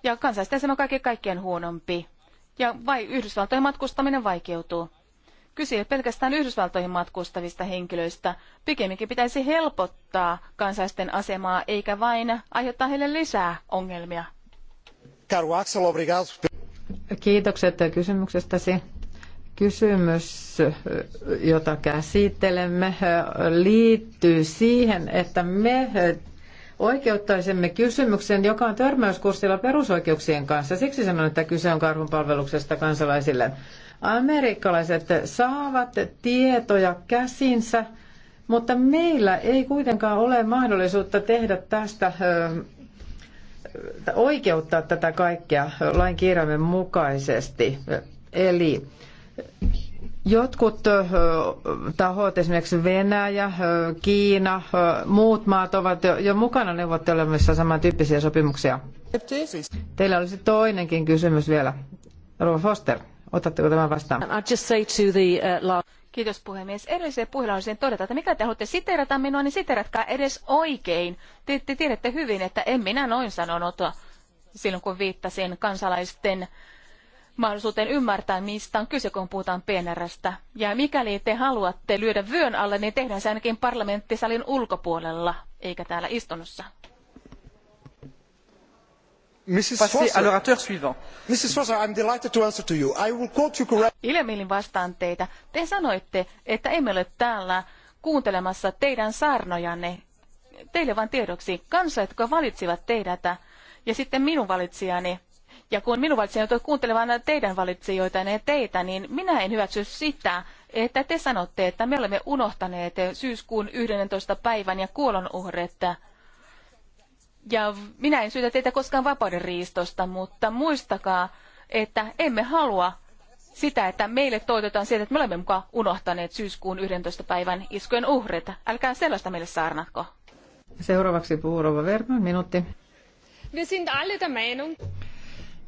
Ja kansalaisten asema kaiken kaikkien huonompi. Ja vai Yhdysvaltojen matkustaminen vaikeutuu. Kyse ei pelkästään Yhdysvaltoihin matkustavista henkilöistä. Pikemminkin pitäisi helpottaa kansalaisten asemaa, eikä vain aiheuttaa heille lisää ongelmia. Caro Axel, Kiitokset kysymyksestäsi. Kysymys, jota käsittelemme, liittyy siihen, että me oikeuttaisimme kysymyksen, joka on törmäyskurssilla perusoikeuksien kanssa. Siksi sanon, että kyse on karhunpalveluksesta kansalaisille. Amerikkalaiset saavat tietoja käsinsä, mutta meillä ei kuitenkaan ole mahdollisuutta tehdä tästä oikeuttaa tätä kaikkea lain kirjaimen mukaisesti. Eli Jotkut tahot, esimerkiksi Venäjä, Kiina, muut maat ovat jo, mukana neuvottelemassa samantyyppisiä sopimuksia. Teillä olisi toinenkin kysymys vielä. Rova Foster, otatteko tämän vastaan? Uh, Kiitos puhemies. Edelliseen puheella olisin todeta, että mikä te haluatte siterata minua, niin siteratkaa edes oikein. Te, te tiedätte hyvin, että en minä noin sanonut silloin, kun viittasin kansalaisten mahdollisuuteen ymmärtää, mistä on kyse, kun puhutaan PNRstä. Ja mikäli te haluatte lyödä vyön alle, niin tehdään se ainakin parlamenttisalin ulkopuolella, eikä täällä istunnossa. Ilemilin vastaan teitä. Te sanoitte, että emme ole täällä kuuntelemassa teidän saarnojanne. Teille vain tiedoksi, kansa, jotka valitsivat teidät ja sitten minun valitsijani, ja kun minun valitsijani joutuvat kuuntelemaan teidän valitsijoitanne ja teitä, niin minä en hyväksy sitä, että te sanotte, että me olemme unohtaneet syyskuun 11. päivän ja kuolonuhret. Ja minä en syytä teitä koskaan vapauden riistosta, mutta muistakaa, että emme halua sitä, että meille toitetaan siitä, että me olemme mukaan unohtaneet syyskuun 11. päivän iskujen uhret. Älkää sellaista meille saarnatko. Seuraavaksi puhuu Rova Verman, minuutti. Wir sind alle der Meinung.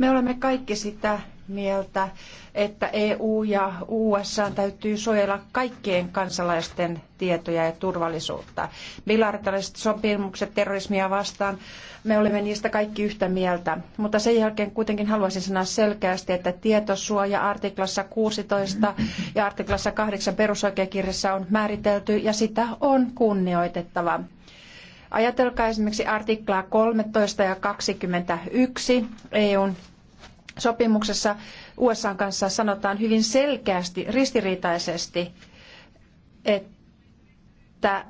Me olemme kaikki sitä mieltä, että EU ja USA täytyy suojella kaikkien kansalaisten tietoja ja turvallisuutta. Bilateraaliset sopimukset terrorismia vastaan, me olemme niistä kaikki yhtä mieltä. Mutta sen jälkeen kuitenkin haluaisin sanoa selkeästi, että tietosuoja artiklassa 16 ja artiklassa 8 perusoikeakirjassa on määritelty ja sitä on kunnioitettava. Ajatelkaa esimerkiksi artiklaa 13 ja 21 EUn sopimuksessa USAn kanssa sanotaan hyvin selkeästi, ristiriitaisesti, että äh,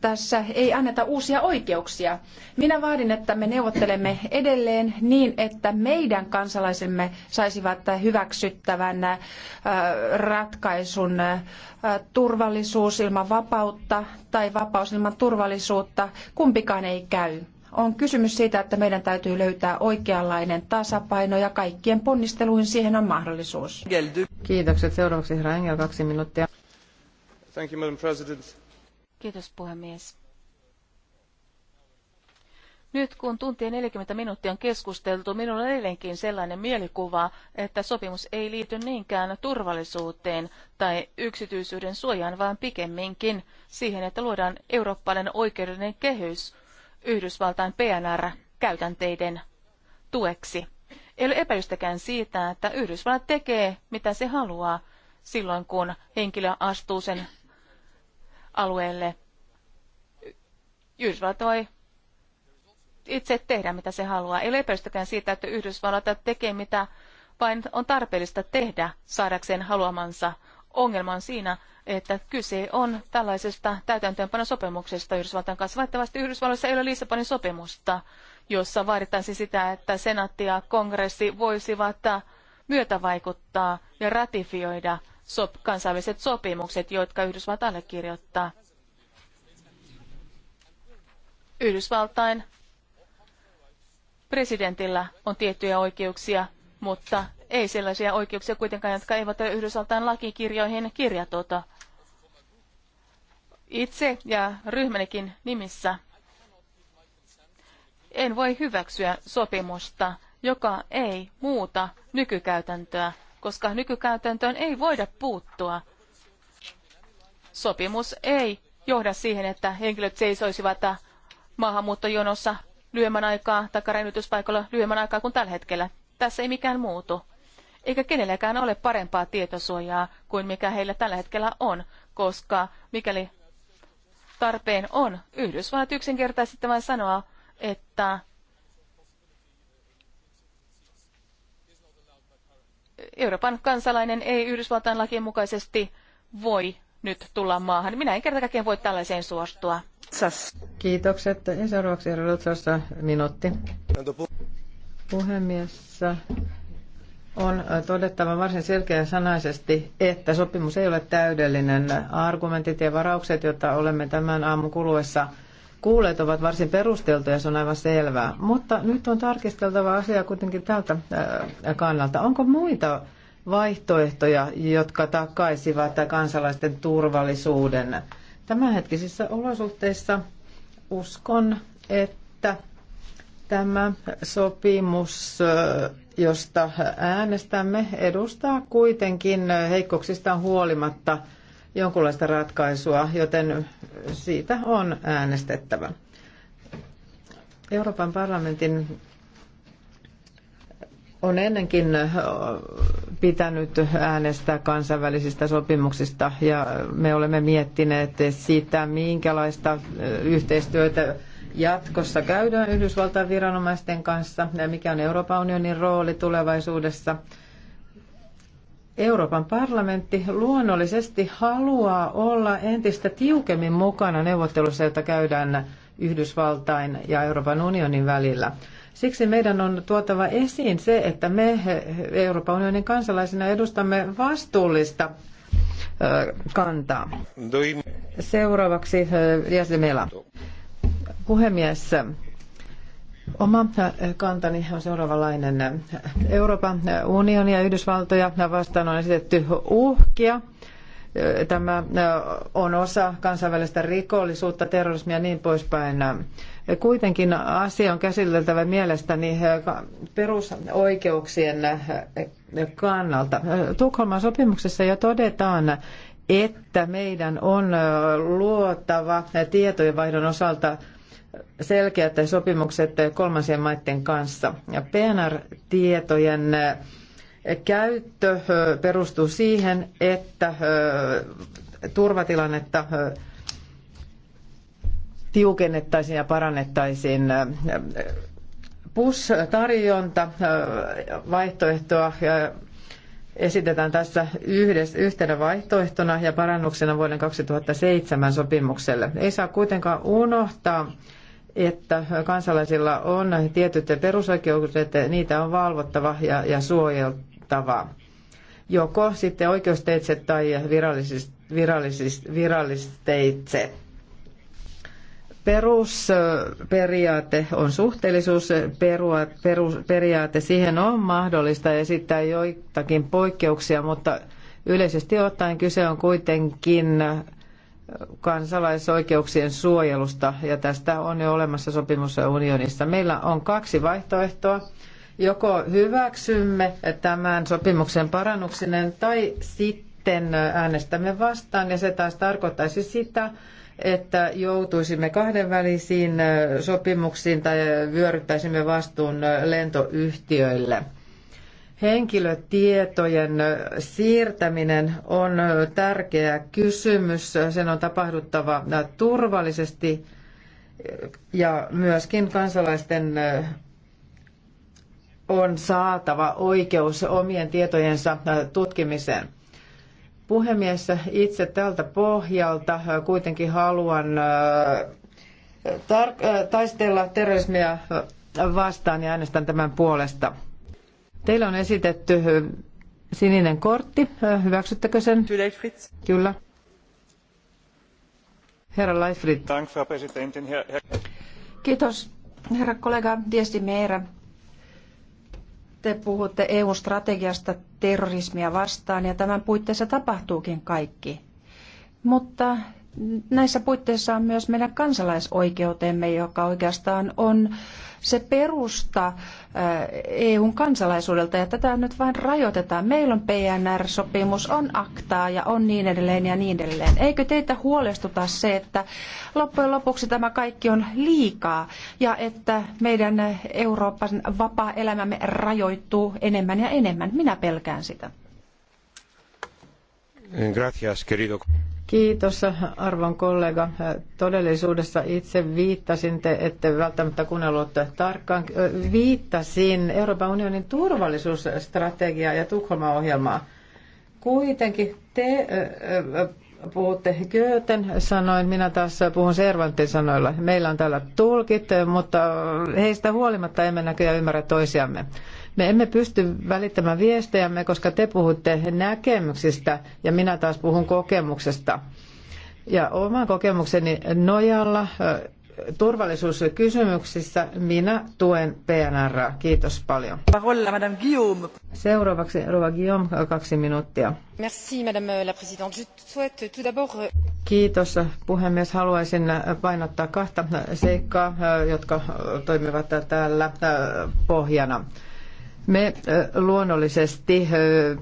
tässä ei anneta uusia oikeuksia. Minä vaadin, että me neuvottelemme edelleen niin, että meidän kansalaisemme saisivat hyväksyttävän äh, ratkaisun äh, turvallisuus ilman vapautta tai vapaus ilman turvallisuutta. Kumpikaan ei käy on kysymys siitä, että meidän täytyy löytää oikeanlainen tasapaino ja kaikkien ponnisteluin siihen on mahdollisuus. Kiitokset. Seuraavaksi herra Engel, kaksi minuuttia. Thank you, Madam President. Kiitos puhemies. Nyt kun tuntien 40 minuuttia on keskusteltu, minulla on edelleenkin sellainen mielikuva, että sopimus ei liity niinkään turvallisuuteen tai yksityisyyden suojaan, vaan pikemminkin siihen, että luodaan eurooppalainen oikeudellinen kehys Yhdysvaltain PNR-käytänteiden tueksi. Ei ole epäilystäkään siitä, että Yhdysvallat tekee mitä se haluaa silloin, kun henkilö astuu sen alueelle. Yhdysvallat voi itse tehdä mitä se haluaa. Ei ole epäilystäkään siitä, että Yhdysvallat tekee mitä vain on tarpeellista tehdä saadakseen haluamansa. Ongelma on siinä, että kyse on tällaisesta täytäntöönpanosopimuksesta Yhdysvaltain kanssa. Valitettavasti Yhdysvalloissa ei ole Lissabonin sopimusta, jossa vaadittaisi sitä, että senaatti ja kongressi voisivat myötävaikuttaa ja ratifioida sop- kansainväliset sopimukset, jotka Yhdysvallat allekirjoittaa. Yhdysvaltain presidentillä on tiettyjä oikeuksia, mutta ei sellaisia oikeuksia kuitenkaan, jotka eivät ole Yhdysvaltain lakikirjoihin kirjatuta itse ja ryhmänikin nimissä en voi hyväksyä sopimusta, joka ei muuta nykykäytäntöä, koska nykykäytäntöön ei voida puuttua. Sopimus ei johda siihen, että henkilöt seisoisivat maahanmuuttojonossa lyömän aikaa tai räjäytyspaikalla lyömän aikaa kuin tällä hetkellä. Tässä ei mikään muutu. Eikä kenelläkään ole parempaa tietosuojaa kuin mikä heillä tällä hetkellä on, koska mikäli tarpeen on. Yhdysvallat yksinkertaisesti vain sanoa, että Euroopan kansalainen ei Yhdysvaltain lakien mukaisesti voi nyt tulla maahan. Minä en kerta kaikkiaan voi tällaiseen suostua. Kiitokset. Ja seuraavaksi Herra Lutsassa minuutti. Puhemies, on todettava varsin selkeän sanaisesti, että sopimus ei ole täydellinen. Argumentit ja varaukset, joita olemme tämän aamun kuluessa kuulleet, ovat varsin perusteltuja, se on aivan selvää. Mutta nyt on tarkisteltava asia kuitenkin tältä kannalta. Onko muita vaihtoehtoja, jotka takaisivat kansalaisten turvallisuuden? Tämänhetkisissä olosuhteissa uskon, että tämä sopimus josta äänestämme, edustaa kuitenkin heikkouksistaan huolimatta jonkunlaista ratkaisua, joten siitä on äänestettävä. Euroopan parlamentin on ennenkin pitänyt äänestää kansainvälisistä sopimuksista ja me olemme miettineet sitä, minkälaista yhteistyötä jatkossa käydään Yhdysvaltain viranomaisten kanssa ja mikä on Euroopan unionin rooli tulevaisuudessa. Euroopan parlamentti luonnollisesti haluaa olla entistä tiukemmin mukana neuvottelussa, jota käydään Yhdysvaltain ja Euroopan unionin välillä. Siksi meidän on tuotava esiin se, että me Euroopan unionin kansalaisina edustamme vastuullista kantaa. Seuraavaksi Jasmela puhemies. Oma äh, kantani on seuraavanlainen. Euroopan äh, unionia ja Yhdysvaltoja vastaan on esitetty uhkia. Äh, tämä on osa kansainvälistä rikollisuutta, terrorismia ja niin poispäin. Kuitenkin asia on käsiteltävä mielestäni perusoikeuksien kannalta. Tukholman sopimuksessa jo todetaan, että meidän on luotava tietojenvaihdon osalta selkeät sopimukset kolmansien maiden kanssa. Ja PNR-tietojen käyttö perustuu siihen, että turvatilannetta tiukennettaisiin ja parannettaisiin PUS-tarjonta vaihtoehtoa esitetään tässä yhdessä, yhtenä vaihtoehtona ja parannuksena vuoden 2007 sopimukselle. Ei saa kuitenkaan unohtaa, että kansalaisilla on tietyt perusoikeudet, niitä on valvottava ja, ja suojeltava. Joko sitten oikeusteitse tai virallisist, virallisist, virallisteitse. Perusperiaate on suhteellisuus, perusperiaate. Siihen on mahdollista esittää joitakin poikkeuksia, mutta yleisesti ottaen kyse on kuitenkin kansalaisoikeuksien suojelusta, ja tästä on jo olemassa sopimus unionissa. Meillä on kaksi vaihtoehtoa. Joko hyväksymme tämän sopimuksen parannuksinen, tai sitten äänestämme vastaan, ja se taas tarkoittaisi sitä, että joutuisimme kahdenvälisiin sopimuksiin tai vyöryttäisimme vastuun lentoyhtiöille – Henkilötietojen siirtäminen on tärkeä kysymys. Sen on tapahduttava turvallisesti ja myöskin kansalaisten on saatava oikeus omien tietojensa tutkimiseen. Puhemies, itse tältä pohjalta kuitenkin haluan äh, äh, taistella terrorismia vastaan ja äänestän tämän puolesta. Teillä on esitetty sininen kortti. Hyväksyttekö sen? Kyllä. Herra Leifrid. Kiitos, herra kollega Diesti Meera. Te puhutte EU-strategiasta terrorismia vastaan ja tämän puitteissa tapahtuukin kaikki. Mutta näissä puitteissa on myös meidän kansalaisoikeutemme, joka oikeastaan on se perusta EUn kansalaisuudelta ja tätä nyt vain rajoitetaan. Meillä on PNR-sopimus, on aktaa ja on niin edelleen ja niin edelleen. Eikö teitä huolestuta se, että loppujen lopuksi tämä kaikki on liikaa ja että meidän Euroopan vapaa elämämme rajoittuu enemmän ja enemmän? Minä pelkään sitä. Gracias, querido. Kiitos arvon kollega. Todellisuudessa itse viittasin, te ette välttämättä kuunnellut tarkkaan, viittasin Euroopan unionin turvallisuusstrategiaa ja Tukholman ohjelmaa. Kuitenkin te puhutte Goethen sanoin, minä taas puhun Servantin sanoilla. Meillä on täällä tulkit, mutta heistä huolimatta emme näköjään ymmärrä toisiamme. Me emme pysty välittämään viestejämme, koska te puhutte näkemyksistä ja minä taas puhun kokemuksesta. Ja oman kokemukseni nojalla turvallisuuskysymyksissä minä tuen PNR. Kiitos paljon. Parola, Madame Guillaume. Seuraavaksi Rova Guillaume, kaksi minuuttia. Merci, Madame la Présidente. Je souhaite tout d'abord... Euh, Kiitos puhemies. Haluaisin painottaa kahta seikkaa, jotka toimivat täällä pohjana. Me luonnollisesti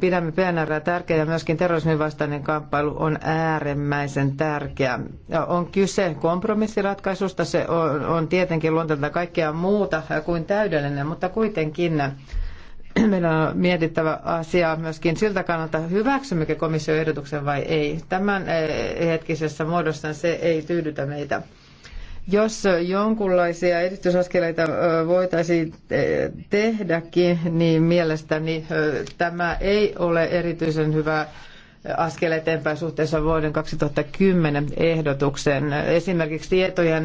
pidämme PNR tärkeänä ja myöskin terrorismin vastainen kamppailu on äärimmäisen tärkeä. On kyse kompromissiratkaisusta, se on, on tietenkin luonteelta kaikkea muuta kuin täydellinen, mutta kuitenkin meidän on mietittävä asia myöskin siltä kannalta, hyväksymmekö komission ehdotuksen vai ei. Tämän hetkisessä muodossaan se ei tyydytä meitä. Jos jonkunlaisia edistysaskeleita voitaisiin e, tehdäkin, niin mielestäni tämä ei ole erityisen hyvä askel eteenpäin suhteessa vuoden 2010 ehdotuksen. Esimerkiksi tietojen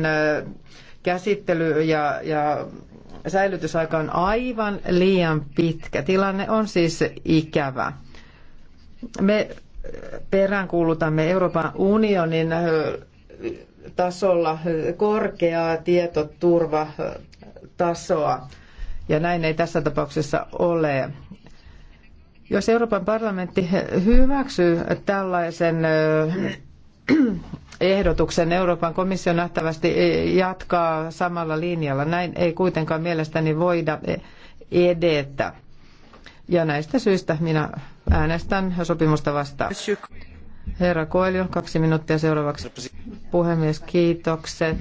käsittely ja, ja säilytysaika on aivan liian pitkä. Tilanne on siis ikävä. Me peräänkuulutamme Euroopan unionin tasolla korkeaa tietoturvatasoa. Ja näin ei tässä tapauksessa ole. Jos Euroopan parlamentti hyväksyy tällaisen <clears throat> ehdotuksen, Euroopan komissio nähtävästi jatkaa samalla linjalla. Näin ei kuitenkaan mielestäni voida edetä. Ja näistä syistä minä äänestän sopimusta vastaan. Herra Koelio, kaksi minuuttia seuraavaksi. Puhemies, kiitokset.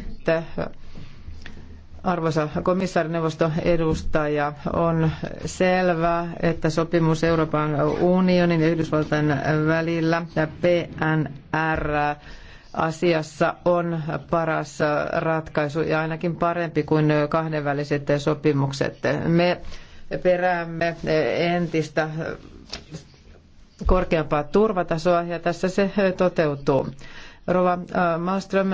Arvoisa komissaarineuvosto edustaja, on selvää, että sopimus Euroopan unionin ja Yhdysvaltain välillä PNR asiassa on paras ratkaisu ja ainakin parempi kuin kahdenväliset sopimukset. Me peräämme entistä korkeampaa turvatasoa ja tässä se toteutuu. Rova Malmström,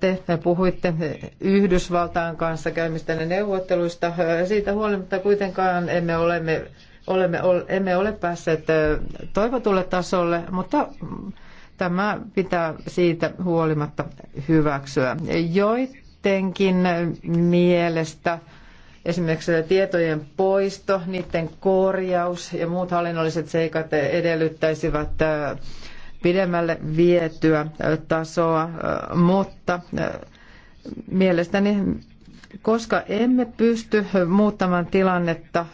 te puhuitte Yhdysvaltain kanssa käymistänne neuvotteluista. Siitä huolimatta kuitenkaan emme olemme olemme, emme ole päässeet toivotulle tasolle, mutta tämä pitää siitä huolimatta hyväksyä. Joidenkin mielestä Esimerkiksi tietojen poisto, niiden korjaus ja muut hallinnolliset seikat edellyttäisivät äh, pidemmälle vietyä äh, tasoa, äh, mutta mielestäni koska emme pysty muuttamaan tilannetta,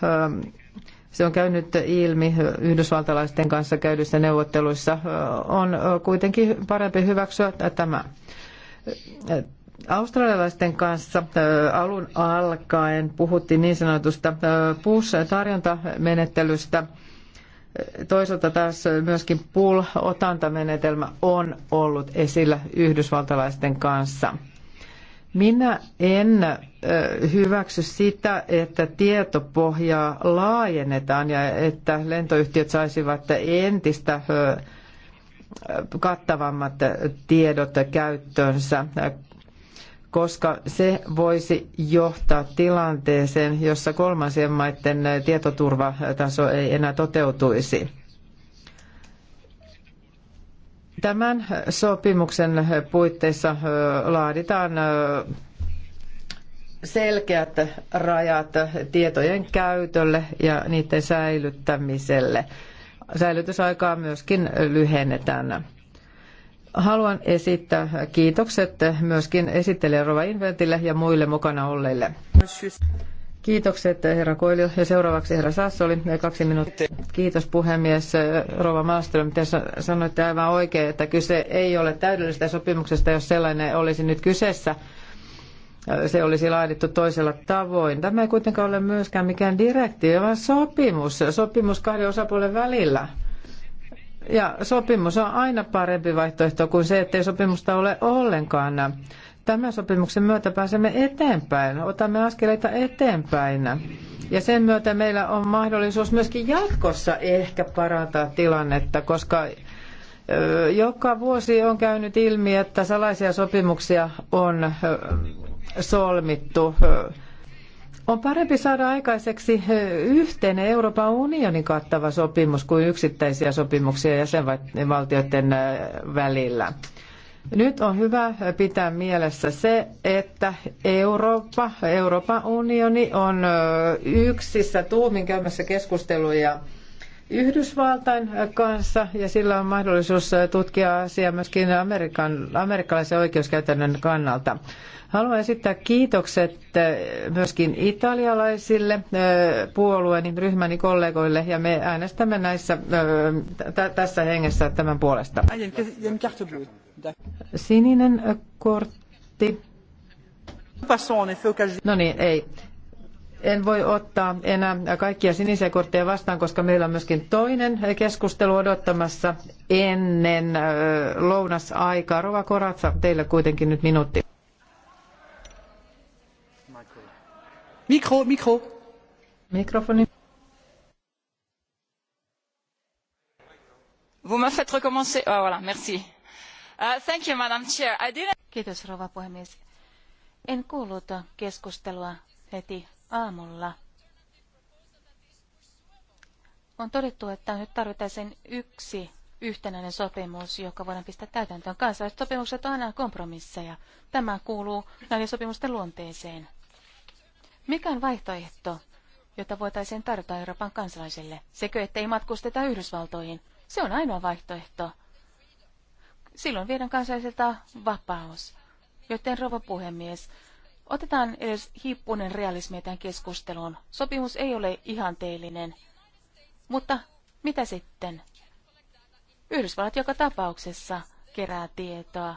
se on käynyt ilmi yhdysvaltalaisten kanssa käydyissä neuvotteluissa, on kuitenkin parempi hyväksyä tämä. Australialaisten kanssa alun alkaen puhuttiin niin sanotusta push-tarjontamenettelystä. Toisaalta taas myöskin pull-otantamenetelmä on ollut esillä yhdysvaltalaisten kanssa. Minä en hyväksy sitä, että tietopohjaa laajennetaan ja että lentoyhtiöt saisivat entistä kattavammat tiedot käyttöönsä koska se voisi johtaa tilanteeseen, jossa kolmansien maiden tietoturvataso ei enää toteutuisi. Tämän sopimuksen puitteissa laaditaan selkeät rajat tietojen käytölle ja niiden säilyttämiselle. Säilytysaikaa myöskin lyhennetään. Haluan esittää kiitokset myöskin esittelijä Rova Inventille ja muille mukana olleille. Kiitokset herra Koilio ja seuraavaksi herra Sassoli. Kaksi minuuttia. Kiitos puhemies. Rova Malmström, te sanoitte aivan oikein, että kyse ei ole täydellisestä sopimuksesta, jos sellainen olisi nyt kyseessä. Se olisi laadittu toisella tavoin. Tämä ei kuitenkaan ole myöskään mikään direktiivi, vaan sopimus. Sopimus kahden osapuolen välillä. Ja sopimus on aina parempi vaihtoehto kuin se, ettei sopimusta ole ollenkaan. Tämän sopimuksen myötä pääsemme eteenpäin, otamme askeleita eteenpäin. Ja sen myötä meillä on mahdollisuus myöskin jatkossa ehkä parantaa tilannetta, koska joka vuosi on käynyt ilmi, että salaisia sopimuksia on solmittu on parempi saada aikaiseksi yhteinen Euroopan unionin kattava sopimus kuin yksittäisiä sopimuksia jäsenvaltioiden välillä. Nyt on hyvä pitää mielessä se, että Eurooppa, Euroopan unioni on yksissä tuumin käymässä keskusteluja Yhdysvaltain kanssa ja sillä on mahdollisuus tutkia asiaa myöskin Amerikan, amerikkalaisen oikeuskäytännön kannalta. Haluan esittää kiitokset äh, myöskin italialaisille äh, puolueeni, ryhmäni kollegoille ja me äänestämme näissä, äh, tässä hengessä tämän puolesta. Ah, Sininen kortti. No niin, ei. En voi ottaa enää kaikkia sinisiä kortteja vastaan, koska meillä on myöskin toinen keskustelu odottamassa ennen lounasaikaa. Rova Koratsa, teille kuitenkin nyt minuutti. Mikro, mikro. Mikrofon. Vous me faites recommencer. Oh, voilà, merci. Uh, thank you, Madam Chair. I didn't... Kiitos, rouva puhemies. En kuullut keskustelua heti aamulla. On todettu, että nyt tarvitaan yksi yhtenäinen sopimus, joka voidaan pistää täytäntöön. Kansainväliset sopimukset on aina kompromisseja. Tämä kuuluu näiden sopimusten luonteeseen. Mikä on vaihtoehto, jota voitaisiin tarjota Euroopan kansalaisille? Sekö, ettei matkusteta Yhdysvaltoihin? Se on ainoa vaihtoehto. Silloin viedään kansalaisilta vapaus. Joten, rouva puhemies, otetaan edes hiippunen realismi tämän keskusteluun. Sopimus ei ole ihanteellinen. Mutta mitä sitten? Yhdysvallat joka tapauksessa kerää tietoa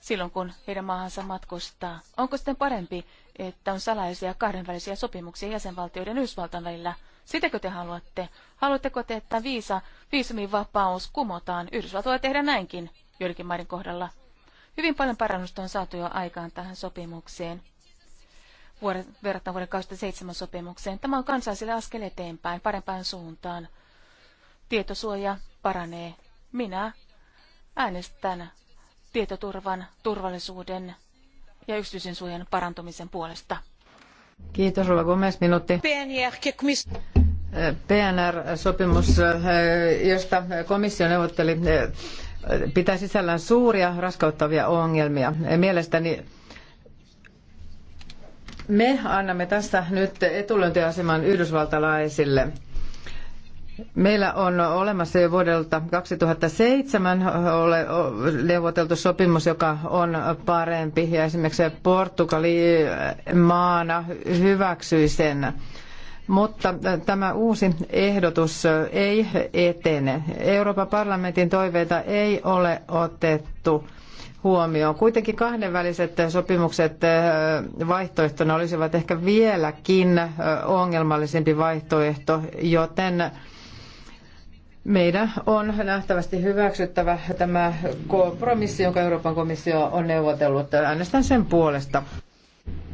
silloin, kun heidän maahansa matkustaa. Onko sitten parempi, että on salaisia kahdenvälisiä sopimuksia jäsenvaltioiden ja Yhdysvaltain välillä. Sitäkö te haluatte? Haluatteko te, että viisa, viisumin vapaus kumotaan? Yhdysvallat voi tehdä näinkin joidenkin maiden kohdalla. Hyvin paljon parannusta on saatu jo aikaan tähän sopimukseen vuoden, verrattuna vuoden 2007 sopimukseen. Tämä on kansallisille askel eteenpäin, parempaan suuntaan. Tietosuoja paranee. Minä äänestän tietoturvan, turvallisuuden ja yksityisen suojan parantumisen puolesta. Kiitos, Rova Gomez, minuutti. PNR-sopimus, eh, josta komissio neuvotteli, eh, pitää sisällään suuria raskauttavia ongelmia. Mielestäni me annamme tässä nyt etulyöntiaseman yhdysvaltalaisille – Meillä on olemassa jo vuodelta 2007 ole, neuvoteltu sopimus, joka on parempi ja esimerkiksi Portugali maana hyväksyi sen. Mutta tämä uusi ehdotus ei etene. Euroopan parlamentin toiveita ei ole otettu huomioon. Kuitenkin kahdenväliset sopimukset eh, vaihtoehtona olisivat ehkä vieläkin eh, ongelmallisempi vaihtoehto, joten meidän on nähtävästi hyväksyttävä tämä kompromissi, jonka Euroopan komissio on neuvotellut. Äänestän sen puolesta.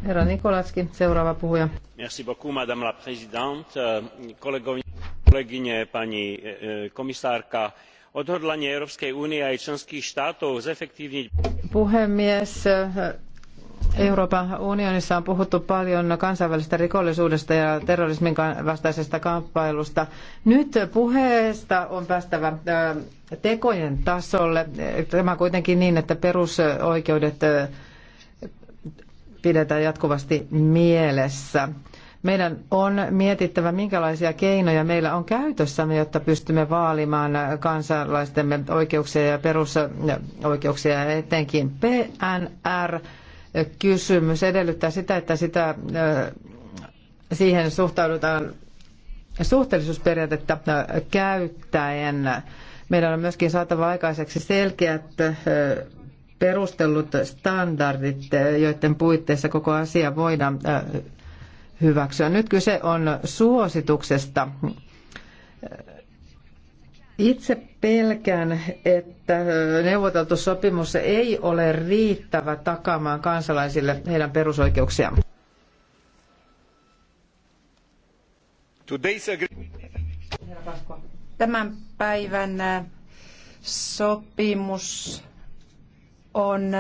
Herra Nikolatski, seuraava puhuja. Merci beaucoup, madame la présidente. Euh, pani e, e, komisárka, odhodlanie Európskej únie aj členských štátov zefektívniť... Puhemies, Euroopan unionissa on puhuttu paljon kansainvälisestä rikollisuudesta ja terrorismin vastaisesta kamppailusta. Nyt puheesta on päästävä tekojen tasolle. Tämä kuitenkin niin, että perusoikeudet pidetään jatkuvasti mielessä. Meidän on mietittävä, minkälaisia keinoja meillä on käytössämme, jotta pystymme vaalimaan kansalaistemme oikeuksia ja perusoikeuksia, etenkin PNR – kysymys edellyttää sitä, että sitä, siihen suhtaudutaan suhteellisuusperiaatetta käyttäen. Meidän on myöskin saatava aikaiseksi selkeät perustellut standardit, joiden puitteissa koko asia voidaan hyväksyä. Nyt kyse on suosituksesta itse pelkään, että neuvoteltu sopimus ei ole riittävä takaamaan kansalaisille heidän perusoikeuksiaan. Tämän päivän sopimus on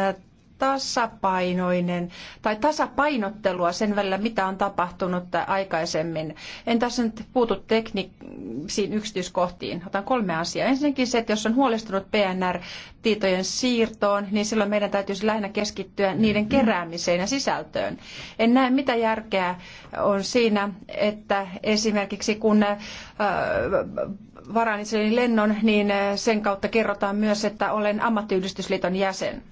tasapainoinen tai tasapainottelua sen välillä, mitä on tapahtunut aikaisemmin. En tässä nyt puutu teknisiin yksityiskohtiin. Otan kolme asiaa. Ensinnäkin se, että jos on huolestunut PNR-tietojen siirtoon, niin silloin meidän täytyisi lähinnä keskittyä niiden keräämiseen ja sisältöön. En näe, mitä järkeä on siinä, että esimerkiksi kun äh, varaan lennon, niin sen kautta kerrotaan myös, että olen ammattiyhdistysliiton jäsen.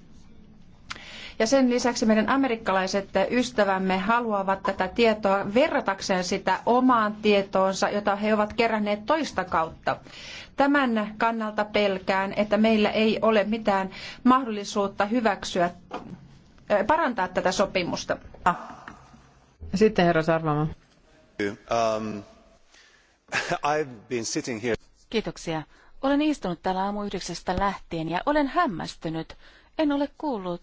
Ja sen lisäksi meidän amerikkalaiset ystävämme haluavat tätä tietoa verratakseen sitä omaan tietoonsa, jota he ovat keränneet toista kautta. Tämän kannalta pelkään, että meillä ei ole mitään mahdollisuutta hyväksyä, äh, parantaa tätä sopimusta. Sitten herra Sarvama. Um, <laughs> Kiitoksia. Olen istunut täällä aamu yhdeksästä lähtien ja olen hämmästynyt. En ole kuullut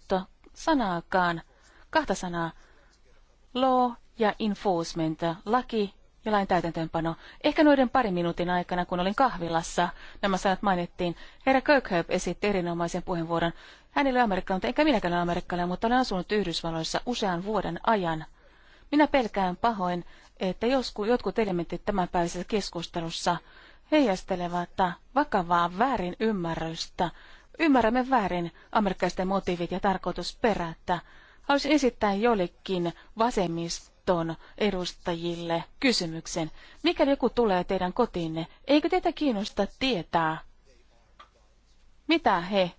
sanaakaan, kahta sanaa, law ja enforcement, laki ja lain täytäntöönpano. Ehkä noiden parin minuutin aikana, kun olin kahvilassa, nämä sanat mainittiin. Herra Kirkhope esitti erinomaisen puheenvuoron. Hän ei ole amerikkalainen, enkä minäkään ole amerikkalainen, mutta olen asunut Yhdysvalloissa usean vuoden ajan. Minä pelkään pahoin, että joskus jotkut elementit tämänpäiväisessä keskustelussa heijastelevat vakavaa väärinymmärrystä ymmärrämme väärin amerikkalaisten motiivit ja tarkoitusperättä. Haluaisin esittää jollekin vasemmiston edustajille kysymyksen. Mikäli joku tulee teidän kotiinne, eikö teitä kiinnosta tietää, mitä he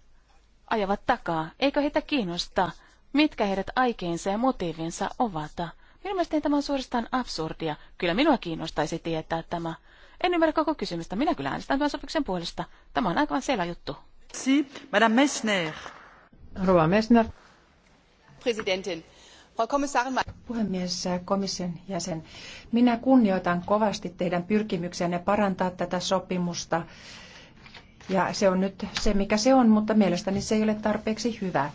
ajavat takaa? Eikö heitä kiinnosta, mitkä heidät aikeensa ja motiivinsa ovat? Minun mielestäni tämä on suorastaan absurdia. Kyllä minua kiinnostaisi tietää tämä. En ymmärrä koko kysymystä. Minä kyllä äänestän tämän sopimuksen puolesta. Tämä on aivan selvä juttu arvoisa Puhemies, äh, komission jäsen, minä kunnioitan kovasti teidän pyrkimyksiänne parantaa tätä sopimusta ja se on nyt se, mikä se on, mutta mielestäni se ei ole tarpeeksi hyvä.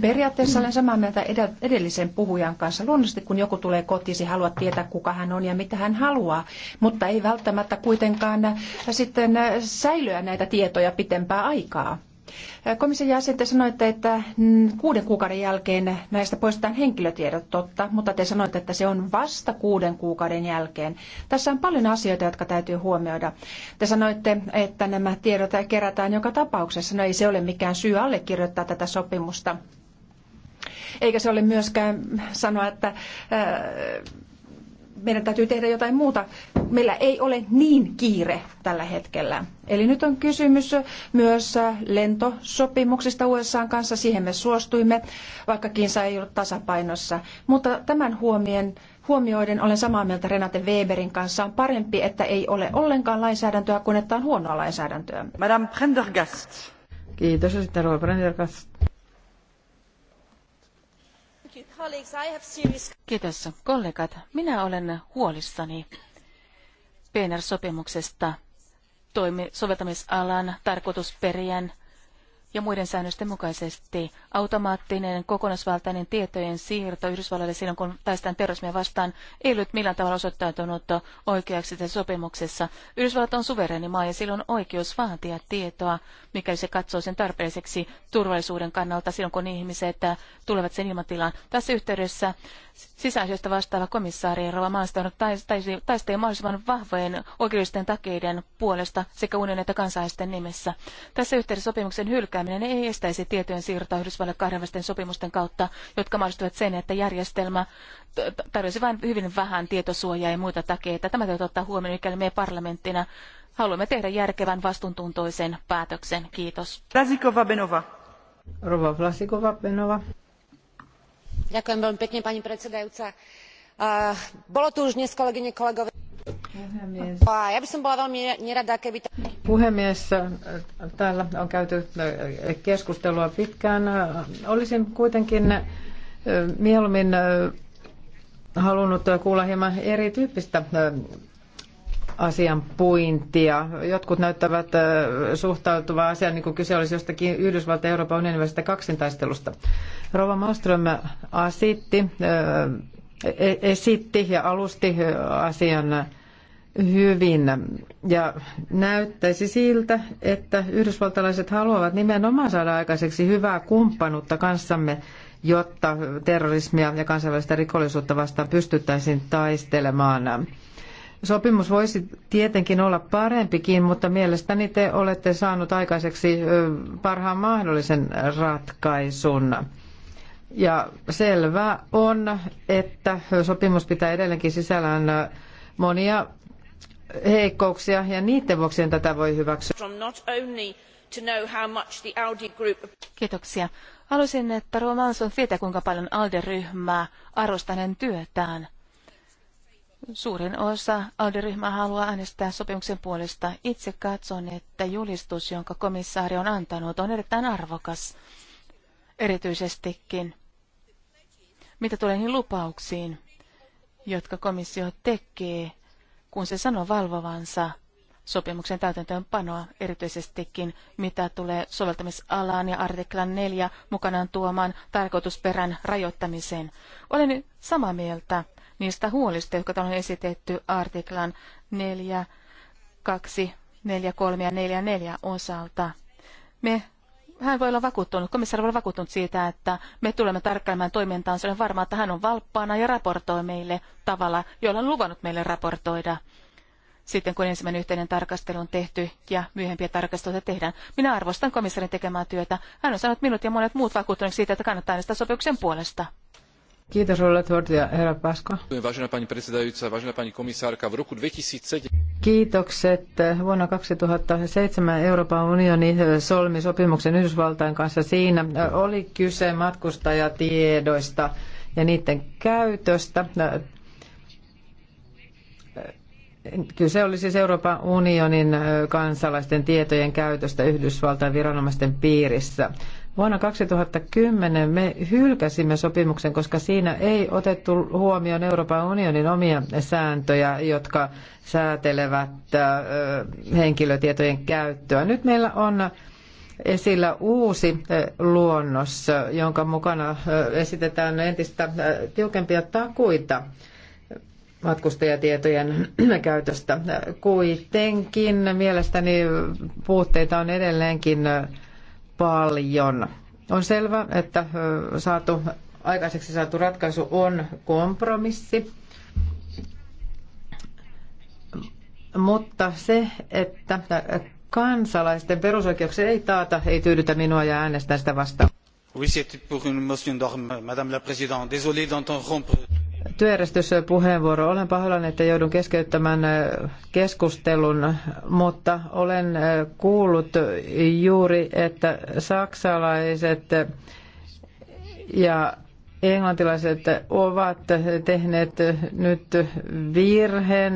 Periaatteessa olen samaa mieltä edellisen puhujan kanssa. Luonnollisesti kun joku tulee kotiin, haluaa haluat tietää, kuka hän on ja mitä hän haluaa, mutta ei välttämättä kuitenkaan äh, sitten äh, säilyä näitä tietoja pitempää aikaa. Komission jäsen, te sanoitte, että kuuden kuukauden jälkeen näistä poistetaan henkilötiedot, totta, mutta te sanoitte, että se on vasta kuuden kuukauden jälkeen. Tässä on paljon asioita, jotka täytyy huomioida. Te sanoitte, että nämä tiedot kerätään joka tapauksessa. No ei se ole mikään syy allekirjoittaa tätä sopimusta. Eikä se ole myöskään sanoa, että äh, meidän täytyy tehdä jotain muuta. Meillä ei ole niin kiire tällä hetkellä. Eli nyt on kysymys myös lentosopimuksista USA kanssa. Siihen me suostuimme, vaikkakin se ei ollut tasapainossa. Mutta tämän huomien, huomioiden olen samaa mieltä Renate Weberin kanssa. On parempi, että ei ole ollenkaan lainsäädäntöä kuin että on huonoa lainsäädäntöä. Madame Prendergast. Kiitos ja sitten Prendergast. Kiitos, kollegat. Minä olen huolissani PNR-sopimuksesta toimi, soveltamisalan, tarkoitusperien ja muiden säännösten mukaisesti automaattinen kokonaisvaltainen tietojen siirto Yhdysvalloille silloin, kun taistetaan terrorismia vastaan, ei ollut millään tavalla osoittautunut oikeaksi tässä sopimuksessa. Yhdysvallat on suvereni maa ja silloin on oikeus vaatia tietoa, mikäli se katsoo sen tarpeelliseksi turvallisuuden kannalta silloin, kun ihmiset tulevat sen ilmatilaan. Tässä yhteydessä sisäisestä vastaava komissaari Rova on taistelee mahdollisimman vahvojen oikeudellisten takeiden puolesta sekä unionin että kansalaisten nimessä. Tässä yhteydessä sopimuksen hylkää lisääminen ei estäisi tietojen siirtoa Yhdysvallan kahdenvälisten sopimusten kautta, jotka mahdollistavat sen, että järjestelmä tarjosi vain hyvin vähän tietosuojaa ja muita takeita. Tämä täytyy ottaa huomioon, mikäli me parlamenttina haluamme tehdä järkevän vastuuntuntoisen päätöksen. Kiitos. Vlasikova Benova. Rova Vlasikova Benova. Ďakujem veľmi pekne, pani predsedajúca. Uh, bolo tu už dnes, kolegyne, kolegovia. Puhemies. täällä on käyty eh, keskustelua pitkään. Olisin kuitenkin eh, mieluummin eh, halunnut kuulla hieman erityyppistä asian puintia. Jotkut näyttävät suhtautuvaa asiaan, niin kuin kyse olisi jostakin Yhdysvaltain Euroopan unionin välisestä kaksintaistelusta. Rova Malmström asitti E- esitti ja alusti asian hyvin. Ja näyttäisi siltä, että yhdysvaltalaiset haluavat nimenomaan saada aikaiseksi hyvää kumppanuutta kanssamme, jotta terrorismia ja kansainvälistä rikollisuutta vastaan pystyttäisiin taistelemaan. Sopimus voisi tietenkin olla parempikin, mutta mielestäni te olette saanut aikaiseksi parhaan mahdollisen ratkaisun. Ja selvää on, että sopimus pitää edelleenkin sisällään monia heikkouksia ja niiden vuoksi en tätä voi hyväksyä. Kiitoksia. Haluaisin, että Romanson tietää, kuinka paljon ALDE-ryhmää arvostaa hänen työtään. Suurin osa ALDE-ryhmää haluaa äänestää sopimuksen puolesta. Itse katson, että julistus, jonka komissaari on antanut, on erittäin arvokas. Erityisestikin mitä tulee niihin lupauksiin, jotka komissio tekee, kun se sanoo valvovansa sopimuksen täytäntöönpanoa, erityisestikin mitä tulee soveltamisalaan ja artiklan 4 mukanaan tuomaan tarkoitusperän rajoittamiseen. Olen samaa mieltä niistä huolista, jotka on esitetty artiklan 4, 2, 4, 3 ja 4, 4 osalta. Me hän voi olla vakuuttunut, komissaari voi olla vakuuttunut siitä, että me tulemme tarkkailemaan toimintaan. Olen varma, että hän on valppaana ja raportoi meille tavalla, jolla on luvannut meille raportoida sitten kun ensimmäinen yhteinen tarkastelu on tehty ja myöhempiä tarkasteluita tehdään. Minä arvostan komissarin tekemää työtä. Hän on sanonut minut ja monet muut vakuuttuneeksi siitä, että kannattaa äänestää sopimuksen puolesta. Kiitos Ulla Tord ja herra Pasko. Vážená pani predsedajúca, vážená pani komisárka, v roku 2007... Kiitokset. Vuonna 2007 Euroopan unioni eh, solmi sopimuksen Yhdysvaltain kanssa. Siinä eh, oli kyse matkustajatiedoista ja niiden käytöstä. Eh, kyse oli siis Euroopan unionin kansalaisten tietojen käytöstä Yhdysvaltain viranomaisten piirissä. Vuonna 2010 me hylkäsimme sopimuksen, koska siinä ei otettu huomioon Euroopan unionin omia sääntöjä, jotka säätelevät henkilötietojen käyttöä. Nyt meillä on esillä uusi luonnos, jonka mukana esitetään entistä tiukempia takuita matkustajatietojen <clears throat> käytöstä. Kuitenkin mielestäni puutteita on edelleenkin paljon. On selvä, että saatu, aikaiseksi saatu ratkaisu on kompromissi, mutta se, että kansalaisten perusoikeuksia ei taata, ei tyydytä minua ja äänestän sitä vastaan. Oui, c'était pour une motion d'ordre, Madame la Présidente. Désolé d'entendre rompre työjärjestyspuheenvuoro. Olen pahoillani, että joudun keskeyttämään keskustelun, mutta olen kuullut juuri, että saksalaiset ja englantilaiset ovat tehneet nyt virheen.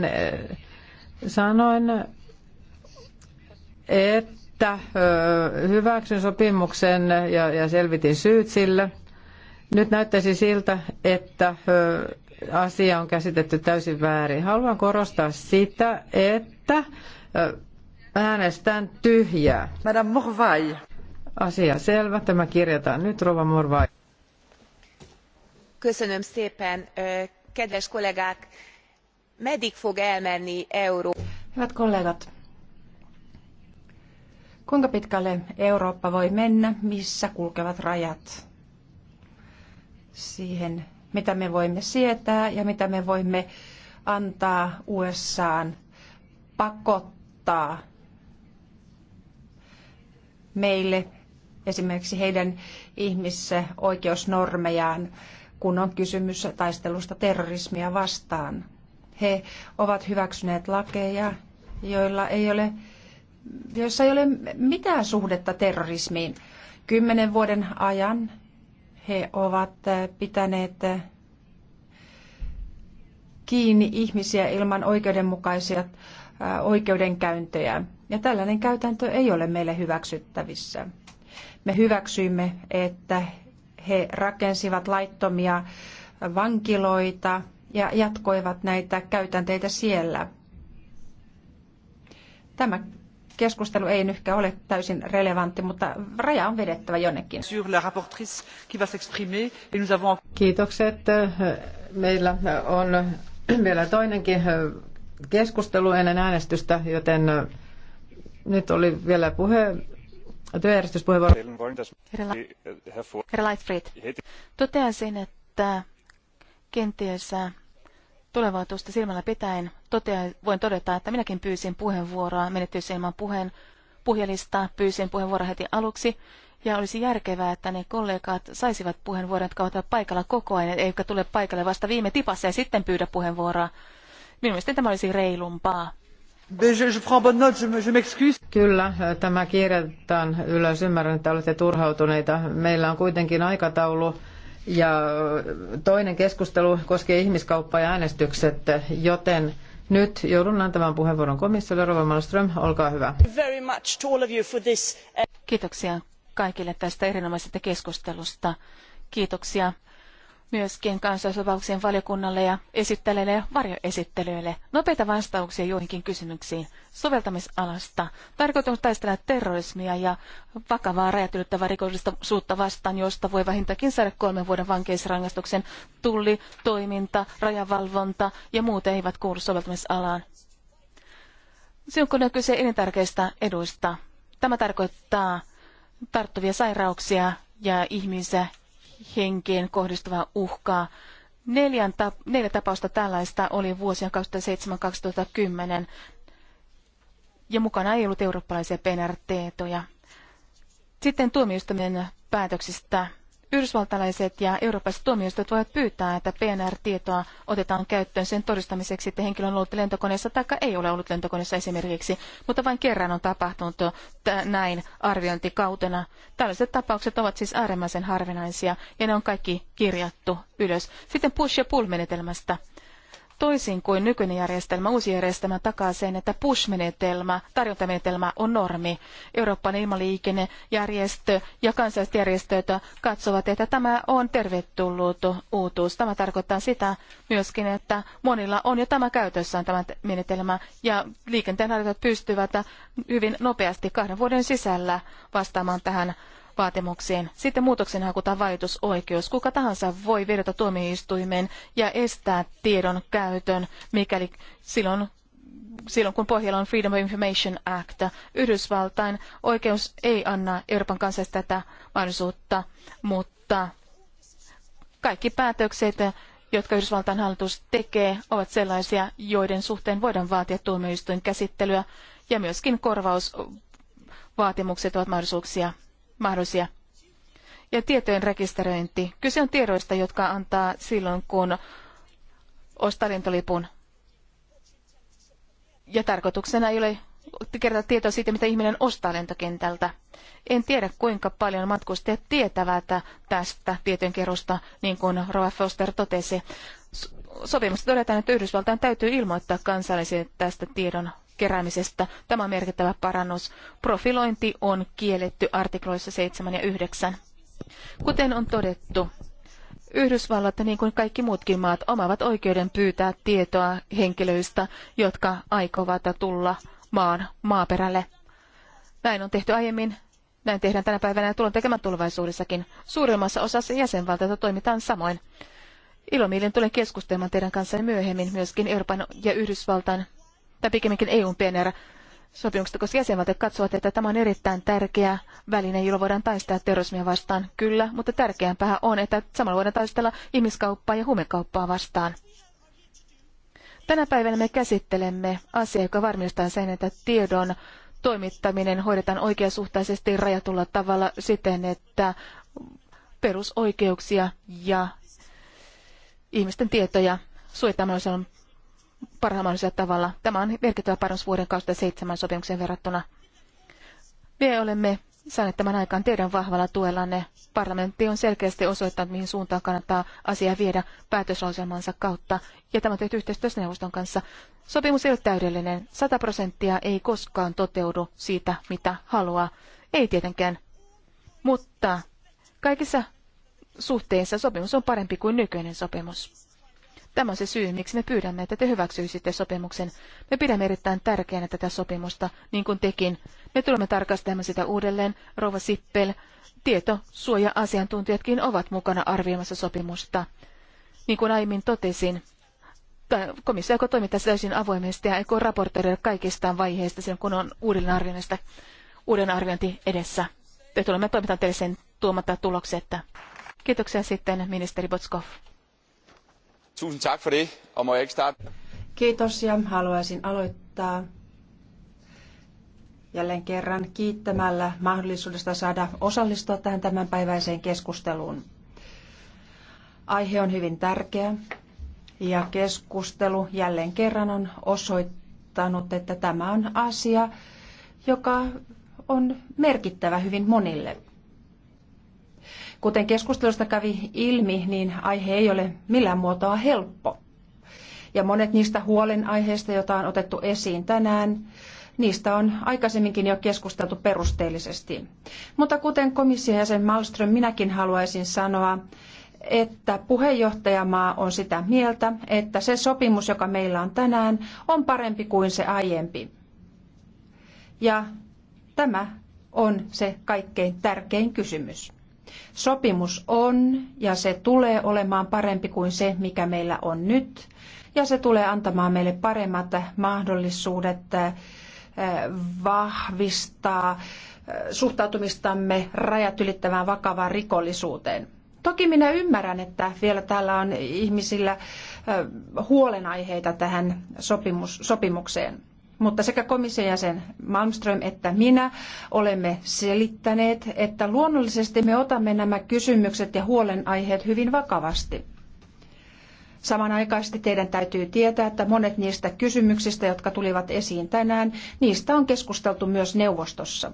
Sanoin, että hyväksyn sopimuksen ja selvitin syyt sille – nyt näyttäisi siltä, että asia on käsitetty täysin väärin. Haluan korostaa sitä, että äänestän tyhjää. Madame Morvai. Asia selvä. Tämä kirjataan nyt, Rova Morvai. Köszönöm szépen, kedves kollégák. Meddig fog elmenni euro? Hyvät kollegat, kuinka pitkälle Eurooppa voi mennä, missä kulkevat rajat? siihen, mitä me voimme sietää ja mitä me voimme antaa USAan pakottaa meille esimerkiksi heidän ihmisoikeusnormejaan, kun on kysymys taistelusta terrorismia vastaan. He ovat hyväksyneet lakeja, joilla ei ole, joissa ei ole mitään suhdetta terrorismiin. Kymmenen vuoden ajan he ovat eh, pitäneet eh, kiinni ihmisiä ilman oikeudenmukaisia eh, oikeudenkäyntejä. Ja tällainen käytäntö ei ole meille hyväksyttävissä. Me hyväksyimme, että he rakensivat laittomia vankiloita ja jatkoivat näitä käytänteitä siellä. Tämä keskustelu ei nytkään ole täysin relevantti, mutta raja on vedettävä jonnekin. Kiitokset. Meillä on vielä toinenkin keskustelu ennen äänestystä, joten nyt oli vielä puhe työjärjestyspuheenvuoro. Herra totean toteaisin, että kenties tulevaisuutta silmällä pitäen totea, voin todeta, että minäkin pyysin puheenvuoroa menettyisi ilman puheen puhujalistaa, pyysin puheenvuoroa heti aluksi. Ja olisi järkevää, että ne kollegat saisivat puheenvuoron, jotka ovat paikalla koko ajan, eivätkä tule paikalle vasta viime tipassa ja sitten pyydä puheenvuoroa. Minun mielestäni tämä olisi reilumpaa. Kyllä, tämä kirjataan ylös. Ymmärrän, että olette turhautuneita. Meillä on kuitenkin aikataulu ja toinen keskustelu koskee ihmiskauppaa ja äänestykset, joten nyt joudun antamaan puheenvuoron komissiolle. Rova Malmström, olkaa hyvä. Kiitoksia kaikille tästä erinomaisesta keskustelusta. Kiitoksia myöskin kansalaisvapauksien valiokunnalle ja esittelijöille ja varjoesittelijöille nopeita vastauksia joihinkin kysymyksiin soveltamisalasta. Tarkoitus taistella terrorismia ja vakavaa räätyyttävää rikollisuutta vastaan, josta voi vähintäänkin saada kolmen vuoden vankeisrangaistuksen. Tulli, toiminta, rajavalvonta ja muut eivät kuulu soveltamisalaan. Silloin kun on kyse elintärkeistä eduista, tämä tarkoittaa tarttuvia sairauksia ja ihmisiä, henkeen kohdistuvaa uhkaa. Neljän neljä tapausta tällaista oli vuosien 2007-2010 ja mukana ei ollut eurooppalaisia PNR-tietoja. Sitten tuomioistuminen päätöksistä Yhdysvaltalaiset ja eurooppalaiset tuomioistuimet voivat pyytää, että PNR-tietoa otetaan käyttöön sen todistamiseksi, että henkilö on ollut lentokoneessa tai ei ole ollut lentokoneessa esimerkiksi, mutta vain kerran on tapahtunut näin arviointikautena. Tällaiset tapaukset ovat siis äärimmäisen harvinaisia ja ne on kaikki kirjattu ylös. Sitten push- ja pull-menetelmästä. Toisin kuin nykyinen järjestelmä, uusi järjestelmä takaa sen, että push-menetelmä, tarjontamenetelmä on normi. Euroopan ilmaliikennejärjestö ja kansalliset järjestöt katsovat, että tämä on tervetullut uutuus. Tämä tarkoittaa sitä myöskin, että monilla on jo tämä käytössään tämä menetelmä ja liikenteenharjoittajat pystyvät hyvin nopeasti kahden vuoden sisällä vastaamaan tähän vaatimuksiin. Sitten muutoksenhaku tai vaikutusoikeus. Kuka tahansa voi vedota tuomioistuimeen ja estää tiedon käytön, mikäli silloin silloin kun pohjalla on Freedom of Information Act. Yhdysvaltain oikeus ei anna Euroopan kansalaisille tätä mahdollisuutta, mutta kaikki päätökset, jotka Yhdysvaltain hallitus tekee, ovat sellaisia, joiden suhteen voidaan vaatia tuomioistuin käsittelyä ja myöskin korvausvaatimukset ovat mahdollisuuksia mahdollisia. Ja tietojen rekisteröinti. Kyse on tiedoista, jotka antaa silloin, kun ostaa lentolipun. Ja tarkoituksena ei ole kertoa tietoa siitä, mitä ihminen ostaa lentokentältä. En tiedä, kuinka paljon matkustajat tietävät tästä kerrosta, niin kuin Rova Foster totesi. Sopimusta todetaan, että Yhdysvaltain täytyy ilmoittaa kansallisille tästä tiedon keräämisestä. Tämä on merkittävä parannus. Profilointi on kielletty artikloissa 7 ja 9. Kuten on todettu, Yhdysvallat, niin kuin kaikki muutkin maat, omavat oikeuden pyytää tietoa henkilöistä, jotka aikovat tulla maan maaperälle. Näin on tehty aiemmin, näin tehdään tänä päivänä ja tullaan tekemään tulevaisuudessakin. Suurimmassa osassa jäsenvaltioita toimitaan samoin. Ilomielin tulen keskustelemaan teidän kanssanne myöhemmin myöskin Euroopan ja Yhdysvaltain tai pikemminkin EUn PNR, sopimuksesta, koska jäsenvaltiot katsovat, että tämä on erittäin tärkeä väline, jolla voidaan taistella terrorismia vastaan. Kyllä, mutta tärkeämpää on, että samalla voidaan taistella ihmiskauppaa ja huumekauppaa vastaan. Tänä päivänä me käsittelemme asiaa, joka varmistaa sen, että tiedon toimittaminen hoidetaan oikeasuhtaisesti rajatulla tavalla siten, että perusoikeuksia ja ihmisten tietoja suojataan parhaalla mahdollisella tavalla. Tämä on merkittävä parannus vuoden 2007 sopimuksen verrattuna. Me olemme saaneet tämän aikaan teidän vahvalla tuellanne. Parlamentti on selkeästi osoittanut, mihin suuntaan kannattaa asiaa viedä päätöslauselmansa kautta, ja tämä on tehty yhteistyössä neuvoston kanssa. Sopimus ei ole täydellinen. 100 prosenttia ei koskaan toteudu siitä, mitä haluaa. Ei tietenkään. Mutta kaikissa suhteissa sopimus on parempi kuin nykyinen sopimus. Tämä on se syy, miksi me pyydämme, että te hyväksyisitte sopimuksen. Me pidämme erittäin tärkeänä tätä sopimusta, niin kuin tekin. Me tulemme tarkastamaan sitä uudelleen. Rova Sippel, tietosuoja-asiantuntijatkin ovat mukana arvioimassa sopimusta. Niin kuin aiemmin totesin, komissio aikoo toimittaa täysin avoimesti ja aikoo raportoida kaikista vaiheista silloin, kun on uuden arvioinnista uuden arviointi edessä. Te tulemme toimittamaan teille sen tuomatta tuloksetta. Kiitoksia sitten ministeri Botskov. Tusind tak for det, og må jeg ikke starte? Kiitos ja haluaisin aloittaa jälleen kerran kiittämällä mahdollisuudesta saada osallistua tähän tämänpäiväiseen keskusteluun. Aihe on hyvin tärkeä ja keskustelu jälleen kerran on osoittanut, että tämä on asia, joka on merkittävä hyvin monille. Kuten keskustelusta kävi ilmi, niin aihe ei ole millään muotoa helppo. Ja monet niistä huolenaiheista, joita on otettu esiin tänään, Niistä on aikaisemminkin jo keskusteltu perusteellisesti. Mutta kuten komission jäsen Malmström, minäkin haluaisin sanoa, että puheenjohtajamaa on sitä mieltä, että se sopimus, joka meillä on tänään, on parempi kuin se aiempi. Ja tämä on se kaikkein tärkein kysymys. Sopimus on ja se tulee olemaan parempi kuin se, mikä meillä on nyt, ja se tulee antamaan meille paremmat mahdollisuudet äh, vahvistaa äh, suhtautumistamme rajat ylittävään vakavaan rikollisuuteen. Toki minä ymmärrän, että vielä täällä on ihmisillä äh, huolenaiheita tähän sopimus, sopimukseen. Mutta sekä komission jäsen Malmström että minä olemme selittäneet, että luonnollisesti me otamme nämä kysymykset ja huolenaiheet hyvin vakavasti. Samanaikaisesti teidän täytyy tietää, että monet niistä kysymyksistä, jotka tulivat esiin tänään, niistä on keskusteltu myös neuvostossa.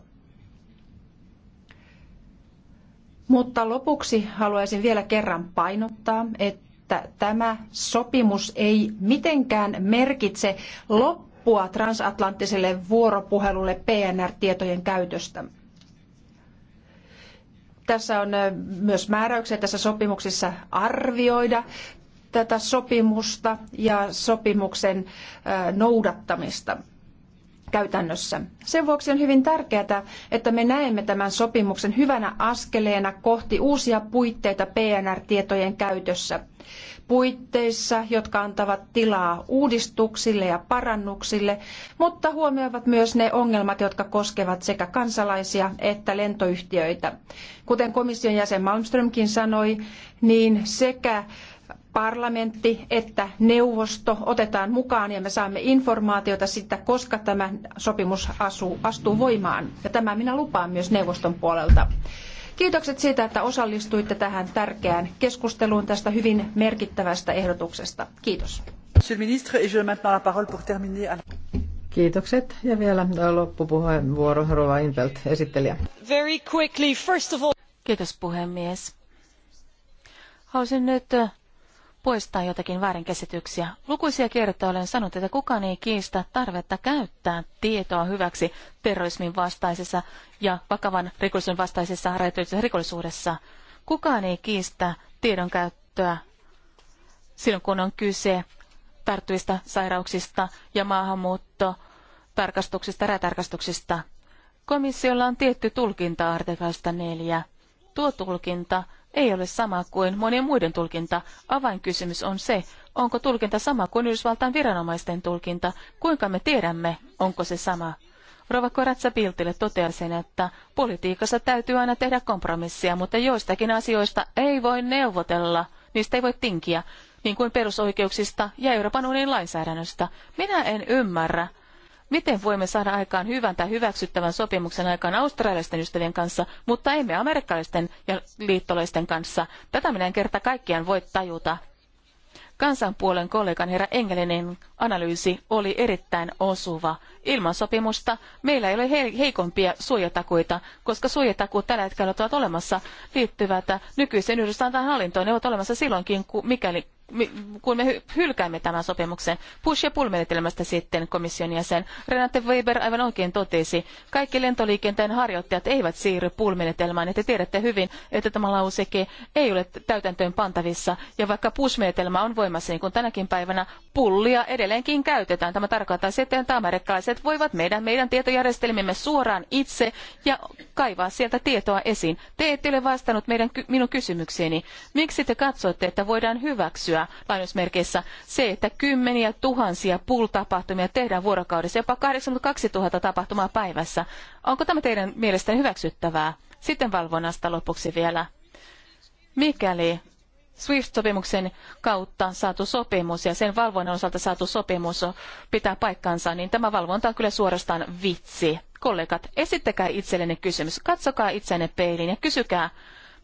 Mutta lopuksi haluaisin vielä kerran painottaa, että tämä sopimus ei mitenkään merkitse loppua loppua transatlanttiselle vuoropuhelulle PNR-tietojen käytöstä. Tässä on myös määräyksiä tässä sopimuksessa arvioida tätä sopimusta ja sopimuksen noudattamista käytännössä. Sen vuoksi on hyvin tärkeää, että me näemme tämän sopimuksen hyvänä askeleena kohti uusia puitteita PNR-tietojen käytössä puitteissa, jotka antavat tilaa uudistuksille ja parannuksille, mutta huomioivat myös ne ongelmat, jotka koskevat sekä kansalaisia että lentoyhtiöitä. Kuten komission jäsen Malmströmkin sanoi, niin sekä parlamentti että neuvosto otetaan mukaan ja me saamme informaatiota siitä, koska tämä sopimus asuu, astuu voimaan. Ja tämä minä lupaan myös neuvoston puolelta. Kiitokset siitä, että osallistuitte tähän tärkeään keskusteluun tästä hyvin merkittävästä ehdotuksesta. Kiitos. Kiitokset. Ja vielä loppupuheenvuoro Rova Impelt, esittelijä. Very quickly, Kiitos puhemies. Haluaisin nyt poistaa jotakin väärinkäsityksiä. Lukuisia kertoja olen sanonut, että kukaan ei kiistä tarvetta käyttää tietoa hyväksi terrorismin vastaisessa ja vakavan rikollisuuden vastaisessa rajoitetussa rikollisuudessa. Kukaan ei kiistä tiedon käyttöä silloin, kun on kyse tarttuvista sairauksista ja maahanmuutto tarkastuksista, rätarkastuksista. Komissiolla on tietty tulkinta artiklasta 4. Tuo tulkinta ei ole sama kuin monien muiden tulkinta. Avainkysymys on se, onko tulkinta sama kuin Yhdysvaltain viranomaisten tulkinta, kuinka me tiedämme, onko se sama. Rova Koratsa Piltille toteasin, että politiikassa täytyy aina tehdä kompromissia, mutta joistakin asioista ei voi neuvotella, niistä ei voi tinkiä, niin kuin perusoikeuksista ja Euroopan unionin lainsäädännöstä. Minä en ymmärrä, miten voimme saada aikaan hyvän tai hyväksyttävän sopimuksen aikaan australialaisten ystävien kanssa, mutta emme amerikkalaisten ja liittolaisten kanssa. Tätä minä en kerta kaikkiaan voi tajuta. Kansanpuolen kollegan herra Engelinin analyysi oli erittäin osuva. Ilman sopimusta meillä ei ole heikompia suojatakuita, koska suojatakuut tällä hetkellä ovat olemassa liittyvät nykyiseen Yhdysvaltain hallintoon. Ne ovat olemassa silloinkin, mikäli kun me hylkäämme tämän sopimuksen. Push- ja pull-menetelmästä sitten komission jäsen Renate Weber aivan oikein totesi, kaikki lentoliikenteen harjoittajat eivät siirry pull-menetelmään. että tiedätte hyvin, että tämä lauseke ei ole täytäntöön pantavissa. Ja vaikka push-menetelmä on voimassa niin kuin tänäkin päivänä, pullia edelleenkin käytetään. Tämä tarkoittaa sitten, että amerikkalaiset voivat meidän, meidän tietojärjestelmimme suoraan itse ja kaivaa sieltä tietoa esiin. Te ette ole vastannut meidän, minun kysymykseeni. Miksi te katsoitte, että voidaan hyväksyä hyväksyä lainausmerkeissä se, että kymmeniä tuhansia pull-tapahtumia tehdään vuorokaudessa, jopa 82 000 tapahtumaa päivässä. Onko tämä teidän mielestänne hyväksyttävää? Sitten valvonnasta lopuksi vielä. Mikäli SWIFT-sopimuksen kautta saatu sopimus ja sen valvonnan osalta saatu sopimus pitää paikkansa, niin tämä valvonta on kyllä suorastaan vitsi. Kollegat, esittäkää itsellenne kysymys, katsokaa itsenne peiliin ja kysykää,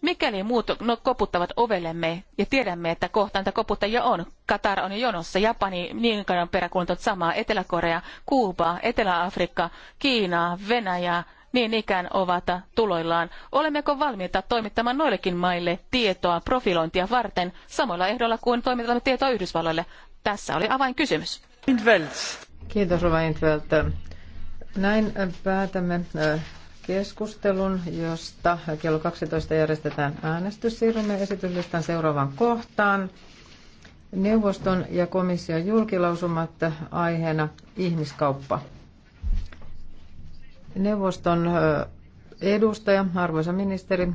Mikäli muut no, koputtavat ovellemme ja tiedämme, että niitä koputtajia on, Katar on jo jonossa, Japani niin kauan peräkuuntot samaa, Etelä-Korea, Kuuba, Etelä-Afrikka, Kiina, Venäjä, niin ikään ovat tuloillaan. Olemmeko valmiita toimittamaan noillekin maille tietoa profilointia varten samoilla ehdoilla kuin toimitamme tietoa Yhdysvalloille? Tässä oli avainkysymys. Kiitos Rova Intveld. Näin päätämme keskustelun, josta kello 12 järjestetään äänestys. Siirrymme esityslistan seuraavaan kohtaan. Neuvoston ja komission julkilausumat aiheena ihmiskauppa. Neuvoston edustaja, arvoisa ministeri,